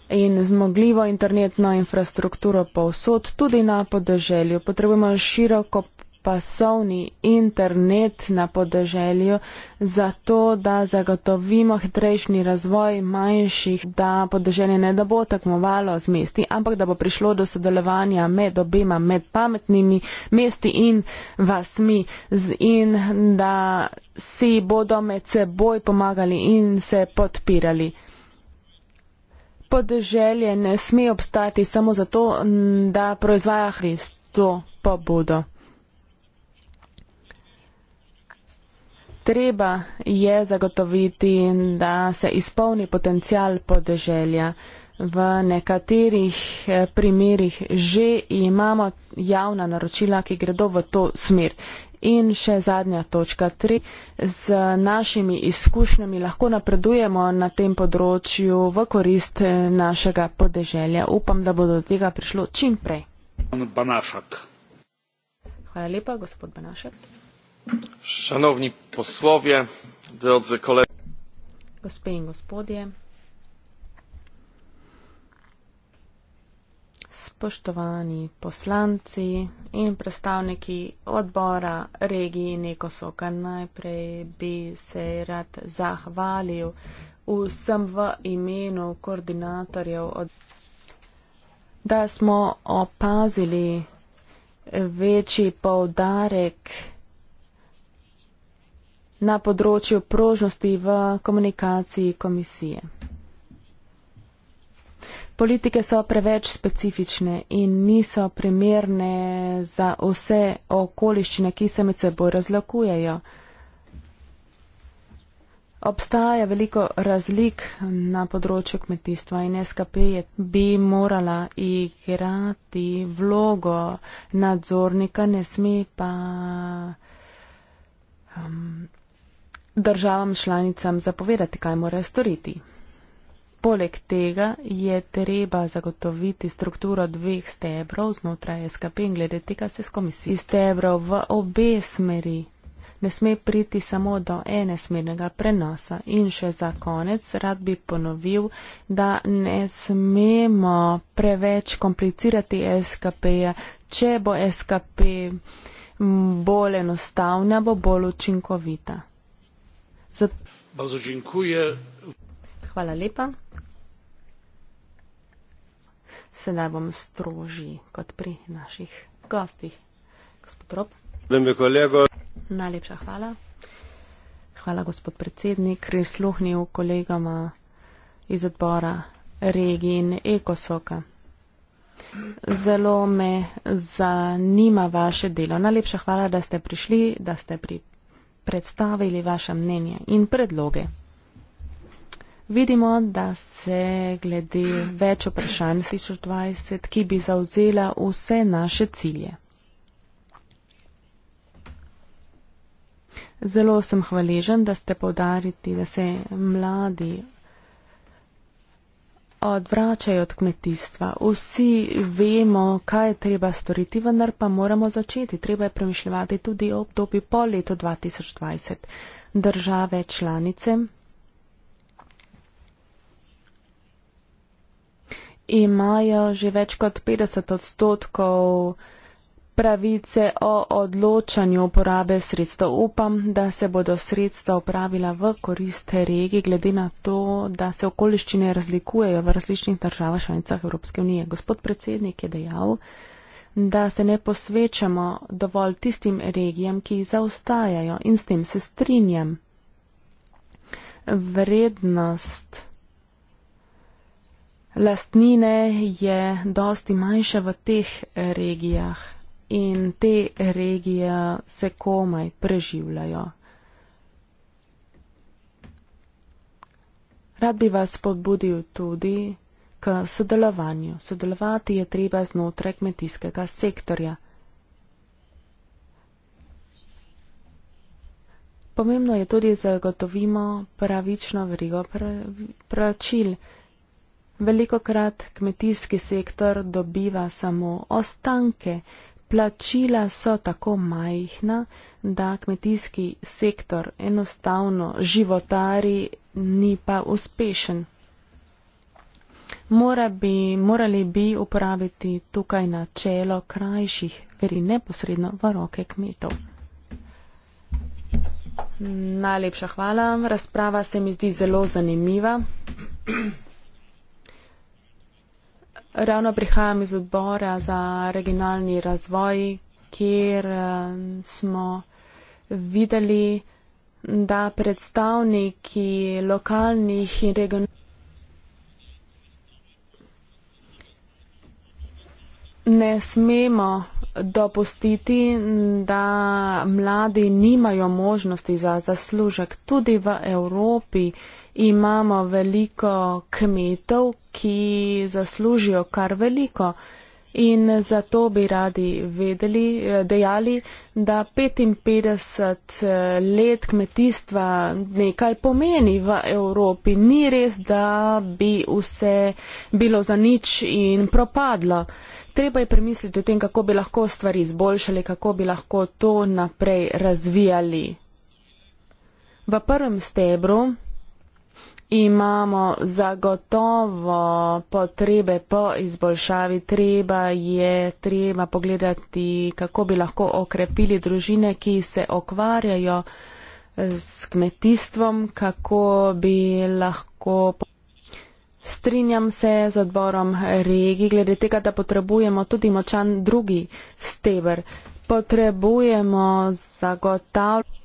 in zmogljivo internetno infrastrukturo povsod, tudi na podeželju. Potrebujemo široko pasovni internet na podeželju, zato da zagotovimo hitrejši razvoj manjših, da podeželje ne da bo tekmovalo z mesti, ampak da bo prišlo do sodelovanja med obema, med pametnimi mesti in vasmi in da si bodo med seboj pomagali in se podpirali. Podeželje ne sme obstati samo zato, da proizvaja Hrist to pobudo. Treba je zagotoviti, da se izpolni potencial podeželja. V nekaterih eh, primerjih že imamo javna naročila, ki gredo v to smer. In še zadnja točka, tri. Z našimi izkušnjami lahko napredujemo na tem področju v korist eh, našega podeželja. Upam, da bo do tega prišlo čim prej. Hvala lepa, gospod Banašek. Šanovni poslovje, drodze kolega. Gospe in gospodje, spoštovani poslanci in predstavniki odbora regiji Nekosoka, najprej bi se rad zahvalil vsem v imenu koordinatorjev, da smo opazili večji povdarek na področju prožnosti v komunikaciji komisije. Politike so preveč specifične in niso primerne za vse okoliščine, ki se med seboj razlikujejo. Obstaja veliko razlik na področju kmetijstva in SKP bi morala igrati vlogo nadzornika, ne sme pa um, državam članicam zapovedati, kaj morajo storiti. Poleg tega je treba zagotoviti strukturo dveh stebrov znotraj SKP in glede tega se s komisijo. Iz stebrov v obe smeri ne sme priti samo do ene smernega prenosa. In še za konec rad bi ponovil, da ne smemo preveč komplicirati SKP-ja, če bo SKP bolj enostavna, bo bolj učinkovita. Hvala lepa. Sedaj bom stroži kot pri naših gostih. Gospod Rob. Najlepša hvala. Hvala, gospod predsednik. Prisluhnil kolegama iz odbora regij in ekosoka. Zelo me zanima vaše delo. Najlepša hvala, da ste prišli, da ste pri predstavili vaše mnenje in predloge. Vidimo, da se glede več vprašanj 2020, ki bi zauzela vse naše cilje. Zelo sem hvaležen, da ste povdariti, da se mladi odvračajo od kmetijstva. Vsi vemo, kaj je treba storiti, vendar pa moramo začeti. Treba je premišljati tudi o obdobju po letu 2020. Države članice imajo že več kot 50 odstotkov pravice o odločanju uporabe sredstev. Upam, da se bodo sredstva upravila v korist regiji, glede na to, da se okoliščine razlikujejo v različnih državah članicah Evropske unije. Gospod predsednik je dejal, da se ne posvečamo dovolj tistim regijam, ki jih zaostajajo in s tem se strinjam. Vrednost lastnine je dosti manjša v teh regijah in te regije se komaj preživljajo. Rad bi vas podbudil tudi k sodelovanju. Sodelovati je treba znotraj kmetijskega sektorja. Pomembno je tudi zagotovimo pravično verigo plačil. Velikokrat kmetijski sektor dobiva samo ostanke, Plačila so tako majhna, da kmetijski sektor enostavno životari, ni pa uspešen. Mora bi, morali bi uporabiti tukaj načelo krajših, veri neposredno v roke kmetov. Najlepša hvala. Razprava se mi zdi zelo zanimiva. Ravno prihajam iz odbora za regionalni razvoj, kjer eh, smo videli, da predstavniki lokalnih in regionalnih Ne smemo dopustiti, da mladi nimajo možnosti za zaslužek. Tudi v Evropi uh, imamo veliko kmetov, ki zaslužijo kar veliko. In zato bi radi vedeli, eh, dejali, da 55 eh, let kmetijstva nekaj pomeni v Evropi. Ni res, da bi vse bilo za nič in propadlo. Treba je premisliti o tem, kako bi lahko stvari izboljšali, kako bi lahko to naprej razvijali. V prvem stebru imamo zagotovo potrebe po izboljšavi. Treba je treba pogledati, kako bi lahko okrepili družine, ki se okvarjajo eh, s kmetijstvom, kako bi lahko. Strinjam se z odborom regi, glede tega, da potrebujemo tudi močan drugi steber. Potrebujemo zagotavljati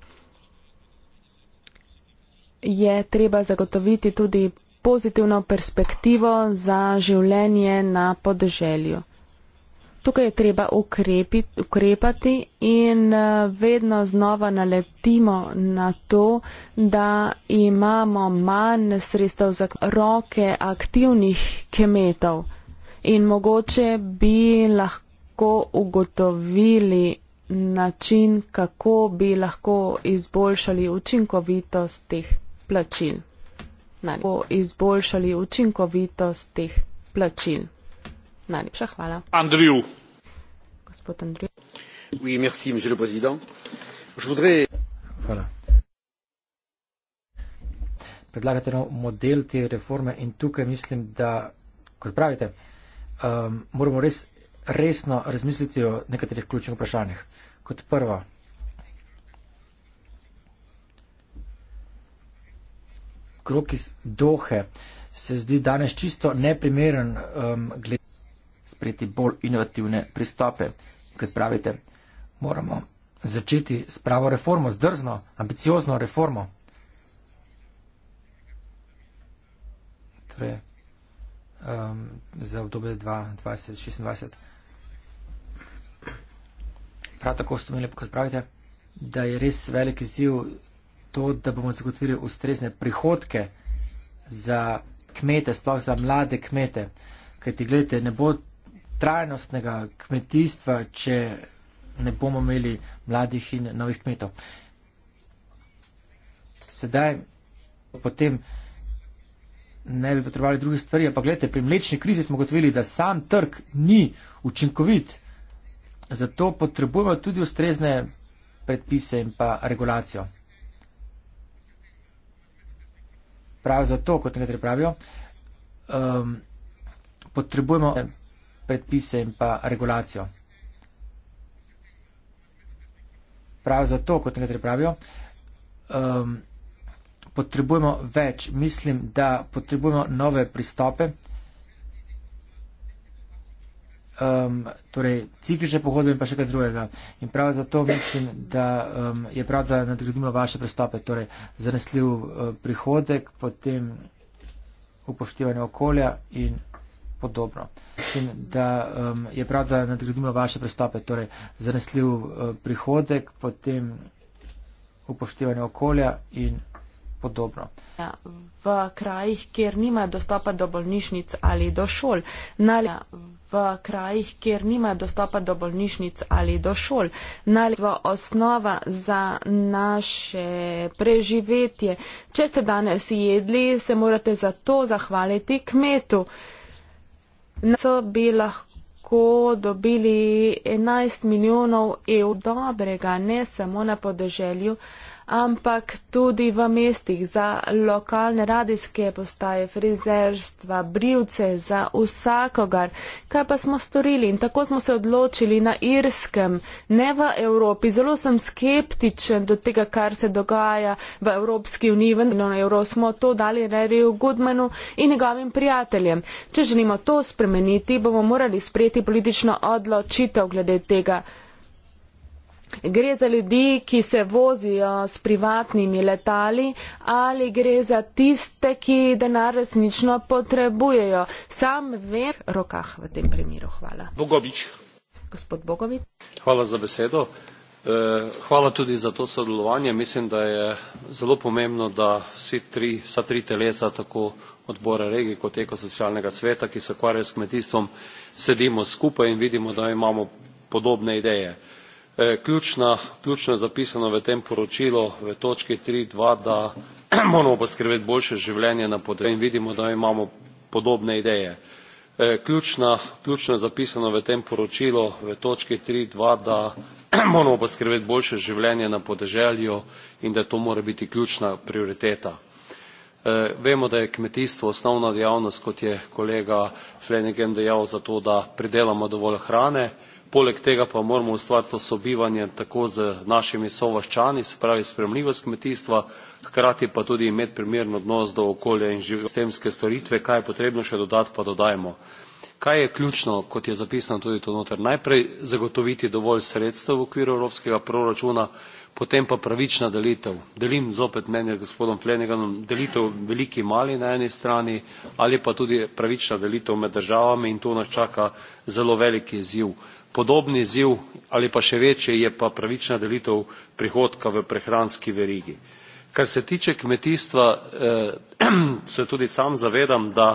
je treba zagotoviti tudi pozitivno perspektivo za življenje na podeželju. Tukaj je treba ukrepiti, ukrepati in eh, vedno znova naletimo na to, da imamo manj sredstev za roke aktivnih kmetov in mogoče bi lahko ugotovili način, kako bi lahko izboljšali učinkovitost teh plačil. Najlepša hvala. Izboljšali učinkovitost teh plačil. Najlepša hvala. Andriju. Gospod Andriju. Oui, merci, monsieur le président. Je voudrais. Hvala. Predlagate nov model te reforme in tukaj mislim, da, kot pravite, um, moramo res resno razmisliti o nekaterih ključnih vprašanjih. Kot prvo, krok iz Dohe se zdi danes čisto neprimeren, um, glede sprejeti bolj inovativne pristope. Kot pravite, moramo začeti s pravo reformo, z drzno, ambiciozno reformo. Torej, um, za obdobje 2026. Prav tako ste imeli, kot pravite, da je res velik izziv to, da bomo zagotovili ustrezne prihodke za kmete, sploh za mlade kmete. Kaj ti gledajte, ne bo trajnostnega kmetijstva, če ne bomo imeli mladih in novih kmetov. Sedaj potem ne bi potrebovali drugih stvari, ampak gledajte, pri mlečni krizi smo gotovili, da sam trg ni učinkovit. Zato potrebujemo tudi ustrezne predpise in pa regulacijo. Prav zato, kot nekateri pravijo, um, potrebujemo predpise in pa regulacijo. Prav zato, kot nekateri pravijo, um, potrebujemo več. Mislim, da potrebujemo nove pristope um, torej ciklične pohodbe in pa še kaj drugega. In prav zato mislim, da um, je prav, da nadgradimo vaše prestope, torej zanesljiv uh, prihodek, potem upoštevanje okolja in podobno. Mislim, da um, je prav, da nadgradimo vaše prestope, torej zanesljiv uh, prihodek, potem upoštevanje okolja in podobno. Ja, v krajih, kjer nimajo dostopa do bolnišnic ali do šol, nalja. Ja v krajih, kjer nimajo dostopa do bolnišnic ali do šol. Najlepša osnova za naše preživetje. Če ste danes jedli, se morate za to zahvaliti kmetu. Na so bi lahko dobili 11 milijonov evrov dobrega, ne samo na podeželju, ampak tudi v mestih za lokalne radijske postaje, frizerstva, brivce, za vsakogar. Kaj pa smo storili in tako smo se odločili na Irskem, ne v Evropi. Zelo sem skeptičen do tega, kar se dogaja v Evropski uniji, vendar na Evro smo to dali Rerju Goodmanu in njegovim prijateljem. Če želimo to spremeniti, bomo morali sprejeti politično odločitev glede tega. Gre za ljudi, ki se vozijo s privatnimi letali ali gre za tiste, ki denar resnično potrebujejo. Sam ver rokah v tem primeru. Hvala. Bogovič. Gospod Bogovič. Hvala za besedo. Eh, hvala tudi za to sodelovanje. Mislim, da je zelo pomembno, da vsi tri, vsa tri telesa, tako odbora regije kot ekosocialnega sveta, ki se ukvarja s kmetijstvom, sedimo skupaj in vidimo, da imamo podobne ideje. Eh, ključno je zapisano v tem poročilu v točki tri dva da (clears throat) moramo poskrbeti boljše življenje na podeželju in vidimo da imamo podobne ideje. Eh, ključno je zapisano v tem poročilu v točki tri dva da (clears throat) moramo poskrbeti boljše življenje na podeželju in da to mora biti ključna prioriteta. Eh, vemo da je kmetijstvo osnovna dejavnost kot je kolega flanagan dejal za to da pridelamo dovolj hrane poleg tega pa moramo ustvariti to sobivanje tako z našimi sovaščani, se pravi spremljivost kmetijstva, hkrati pa tudi imeti primern odnos do okolja in živostemske storitve, kaj je potrebno še dodati, pa dodajemo. Kaj je ključno, kot je zapisano tudi to noter? Najprej zagotoviti dovolj sredstev v okviru evropskega proračuna, potem pa pravična delitev. Delim zopet mnenje gospodom Fleniganom, delitev veliki mali na eni strani ali pa tudi pravična delitev med državami in tu nas čaka zelo veliki izziv podoben izziv ali pa še večji je pa pravična delitev prihodka v prehranski verigi. kar se tiče kmetijstva eh, (clears throat) se tudi sam zavedam da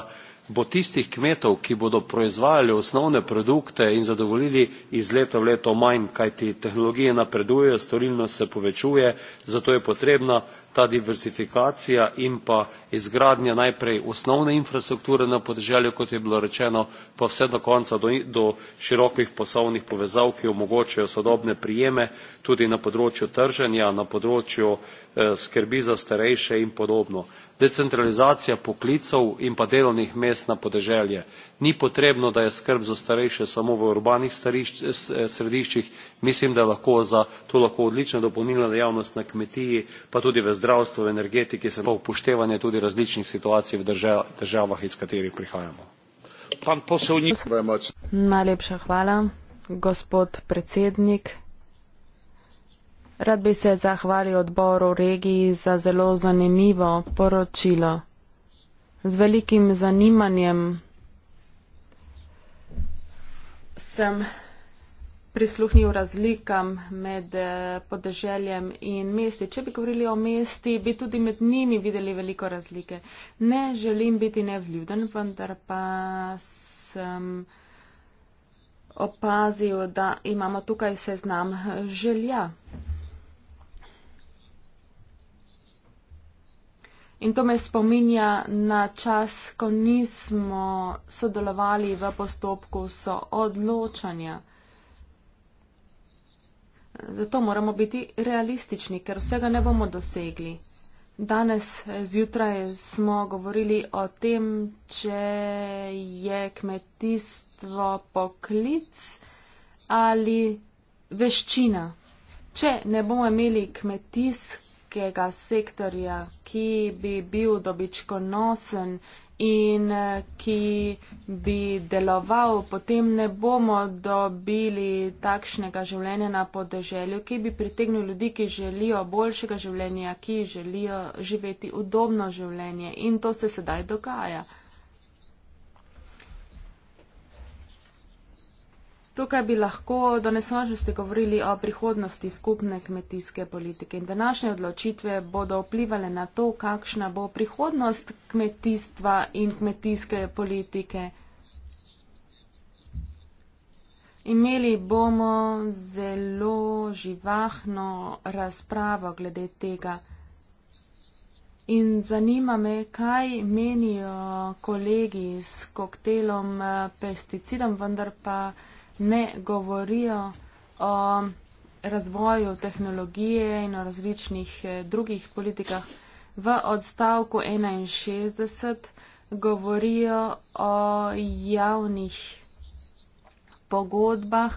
bo tistih kmetov ki bodo proizvajali osnovne produkte in zadovoljili iz leta v leto manj kajti tehnologije napredujejo storilnost se povečuje zato je potrebna ta diversifikacija in pa izgradnja najprej osnovne infrastrukture na podeželju kot je bilo rečeno pa vse do konca do, do širokih poslovnih povezav ki omogočajo sodobne prijeme tudi na področju trženja na področju eh, skrbi za starejše in podobno decentralizacija poklicev in pa delovnih mest na podeželje ni potrebno da je skrb za starejše samo v urbanih eh, središčih mislim da lahko za to lahko odlična dopolnilna dejavnost na kmetiji pa tudi v zdravstvu v energetiki se pa upoštevanje tudi različnih situacij v državah iz katerih prihajamo Pan posovnik. Najlepša hvala, gospod predsednik. Rad bi se zahvalil odboru regiji za zelo zanimivo poročilo. Z velikim zanimanjem sem prisluhnil razlikam med eh, podeželjem in mesti. Če bi govorili o mesti, bi tudi med njimi videli veliko razlike. Ne želim biti nevljuden, vendar pa sem opazil, da imamo tukaj seznam želja. In to me spominja na čas, ko nismo sodelovali v postopku soodločanja. Zato moramo biti realistični, ker vsega ne bomo dosegli. Danes zjutraj smo govorili o tem, če je kmetijstvo poklic ali veščina. Če ne bomo imeli kmetijsk energetskega sektorja, ki bi bil dobičkonosen in ki bi deloval, potem ne bomo dobili takšnega življenja na podeželju, ki bi pritegnil ljudi, ki želijo boljšega življenja, ki želijo živeti udobno življenje. In to se sedaj dogaja. Tukaj bi lahko, danes že ste govorili o prihodnosti skupne kmetijske politike in današnje odločitve bodo vplivali na to, kakšna bo prihodnost kmetijstva in kmetijske politike. Imeli bomo zelo živahno razpravo glede tega. In zanima me, kaj menijo kolegi s koktelom eh, pesticidom, vendar pa ne govorijo o razvoju tehnologije in o različnih eh, drugih politikah. V odstavku 61 govorijo o javnih pogodbah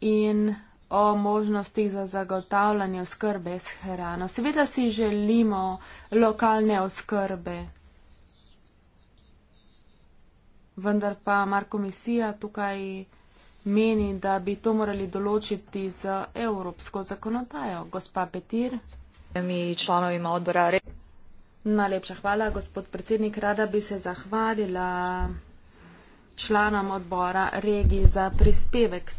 in o možnostih za zagotavljanje oskrbe s hrano. Seveda si želimo lokalne oskrbe vendar pa Markomisija tukaj meni, da bi to morali določiti z evropsko zakonodajo. Gospa Petir. Mi članovima odbora. Najlepša hvala, gospod predsednik. Rada bi se zahvalila članom odbora regij za prispevek.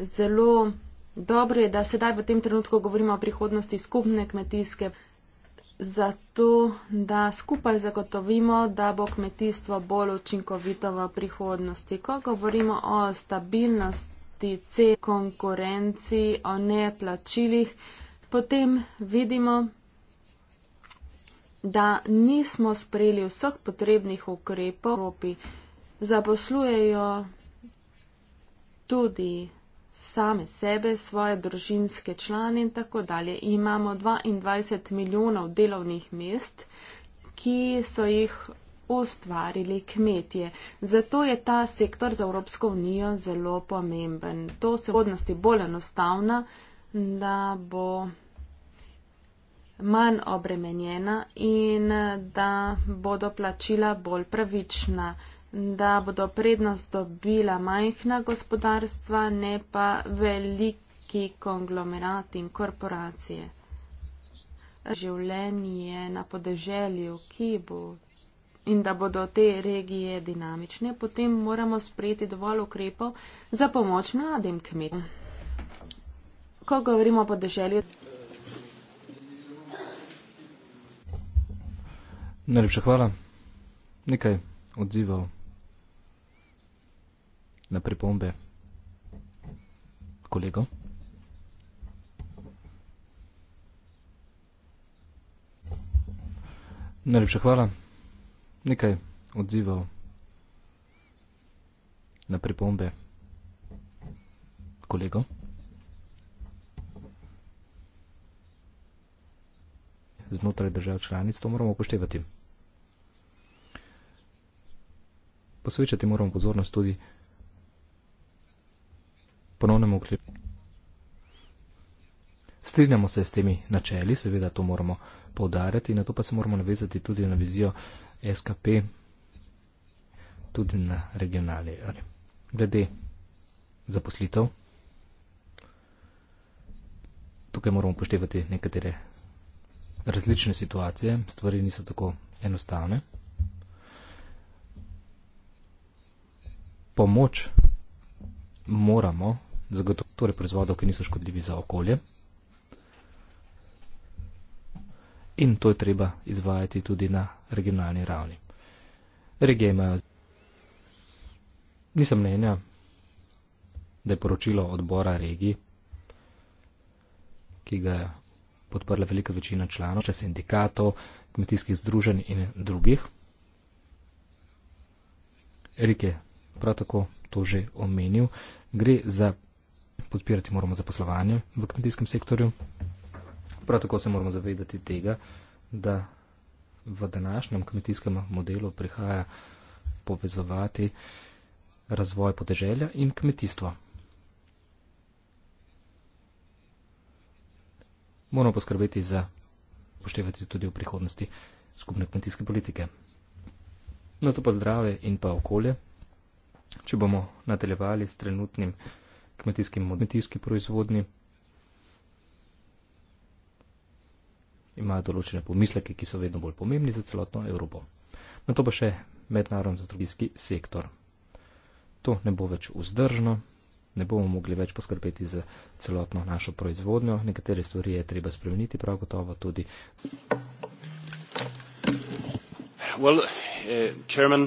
Zelo dobro je, da sedaj v tem trenutku govorimo o prihodnosti skupne kmetijske zato, da skupaj zagotovimo, da bo kmetijstvo bolj učinkovito v prihodnosti. Ko govorimo o stabilnosti C, konkurenci, o neplačilih, potem vidimo, da nismo sprejeli vseh potrebnih ukrepov, ki zaposlujejo tudi same sebe, svoje družinske člane in tako dalje. Imamo 22 milijonov delovnih mest, ki so jih ustvarili kmetje. Zato je ta sektor za Evropsko unijo zelo pomemben. To se v odnosti bolj enostavna, da bo manj obremenjena in da bodo plačila bolj pravična da bodo prednost dobila majhna gospodarstva, ne pa veliki konglomerati in korporacije. Življenje na podeželju, ki bo in da bodo te regije dinamične, potem moramo sprejeti dovolj ukrepov za pomoč mladim kmetom. Ko govorimo o podeželju. Najlepša hvala. Nekaj odzival na pripombe kolegov. Najlepša hvala. Nekaj odzival na pripombe kolegov. Znotraj držav članic to moramo upoštevati. Posvečati moramo pozornost tudi ponovnem ukrepu. Strinjamo se s temi načeli, seveda to moramo povdarjati, na to pa se moramo navezati tudi na vizijo SKP, tudi na regionalni ali glede zaposlitev. Tukaj moramo upoštevati nekatere različne situacije, stvari niso tako enostavne. Pomoč moramo torej proizvodov, ki niso škodljivi za okolje. In to je treba izvajati tudi na regionalni ravni. Regije imajo. Nisem mnenja, da je poročilo odbora regij, ki ga je podprla velika večina članov, še sindikatov, kmetijskih združenj in drugih. Erik je prav tako to že omenil. Gre za podpirati moramo zaposlovanje v kmetijskem sektorju. Prav tako se moramo zavedati tega, da v današnjem kmetijskem modelu prihaja povezovati razvoj podeželja in kmetijstvo. Moramo poskrbeti za poštevati tudi v prihodnosti skupne kmetijske politike. Na to pa zdrave in pa okolje. Če bomo nadaljevali s trenutnim kmetijski, kmetijski proizvodni. Imajo določene pomisleke, ki so vedno bolj pomembni za celotno Evropo. Na to pa še mednarodni trgovski sektor. To ne bo več vzdržno, ne bomo mogli več poskrbeti za celotno našo proizvodnjo. Nekatere stvari je treba spremeniti, prav gotovo tudi. Well, uh, chairman,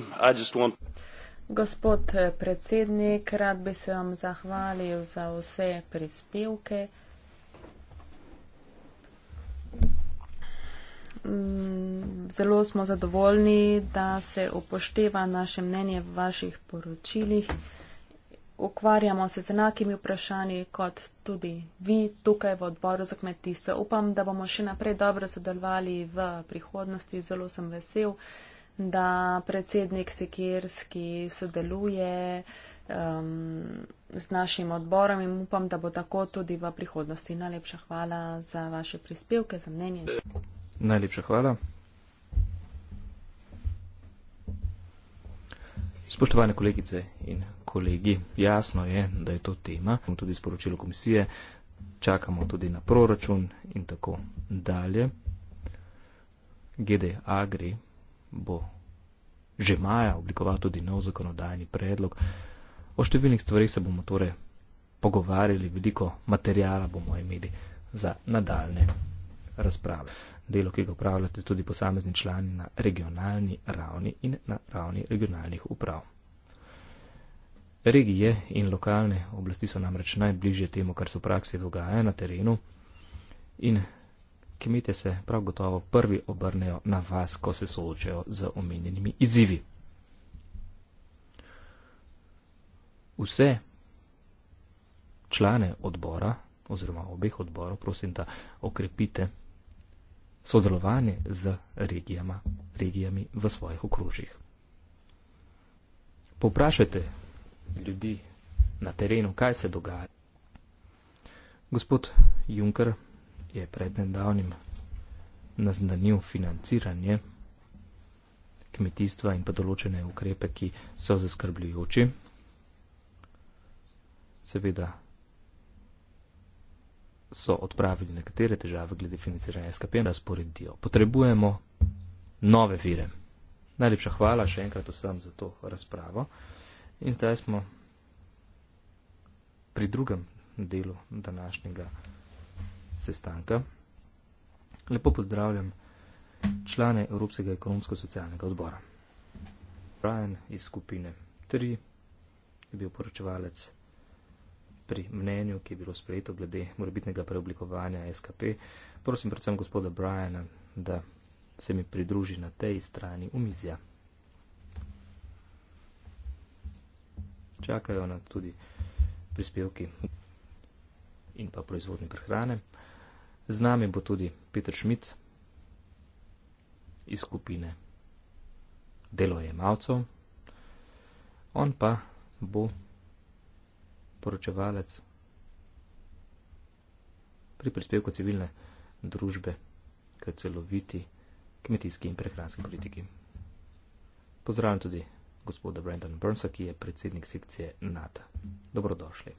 Gospod eh, predsednik, rad bi se vam zahvalil za vse prispevke. Mm, zelo smo zadovoljni, da se upošteva naše mnenje v vaših poročilih. Ukvarjamo se z enakimi vprašanji kot tudi vi tukaj v odboru za kmetijstvo. Upam, da bomo še naprej dobro sodelovali v prihodnosti. Zelo sem vesel da predsednik Sikirski sodeluje um, z našim odborom in upam, da bo tako tudi v prihodnosti. Najlepša hvala za vaše prispevke, za mnenje. Najlepša hvala. Spoštovane kolegice in kolegi, jasno je, da je to tema. Bom tudi sporočilo komisije, čakamo tudi na proračun in tako dalje. GDA gre bo že maja oblikoval tudi nov zakonodajni predlog. O številnih stvarih se bomo torej pogovarjali, veliko materijala bomo imeli za nadaljne razprave. Delo, ki ga upravljate tudi posamezni člani na regionalni ravni in na ravni regionalnih uprav. Regije in lokalne oblasti so namreč najbližje temu, kar se v praksi dogaja na terenu in kmete se prav gotovo prvi obrnejo na vas, ko se soočajo z omenjenimi izzivi. Vse člane odbora oziroma obeh odborov prosim, da okrepite sodelovanje z regijama, regijami v svojih okrožjih. Poprašajte ljudi na terenu, kaj se dogaja. Gospod Juncker, je pred nedavnim naznanil financiranje kmetijstva in pa določene ukrepe, ki so zaskrbljujoči. Seveda so odpravili nekatere težave glede financiranja SKP in razporedijo. Potrebujemo nove vire. Najlepša hvala še enkrat vsem za to razpravo. In zdaj smo pri drugem delu današnjega razpravo sestanka. Lepo pozdravljam člane Evropskega ekonomsko-socialnega odbora. Brian iz skupine 3 je bil poročevalec pri mnenju, ki je bilo sprejeto glede morebitnega preoblikovanja SKP. Prosim predvsem gospoda Briana, da se mi pridruži na tej strani umizja. Čakajo na tudi prispevki in pa proizvodni prehrane. Z nami bo tudi Peter Šmit iz skupine Delojemalcev. On pa bo poročevalec pri prispevku civilne družbe k celoviti kmetijski in prehranski politiki. Pozdravljam tudi gospoda Brandon Burnsa, ki je predsednik sekcije NATO. Dobrodošli.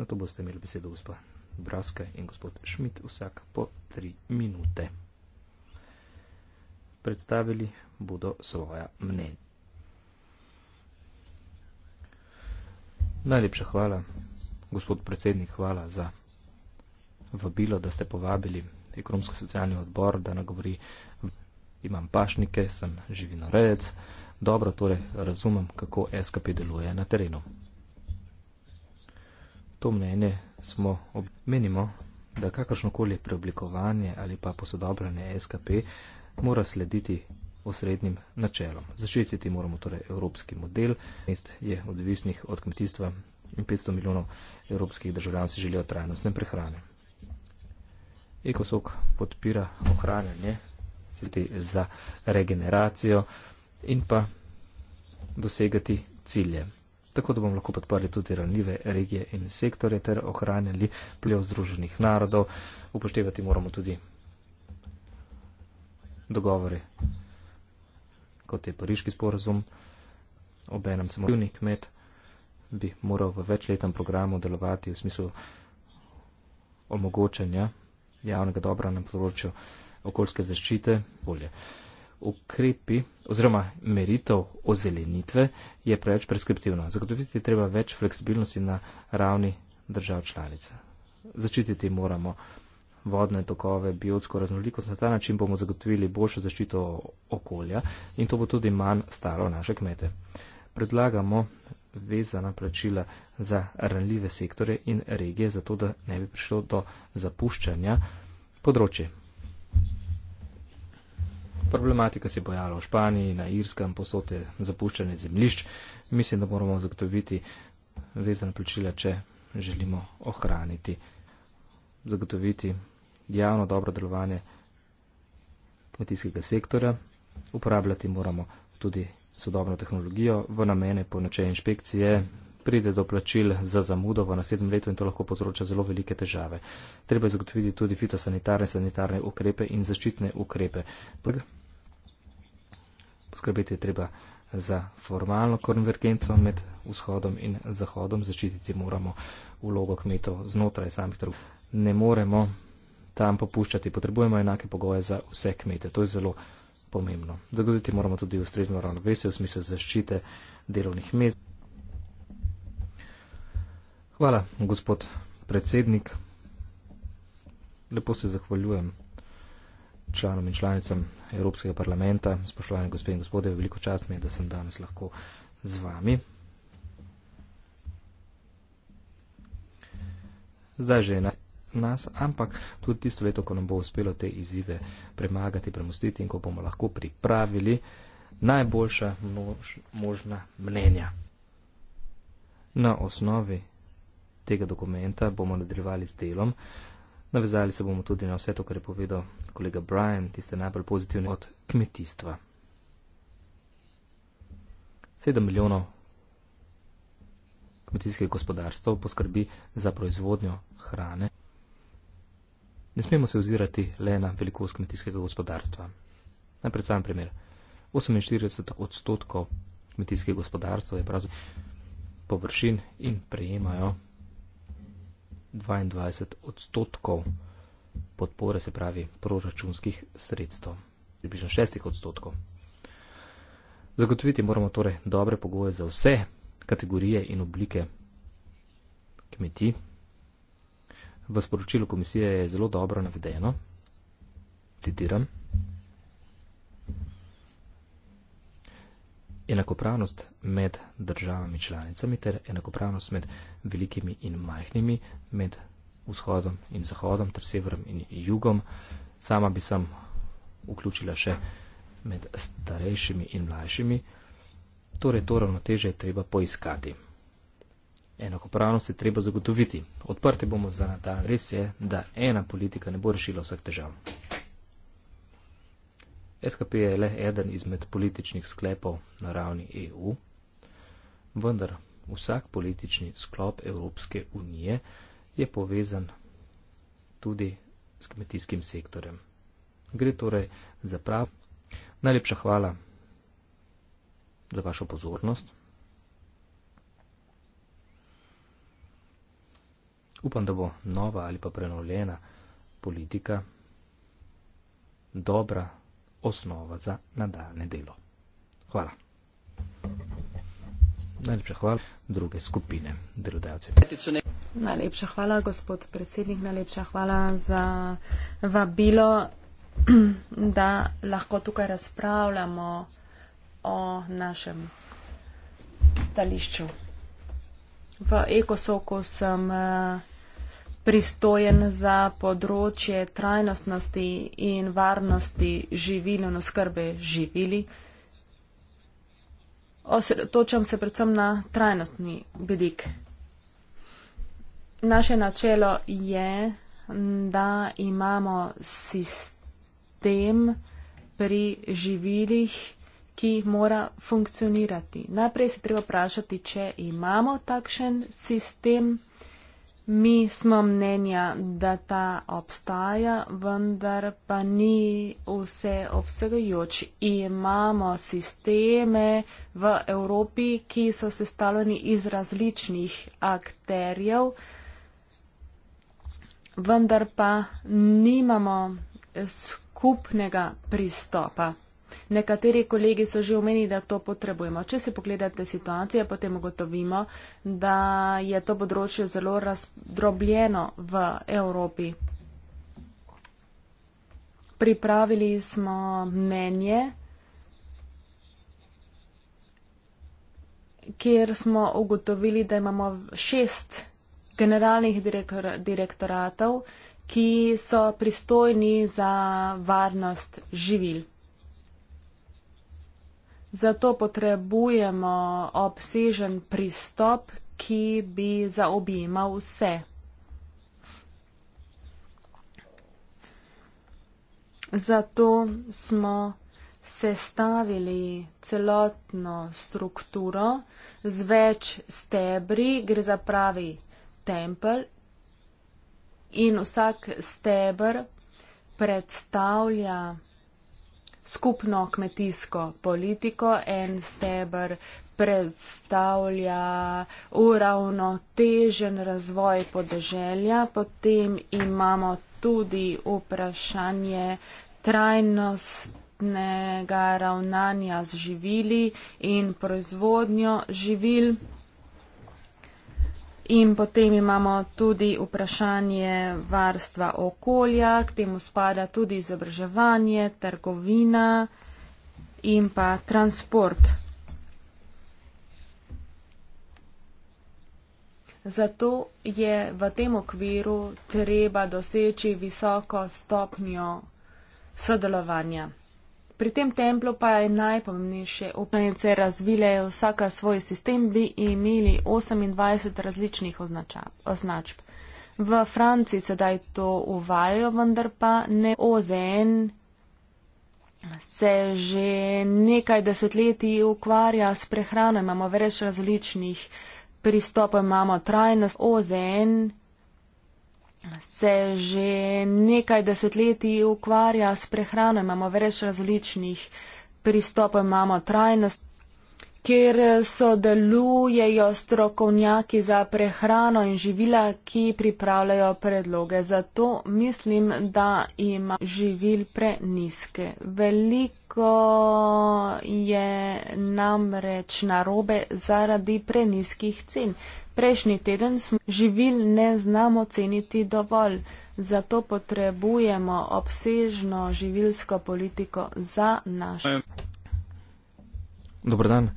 Na to boste imeli besedo uspa. Braska in gospod Šmit vsak po tri minute. Predstavili bodo svoja mnenja. Najlepša hvala, gospod predsednik, hvala za vabilo, da ste povabili ekonomsko-socialni odbor, da nagovori, imam pašnike, sem živinorejec, dobro torej razumem, kako SKP deluje na terenu. To mnenje smo obmenimo, da kakršnokoli preoblikovanje ali pa posodobljanje SKP mora slediti osrednjim načelom. Zaščititi moramo torej evropski model, mest je odvisnih od kmetijstva in 500 milijonov evropskih državljan si želijo trajnostne prehrane. Ekosok podpira ohranjanje za regeneracijo in pa dosegati cilje tako da bomo lahko podprli tudi ranljive regije in sektore ter ohranjali plev združenih narodov. Upoštevati moramo tudi dogovore, kot je pariški sporazum, obenem samo pivni kmet bi moral v večletnem programu delovati v smislu omogočanja javnega dobra na področju okoljske zaščite, bolje ukrepi oziroma meritev ozelenitve je preveč preskriptivno. Zagotoviti je treba več fleksibilnosti na ravni držav članice. Začititi moramo vodne tokove, biotsko raznolikost. Na ta način bomo zagotovili boljšo zaščito okolja in to bo tudi manj stalo naše kmete. Predlagamo vezana plačila za ranljive sektore in regije, zato da ne bi prišlo do zapuščanja področje problematika se je pojavila v Španiji, na Irskem, posode zapuščanje zemlišč. Mislim, da moramo zagotoviti vezana plačila, če želimo ohraniti, zagotoviti javno dobro delovanje kmetijskega sektorja. Uporabljati moramo tudi sodobno tehnologijo v namene po načeju inšpekcije. Pride do plačil za zamudo v naslednjem letu in to lahko povzroča zelo velike težave. Treba je zagotoviti tudi fitosanitarne, sanitarne ukrepe in zaščitne ukrepe. Prv, poskrbeti je treba za formalno konvergenco med vzhodom in zahodom, začititi moramo vlogo kmetov znotraj samih trgov. Ne moremo tam popuščati, potrebujemo enake pogoje za vse kmete, to je zelo pomembno. Zagotoviti moramo tudi ustrezno ravnovesje v smislu zaščite delovnih mest. Hvala, gospod predsednik. Lepo se zahvaljujem članom in članicam Evropskega parlamenta. Spoštovani gospe in gospode, veliko čast mi je, da sem danes lahko z vami. Zdaj že na nas, ampak tudi tisto leto, ko nam bo uspelo te izzive premagati, premustiti in ko bomo lahko pripravili najboljša mož, možna mnenja. Na osnovi tega dokumenta bomo nadaljevali s delom. Navezali se bomo tudi na vse to, kar je povedal kolega Brian, tiste najbolj pozitivne od kmetijstva. 7 milijonov kmetijskih gospodarstv poskrbi za proizvodnjo hrane. Ne smemo se ozirati le na velikost kmetijskega gospodarstva. Najprej sam primer. 48 odstotkov kmetijskih gospodarstv je pravzaprav površin in prejemajo 22 odstotkov kmetijskih gospodarstv podpore, se pravi proračunskih sredstev, približno šestih odstotkov. Zagotoviti moramo torej dobre pogoje za vse kategorije in oblike kmetij. V sporočilu komisije je zelo dobro navedeno, citiram, enakopravnost med državami članicami ter enakopravnost med velikimi in majhnimi, med vzhodom in zahodom ter severom in jugom. Sama bi sem vključila še med starejšimi in mlajšimi. Torej, to ravnoteže je treba poiskati. Enakopravnost je treba zagotoviti. Odprti bomo za nadalje. Res je, da ena politika ne bo rešila vseh težav. SKP je le eden izmed političnih sklepov na ravni EU, vendar vsak politični sklop Evropske unije je povezan tudi s kmetijskim sektorem. Gre torej za prav. Najlepša hvala za vašo pozornost. Upam, da bo nova ali pa prenovljena politika dobra osnova za nadaljne delo. Hvala. Najlepša hvala, druge skupine, delodajalce. Najlepša hvala, gospod predsednik, najlepša hvala za vabilo, (clears throat) da lahko tukaj razpravljamo o našem stališču. V ekosoku sem eh, pristojen za področje trajnostnosti in varnosti živil in oskrbe živili osredotočam se predvsem na trajnostni vedik. Naše načelo je, da imamo sistem pri živilih, ki mora funkcionirati. Najprej se treba vprašati, če imamo takšen sistem. Mi smo mnenja, da ta obstaja, vendar pa ni vse obsegajoč. Imamo sisteme v Evropi, ki so sestavljeni iz različnih akterjev, vendar pa nimamo skupnega pristopa. Nekateri kolegi so že omenili, da to potrebujemo. Če si pogledate situacije, potem ugotovimo, da je to področje zelo razdrobljeno v Evropi. Pripravili smo mnenje, kjer smo ugotovili, da imamo šest generalnih direktor direktoratov, ki so pristojni za varnost živil. Zato potrebujemo obsežen pristop, ki bi zaobjemal vse. Zato smo sestavili celotno strukturo z več stebri, gre za pravi tempelj in vsak stebr predstavlja skupno kmetijsko politiko. En stebr predstavlja uravnotežen razvoj podeželja, potem imamo tudi vprašanje trajnostnega ravnanja z živili in proizvodnjo živil. In potem imamo tudi vprašanje varstva okolja, k temu spada tudi izobraževanje, trgovina in pa transport. Zato je v tem okviru treba doseči visoko stopnjo sodelovanja. Pri tem templu pa je najpomembnejše opnice razvile vsaka svoj sistem, bi imeli 28 različnih označa, označb. V Franciji sedaj to uvajajo, vendar pa ne OZN se že nekaj desetletij ukvarja s prehrano, imamo več različnih pristopov, imamo trajnost OZN se že nekaj desetletij ukvarja s prehrano, imamo več različnih pristopov, imamo trajnost, kjer eh, sodelujejo strokovnjaki za prehrano in živila, ki pripravljajo predloge. Zato mislim, da ima živil preniske. Veliko je namreč narobe zaradi preniskih cen. Prejšnji teden smo živil ne znamo ceniti dovolj, zato potrebujemo obsežno živilsko politiko za naše. Dobro dan.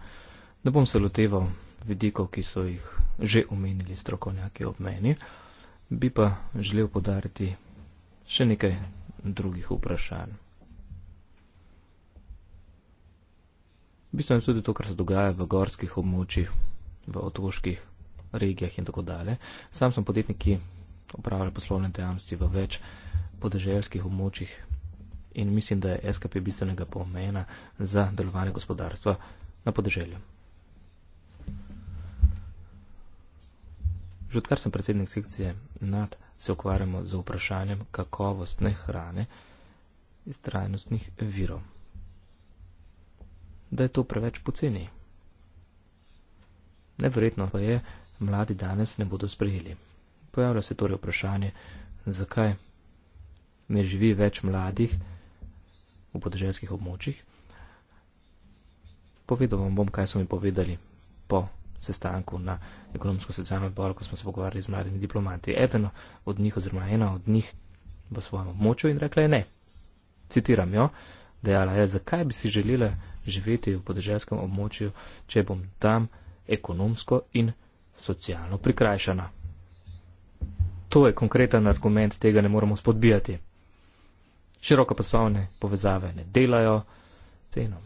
Ne bom se loteval vidikov, ki so jih že omenili strokovnjaki ob meni, bi pa želel podariti še nekaj drugih vprašanj. Bistveno je tudi to, kar se dogaja v gorskih območjih, v otoških regijah in tako dalje. Sam sem podjetnik, ki opravlja poslovne dejavnosti v več podeželskih območjih in mislim, da je SKP bistvenega pomena za delovanje gospodarstva na podeželju. Že odkar sem predsednik sekcije NAT, se ukvarjamo z vprašanjem kakovostne hrane iz trajnostnih virov. Da je to preveč poceni. Neverjetno pa je, mladi danes ne bodo sprejeli. Pojavlja se torej vprašanje, zakaj ne živi več mladih v podeželskih območjih. Povedal vam bom, kaj so mi povedali po sestanku na ekonomsko-socialnem odboru, ko smo se pogovarjali z mladimi diplomati. Eden od njih, oziroma ena od njih v svojem območju in rekla je ne. Citiram jo, dejala je, zakaj bi si želela živeti v podeželskem območju, če bom tam ekonomsko in socialno prikrajšana. To je konkreten argument, tega ne moremo spodbijati širokopasovne povezave ne delajo cenom.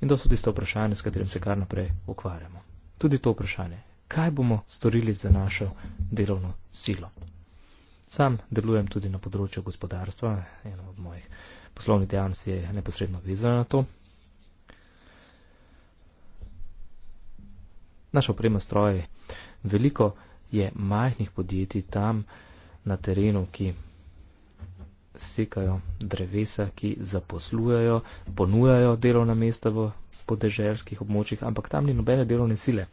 In to so tiste vprašanje, s katerim se kar naprej ukvarjamo. Tudi to vprašanje, kaj bomo storili za našo delovno silo. Sam delujem tudi na področju gospodarstva, eno od mojih poslovnih dejavnosti je neposredno vezana na to. Naša oprema stroje, veliko je majhnih podjetij tam na terenu, ki sekajo drevesa, ki zaposlujejo, ponujajo delovna mesta v podeželskih območjih, ampak tam ni nobene delovne sile.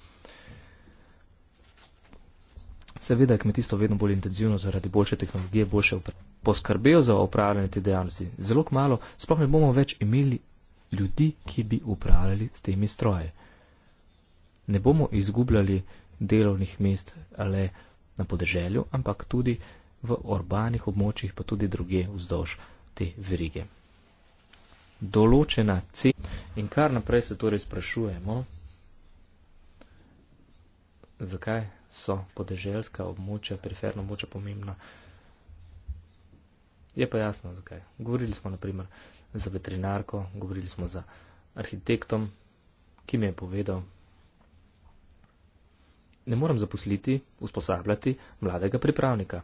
Seveda je kmetijstvo vedno bolj intenzivno zaradi boljše tehnologije, boljše poskrbel za upravljanje te dejavnosti. Zelo malo, sploh ne bomo več imeli ljudi, ki bi upravljali s temi stroje. Ne bomo izgubljali delovnih mest le na podeželju, ampak tudi v urbanih območjih, pa tudi druge vzdolž te verige. Določena cena in kar naprej se torej sprašujemo, zakaj so podeželska območja, periferna območja pomembna. Je pa jasno, zakaj. Govorili smo naprimer za veterinarko, govorili smo za arhitektom, ki mi je povedal, ne morem zaposliti, usposabljati mladega pripravnika.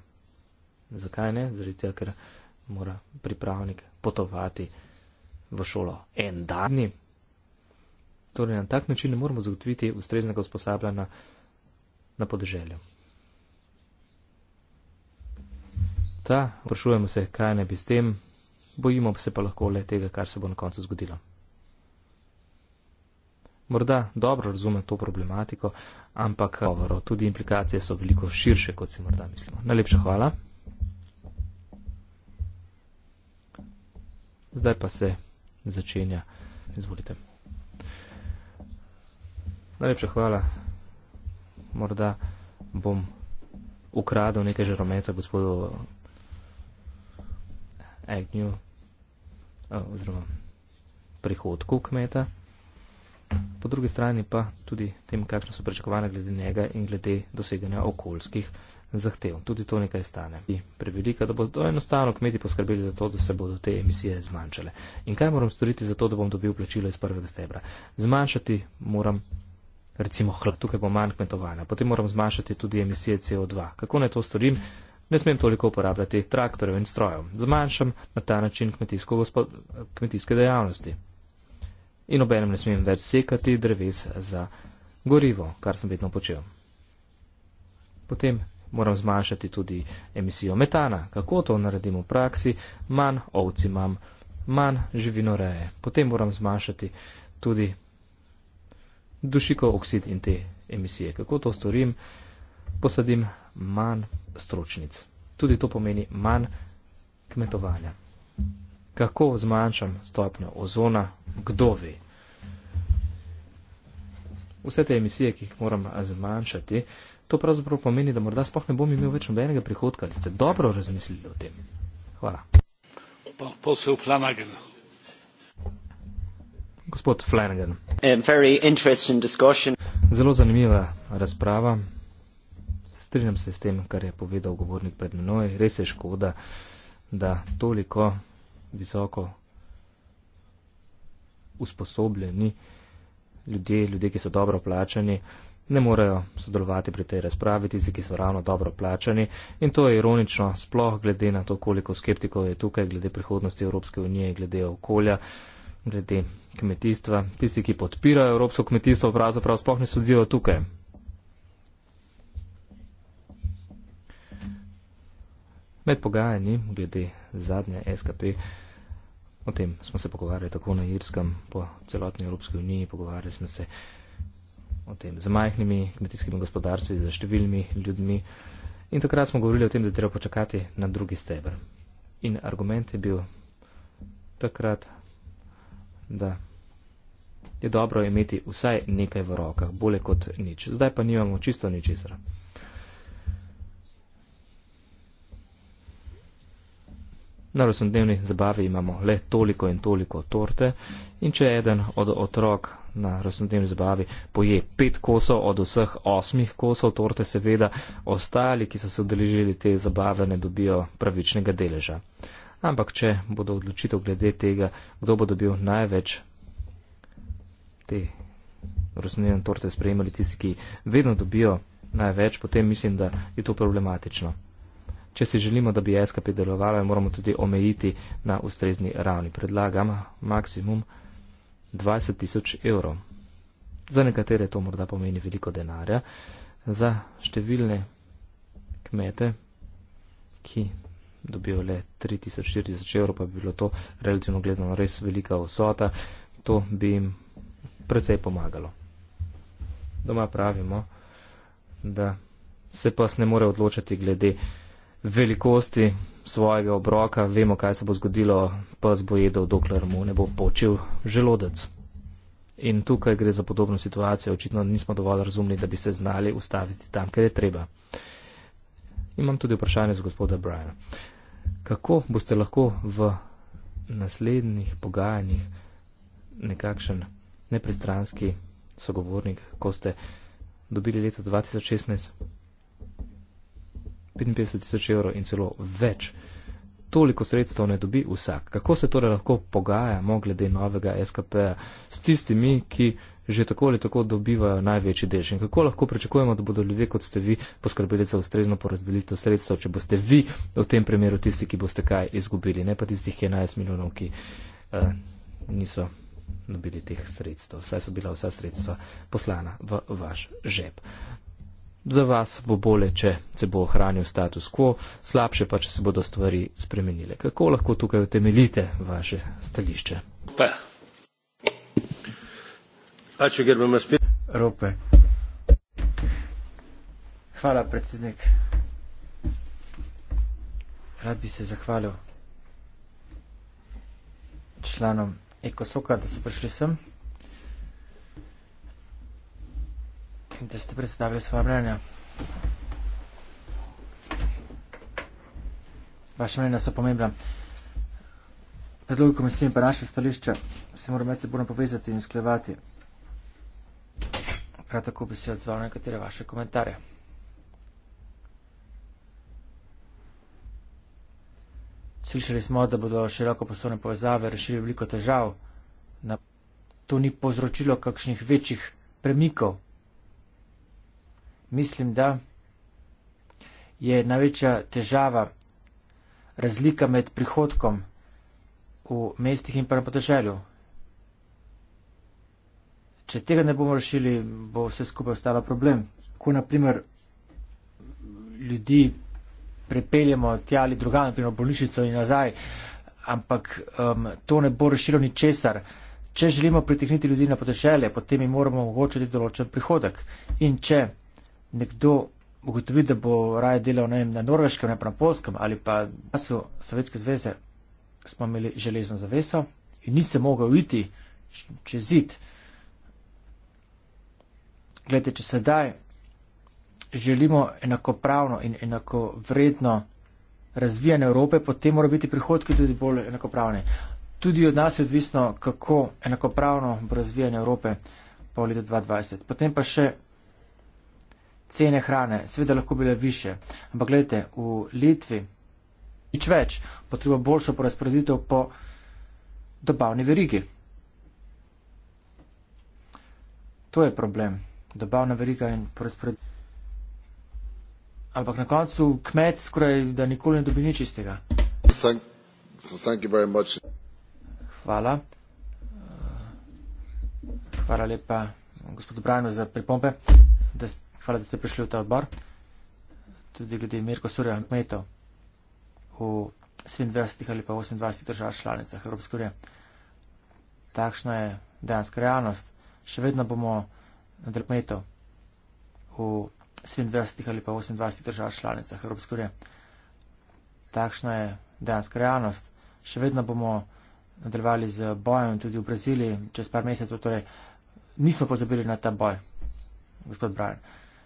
Zakaj ne? Zato, ker mora pripravnik potovati v šolo en dan. Torej, na tak način ne moremo zagotoviti ustreznega usposabljanja na podeželju. Ta, vprašujemo se, kaj ne bi s tem, bojimo se pa lahko le tega, kar se bo na koncu zgodilo. Morda dobro razume to problematiko, ampak tudi implikacije so veliko širše, kot si morda mislimo. Najlepša hvala. Zdaj pa se začenja. Izvolite. Najlepša hvala. Morda bom ukradel nekaj žarometa gospodu Agnew, eh, oziroma prihodku kmeta. Po drugi strani pa tudi tem, kakšne so pričakovane glede njega in glede doseganja okoljskih zahtev. Tudi to nekaj stane. Prevelika, da bodo enostavno kmeti poskrbeli za to, da se bodo te emisije zmanjšale. In kaj moram storiti za to, da bom dobil plačilo iz prvega stebra? Zmanjšati moram recimo hlad, tukaj bo manj kmetovanja, potem moram zmanjšati tudi emisije CO2. Kako naj to storim? Ne smem toliko uporabljati traktorjev in strojev. Zmanjšam na ta način kmetijske dejavnosti. In obenem ne smem več sekati dreves za gorivo, kar sem vedno počel. Potem moram zmanjšati tudi emisijo metana. Kako to naredim v praksi? Manj ovci imam, manj živinoreje. Potem moram zmanjšati tudi dušikov oksid in te emisije. Kako to storim? Posadim manj stročnic. Tudi to pomeni manj kmetovanja. Kako zmanjšam stopnjo ozona? Kdo ve? Vse te emisije, ki jih moram zmanjšati, to pravzaprav pomeni, da morda sploh ne bom imel več nobenega prihodka. Ali ste dobro razmislili o tem? Hvala. Gospod Flanagan. Eh, Zelo zanimiva razprava. Strinjam se s tem, kar je povedal govornik pred menoj. Res je škoda, da toliko visoko usposobljeni ljudje, ljudje, ki so dobro plačani, ne morejo sodelovati pri tej razpravi, tisti, ki so ravno dobro plačani. In to je ironično, sploh glede na to, koliko skeptikov je tukaj glede prihodnosti Evropske unije, glede okolja, glede kmetijstva. Tisti, ki podpirajo Evropsko kmetijstvo, pravzaprav sploh ne sodijo tukaj. Med pogajanji glede zadnje SKP, o tem smo se pogovarjali tako na Irskem, po celotni Evropski uniji, pogovarjali smo se o tem z majhnimi kmetijskimi gospodarstvi, z številnimi ljudmi. In takrat smo govorili o tem, da treba počakati na drugi stebr. In argument je bil takrat, da je dobro imeti vsaj nekaj v rokah, bolje kot nič. Zdaj pa nimamo čisto ničesar. Na rojstnodnevni zabavi imamo le toliko in toliko torte in če eden od otrok na rojstnodnevni zabavi poje pet kosov od vseh osmih kosov torte, seveda ostali, ki so se odeležili te zabave, ne dobijo pravičnega deleža. Ampak, če bodo odločitev glede tega, kdo bo dobil največ te rojstnodnevne torte, sprejemali tisti, ki vedno dobijo največ, potem mislim, da je to problematično. Če si želimo, da bi SKP delovala, moramo tudi omejiti na ustrezni ravni. Predlagam maksimum 20 tisoč evrov. Za nekatere to morda pomeni veliko denarja, za številne kmete, ki dobijo le 3040 evrov, pa bi bilo to relativno gledano res velika vsota, to bi jim precej pomagalo. Doma pravimo, da se pas ne more odločati glede velikosti svojega obroka, vemo, kaj se bo zgodilo, pa zbojedel, dokler mu ne bo počil želodec. In tukaj gre za podobno situacijo, očitno nismo dovolj razumni, da bi se znali ustaviti tam, kjer je treba. Imam tudi vprašanje za gospoda Briana. Kako boste lahko v naslednjih pogajanjih nekakšen nepristranski sogovornik, ko ste dobili leto 2016 55 tisoč evrov in celo več. Toliko sredstev ne dobi vsak. Kako se torej lahko pogajamo glede novega SKP-ja s tistimi, ki že tako ali tako dobivajo največji delež? In kako lahko pričakujemo, da bodo ljudje, kot ste vi, poskrbeli za ustrezno porazdelitev sredstev, če boste vi v tem primeru tisti, ki boste kaj izgubili, ne pa tistih 11 milijonov, ki uh, niso dobili teh sredstev. Vsaj so bila vsa sredstva poslana v vaš žep za vas bo bolje, če se bo ohranil status quo, slabše pa, če se bodo stvari spremenile. Kako lahko tukaj utemeljite vaše stališče? Pa. Ače, ker bomo spet. Rope. Hvala, predsednik. Rad bi se zahvalil članom Ekosoka, da so prišli sem. da ste predstavili svoje mnenja. Vaše mnenja so pomembna. Predlogi komisije in pa naše stališče se moramo medsebojno povezati in usklevati. Prav tako bi se odzval nekatere vaše komentarje. Slišali smo, da bodo široko poslovne povezave rešili veliko težav. To ni povzročilo kakšnih večjih premikov mislim, da je največja težava razlika med prihodkom v mestih in pa na podeželju. Če tega ne bomo rešili, bo vse skupaj ostalo problem. Ko naprimer ljudi prepeljemo tja ali druga, naprimer bolnišnico in nazaj, ampak um, to ne bo rešilo ni česar. Če želimo pritekniti ljudi na podeželje, potem jim moramo omogočiti določen prihodek. In če nekdo ugotovi, da bo raje delal vem, na Norveškem, ne pa na Polskem ali pa na času Sovjetske zveze, smo imeli železno zaveso in ni se mogel iti čez zid. Glede, če sedaj želimo enakopravno in enako vredno razvijanje Evrope, potem mora biti prihodki tudi bolj enakopravni. Tudi od nas je odvisno, kako enakopravno bo razvijanje Evrope po letu 2020. Potem pa še cene hrane seveda lahko bile više, ampak gledajte, v Litvi nič več, potreba boljšo porazporeditev po dobavni verigi. To je problem, dobavna veriga in porazporeditev. Ampak na koncu kmet skoraj, da nikoli ne dobi nič iz tega. Hvala. Hvala lepa gospodu Brajnu za pripombe. Da ste hvala, da ste prišli v ta odbor. Tudi glede Mirko Surja in kmetov v 27 ali pa 28 držav članicah Evropske unije. Takšna je dejanska realnost. Še vedno bomo na kmetov v 27 ali pa 28 držav članicah Evropske unije. Takšna je dejanska realnost. Še vedno bomo nadaljevali z bojem tudi v Braziliji čez par mesecev, torej nismo pozabili na ta boj, gospod Brian.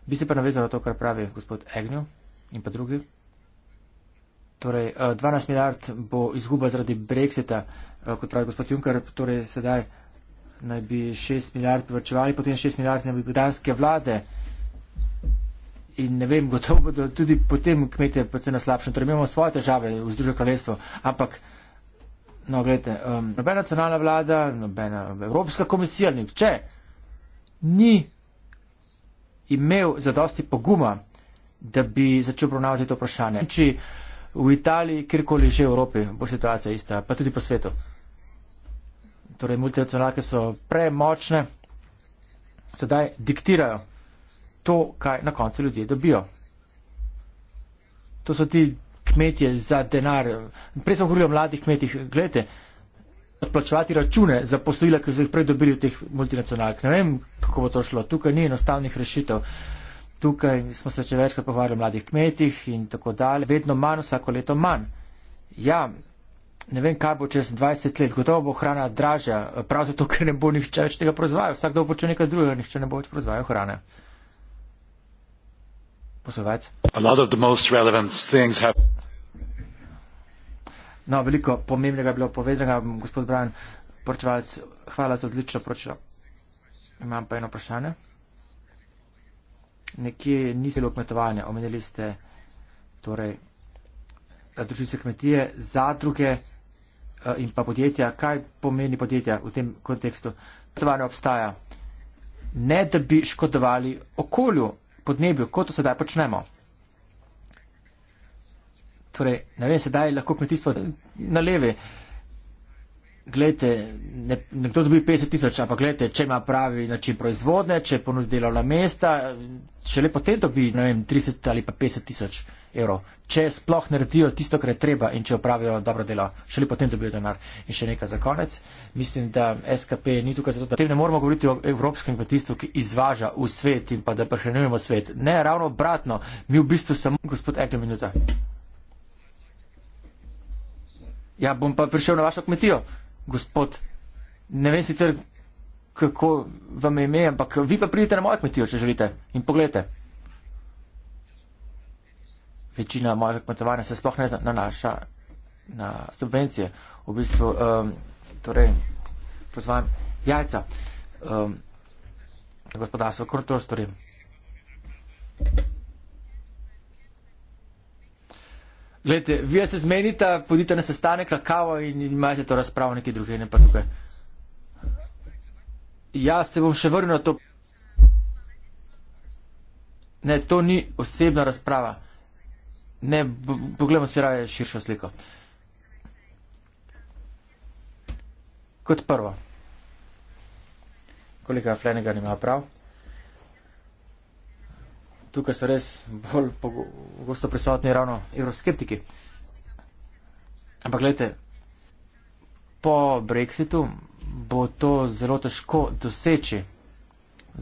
Bi se pa navezal na to, kar pravi gospod Egnjo in pa drugi. Torej, 12 eh, milijard bo izguba zaradi brexita, eh, kot pravi gospod Juncker, torej sedaj naj bi 6 milijard vrčevali, potem 6 milijard naj bi bil danske vlade. In ne vem, gotovo bodo tudi potem kmetje predvsem na slabšem. Torej, imamo svoje težave v Združenem kraljestvu, ampak. No, gledajte, um, nobena nacionalna vlada, nobena Evropska komisija, nihče ni imel zadosti poguma, da bi začel obravnavati to vprašanje. Če v Italiji, kjerkoli že v Evropi, bo situacija ista, pa tudi po svetu. Torej, multinacionalke so premočne, sedaj diktirajo to, kaj na koncu ljudje dobijo. To so ti kmetje za denar. Prej sem govoril o mladih kmetih, gledajte, plačevati račune za posojila, ki so jih prej dobili v teh multinacionalk. Ne vem, kako bo to šlo. Tukaj ni enostavnih rešitev. Tukaj smo se če večkrat pogovarjali o mladih kmetih in tako dalje. Vedno manj, vsako leto manj. Ja, ne vem, kaj bo čez 20 let. Gotovo bo hrana dražja. Prav zato, ker ne bo nihče več tega proizvajal. Vsak dobo počne nekaj drugega, nihče ne bo več proizvajal hrane. Poslovec. A lot of the most relevant things have. No, veliko pomembnega je bilo povedanega, gospod Brian Porčevalc, hvala za odlično poročilo. Imam pa eno vprašanje. Nekje ni bilo kmetovanja, omenili ste torej družice kmetije, zadruge eh, in pa podjetja. Kaj pomeni podjetja v tem kontekstu? Kmetovanje obstaja. Ne, da bi škodovali okolju, podnebju, kot to sedaj počnemo. Torej, ne vem, sedaj lahko kmetijstvo na leve. Glejte, ne, nekdo dobi 50 tisoč, ampak glejte, če ima pravi način proizvodne, če ponudi delovna mesta, še lepo te dobi, ne vem, 30 ali pa 50 tisoč evrov. Če sploh naredijo tisto, kar je treba in če opravijo dobro delo, še lepo te dobijo denar. In še nekaj za konec. Mislim, da SKP ni tukaj zato, da tem ne moramo govoriti o evropskem kmetijstvu, ki izvaža v svet in pa da prehranjujemo svet. Ne, ravno obratno, mi v bistvu samo gospod Ekle minuta. Ja, bom pa prišel na vašo kmetijo, gospod. Ne vem sicer, kako vam je ime, ampak vi pa pridite na mojo kmetijo, če želite. In pogledajte. Večina mojega kmetovanja se sploh ne nanaša na subvencije. V bistvu, um, torej, pozvam jajca. Um, gospodarstvo, kako to storim? Thank you. Glejte, vi se zmenite, pojdite na sestanek, kakavo in imate to razpravo neki druge, ne pa tukaj. Ja, se bom še vrnil na to. Ne, to ni osebna razprava. Ne, pogledamo si raje širšo sliko. Kot prvo. Kolega Flenega nima prav tukaj so res bolj pogosto prisotni ravno evroskeptiki. Ampak gledajte, po Brexitu bo to zelo težko doseči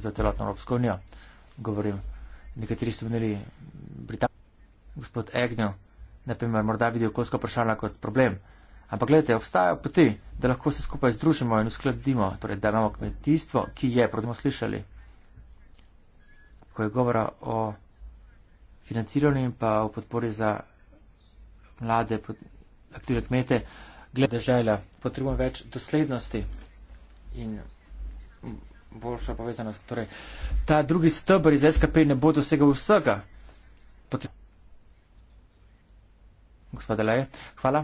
za celotno Evropsko unijo. Govorim, nekateri so menili Britanijo, gospod Egnjo, na primer, morda vidijo okoljsko vprašanje kot problem. Ampak gledajte, obstajajo poti, da lahko se skupaj združimo in uskladimo, torej da imamo kmetijstvo, ki je, proti smo slišali, ko je govora o financiranju in pa o podpori za mlade, aktivne kmete, glede žela, potrebujemo več doslednosti in boljša povezanost. Torej, ta drugi stebr iz SKP ne bo dosegel vsega. Potrebujem. Gospod Leje, hvala.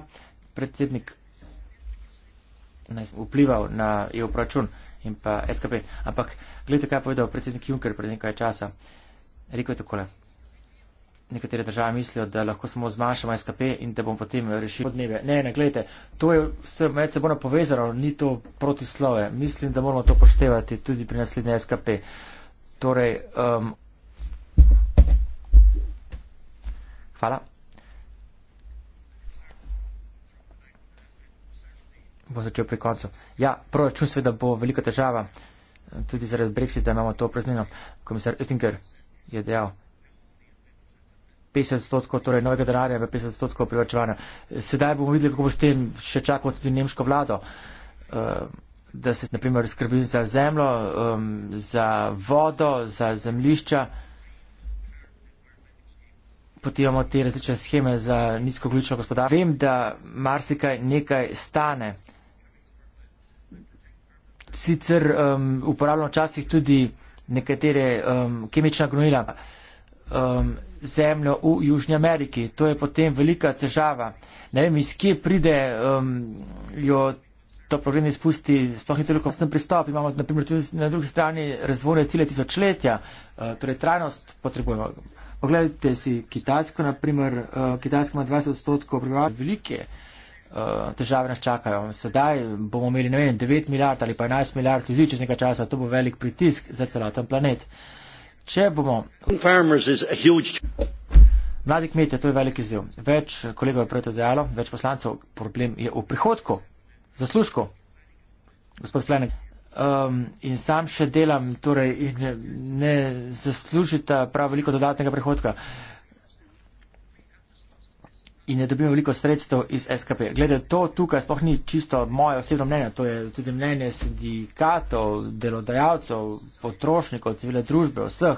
Predsednik naj vplival na EU proračun in pa SKP. Ampak gledajte, kaj je povedal predsednik Juncker pred nekaj časa. Rekel je takole. Nekatere države mislijo, da lahko samo zmanjšamo SKP in da bomo potem rešili podnebje. Ne, ne, gledajte, to je vse med seboj povezano, ni to protislove. Mislim, da moramo to poštevati tudi pri naslednje SKP. Torej, um, hvala. bo začel pri koncu. Ja, proračun seveda bo velika težava, tudi zaradi Brexita imamo to praznino. Komisar Oettinger je dejal, 50 odstotkov, torej novega denarja, 50 odstotkov privačevanja. Sedaj bomo videli, kako bo s tem še čakalo tudi nemško vlado, eh, da se naprimer skrbi za zemljo, eh, za vodo, za zemlišča. Potem imamo te različne scheme za nizkoglično gospodarstvo. Vem, da marsikaj nekaj stane sicer um, uporabljamo včasih tudi nekatere um, kemična gnojila, um, zemljo v Južnji Ameriki. To je potem velika težava. Ne vem, iz kje pride um, jo to progredno izpusti, sploh ni toliko vsem pristop. Imamo naprimer tudi na drugi strani razvojne cilje tisočletja, uh, torej trajnost potrebujemo. Pogledajte si Kitajsko, naprimer, uh, Kitajska ima 20 odstotkov prebivalstva, velike države eh, nas čakajo. Sedaj bomo imeli, ne vem, 9 milijard ali pa 11 milijard ljudi čez nekaj časa, to bo velik pritisk za celoten planet. Če bomo. Mladi kmetje, to je velik izziv. Več kolegov je predodajalo, več poslancev, problem je v prihodku, zaslužku, gospod Flanek. Um, in sam še delam, torej ne, ne zaslužite prav veliko dodatnega prihodka. Uh, in je dobil veliko sredstev iz SKP. Glede to, tukaj sploh ni čisto moje osebno mnenje, to je tudi mnenje sindikatov, delodajalcev, potrošnikov, civile družbe, vseh.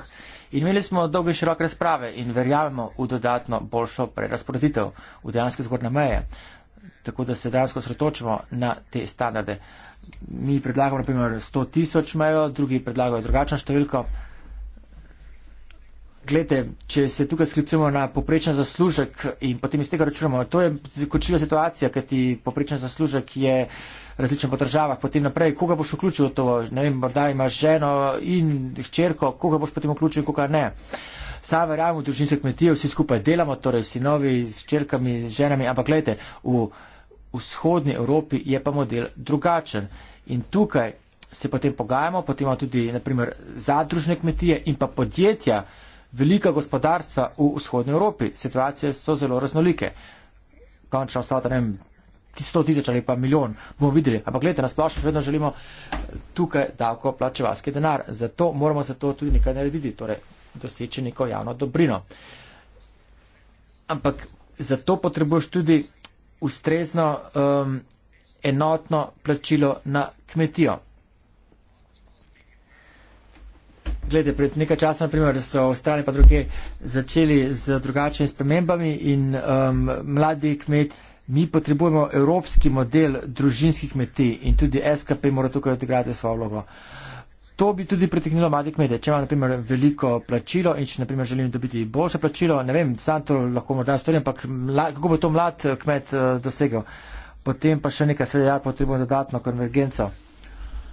In imeli smo dolge široke razprave in verjamemo v dodatno boljšo prerasporeditev v dejansko zgornje meje. Tako da se dejansko sretočimo na te standarde. Mi predlagamo naprimer 100 tisoč mejo, drugi predlagajo drugačno številko. Glede, če se tukaj sklicujemo na poprečen zaslužek in potem iz tega računamo, to je zakočila situacija, ker ti poprečen zaslužek je različen po državah, potem naprej, koga boš vključil v to, ne vem, morda imaš ženo in hčerko, koga boš potem vključil in koga ne. Sam verjamem v družinske kmetije, vsi skupaj delamo, torej sinovi s črkami, s ženami, ampak gledajte, v vzhodni Evropi je pa model drugačen. In tukaj se potem pogajamo, potem imamo tudi, naprimer, zadružne kmetije in pa podjetja, velika gospodarstva v vzhodnji Evropi. Situacije so zelo raznolike. Končno ostalo, da ne vem, 100 tisoč ali pa milijon, bomo videli. Ampak gledajte, nasplošno še vedno želimo eh, tukaj davko plačevalski denar. Zato moramo se to tudi nekaj narediti, torej doseči neko javno dobrino. Ampak zato potrebuješ tudi ustrezno um, enotno plačilo na kmetijo. Glede, pred nekaj časa, naprimer, so strani pa druge začeli z drugačnimi spremembami in um, mladi kmet, mi potrebujemo evropski model družinskih kmetij in tudi SKP mora tukaj odigrati svojo vlogo. To bi tudi pritegnilo mladi kmete. Če imam, naprimer, veliko plačilo in če, naprimer, želim dobiti boljše plačilo, ne vem, sam to lahko morda storim, ampak kako bo to mlad eh, kmet uh, dosegel. Potem pa še nekaj, seveda, ja, potrebujemo dodatno konvergenco.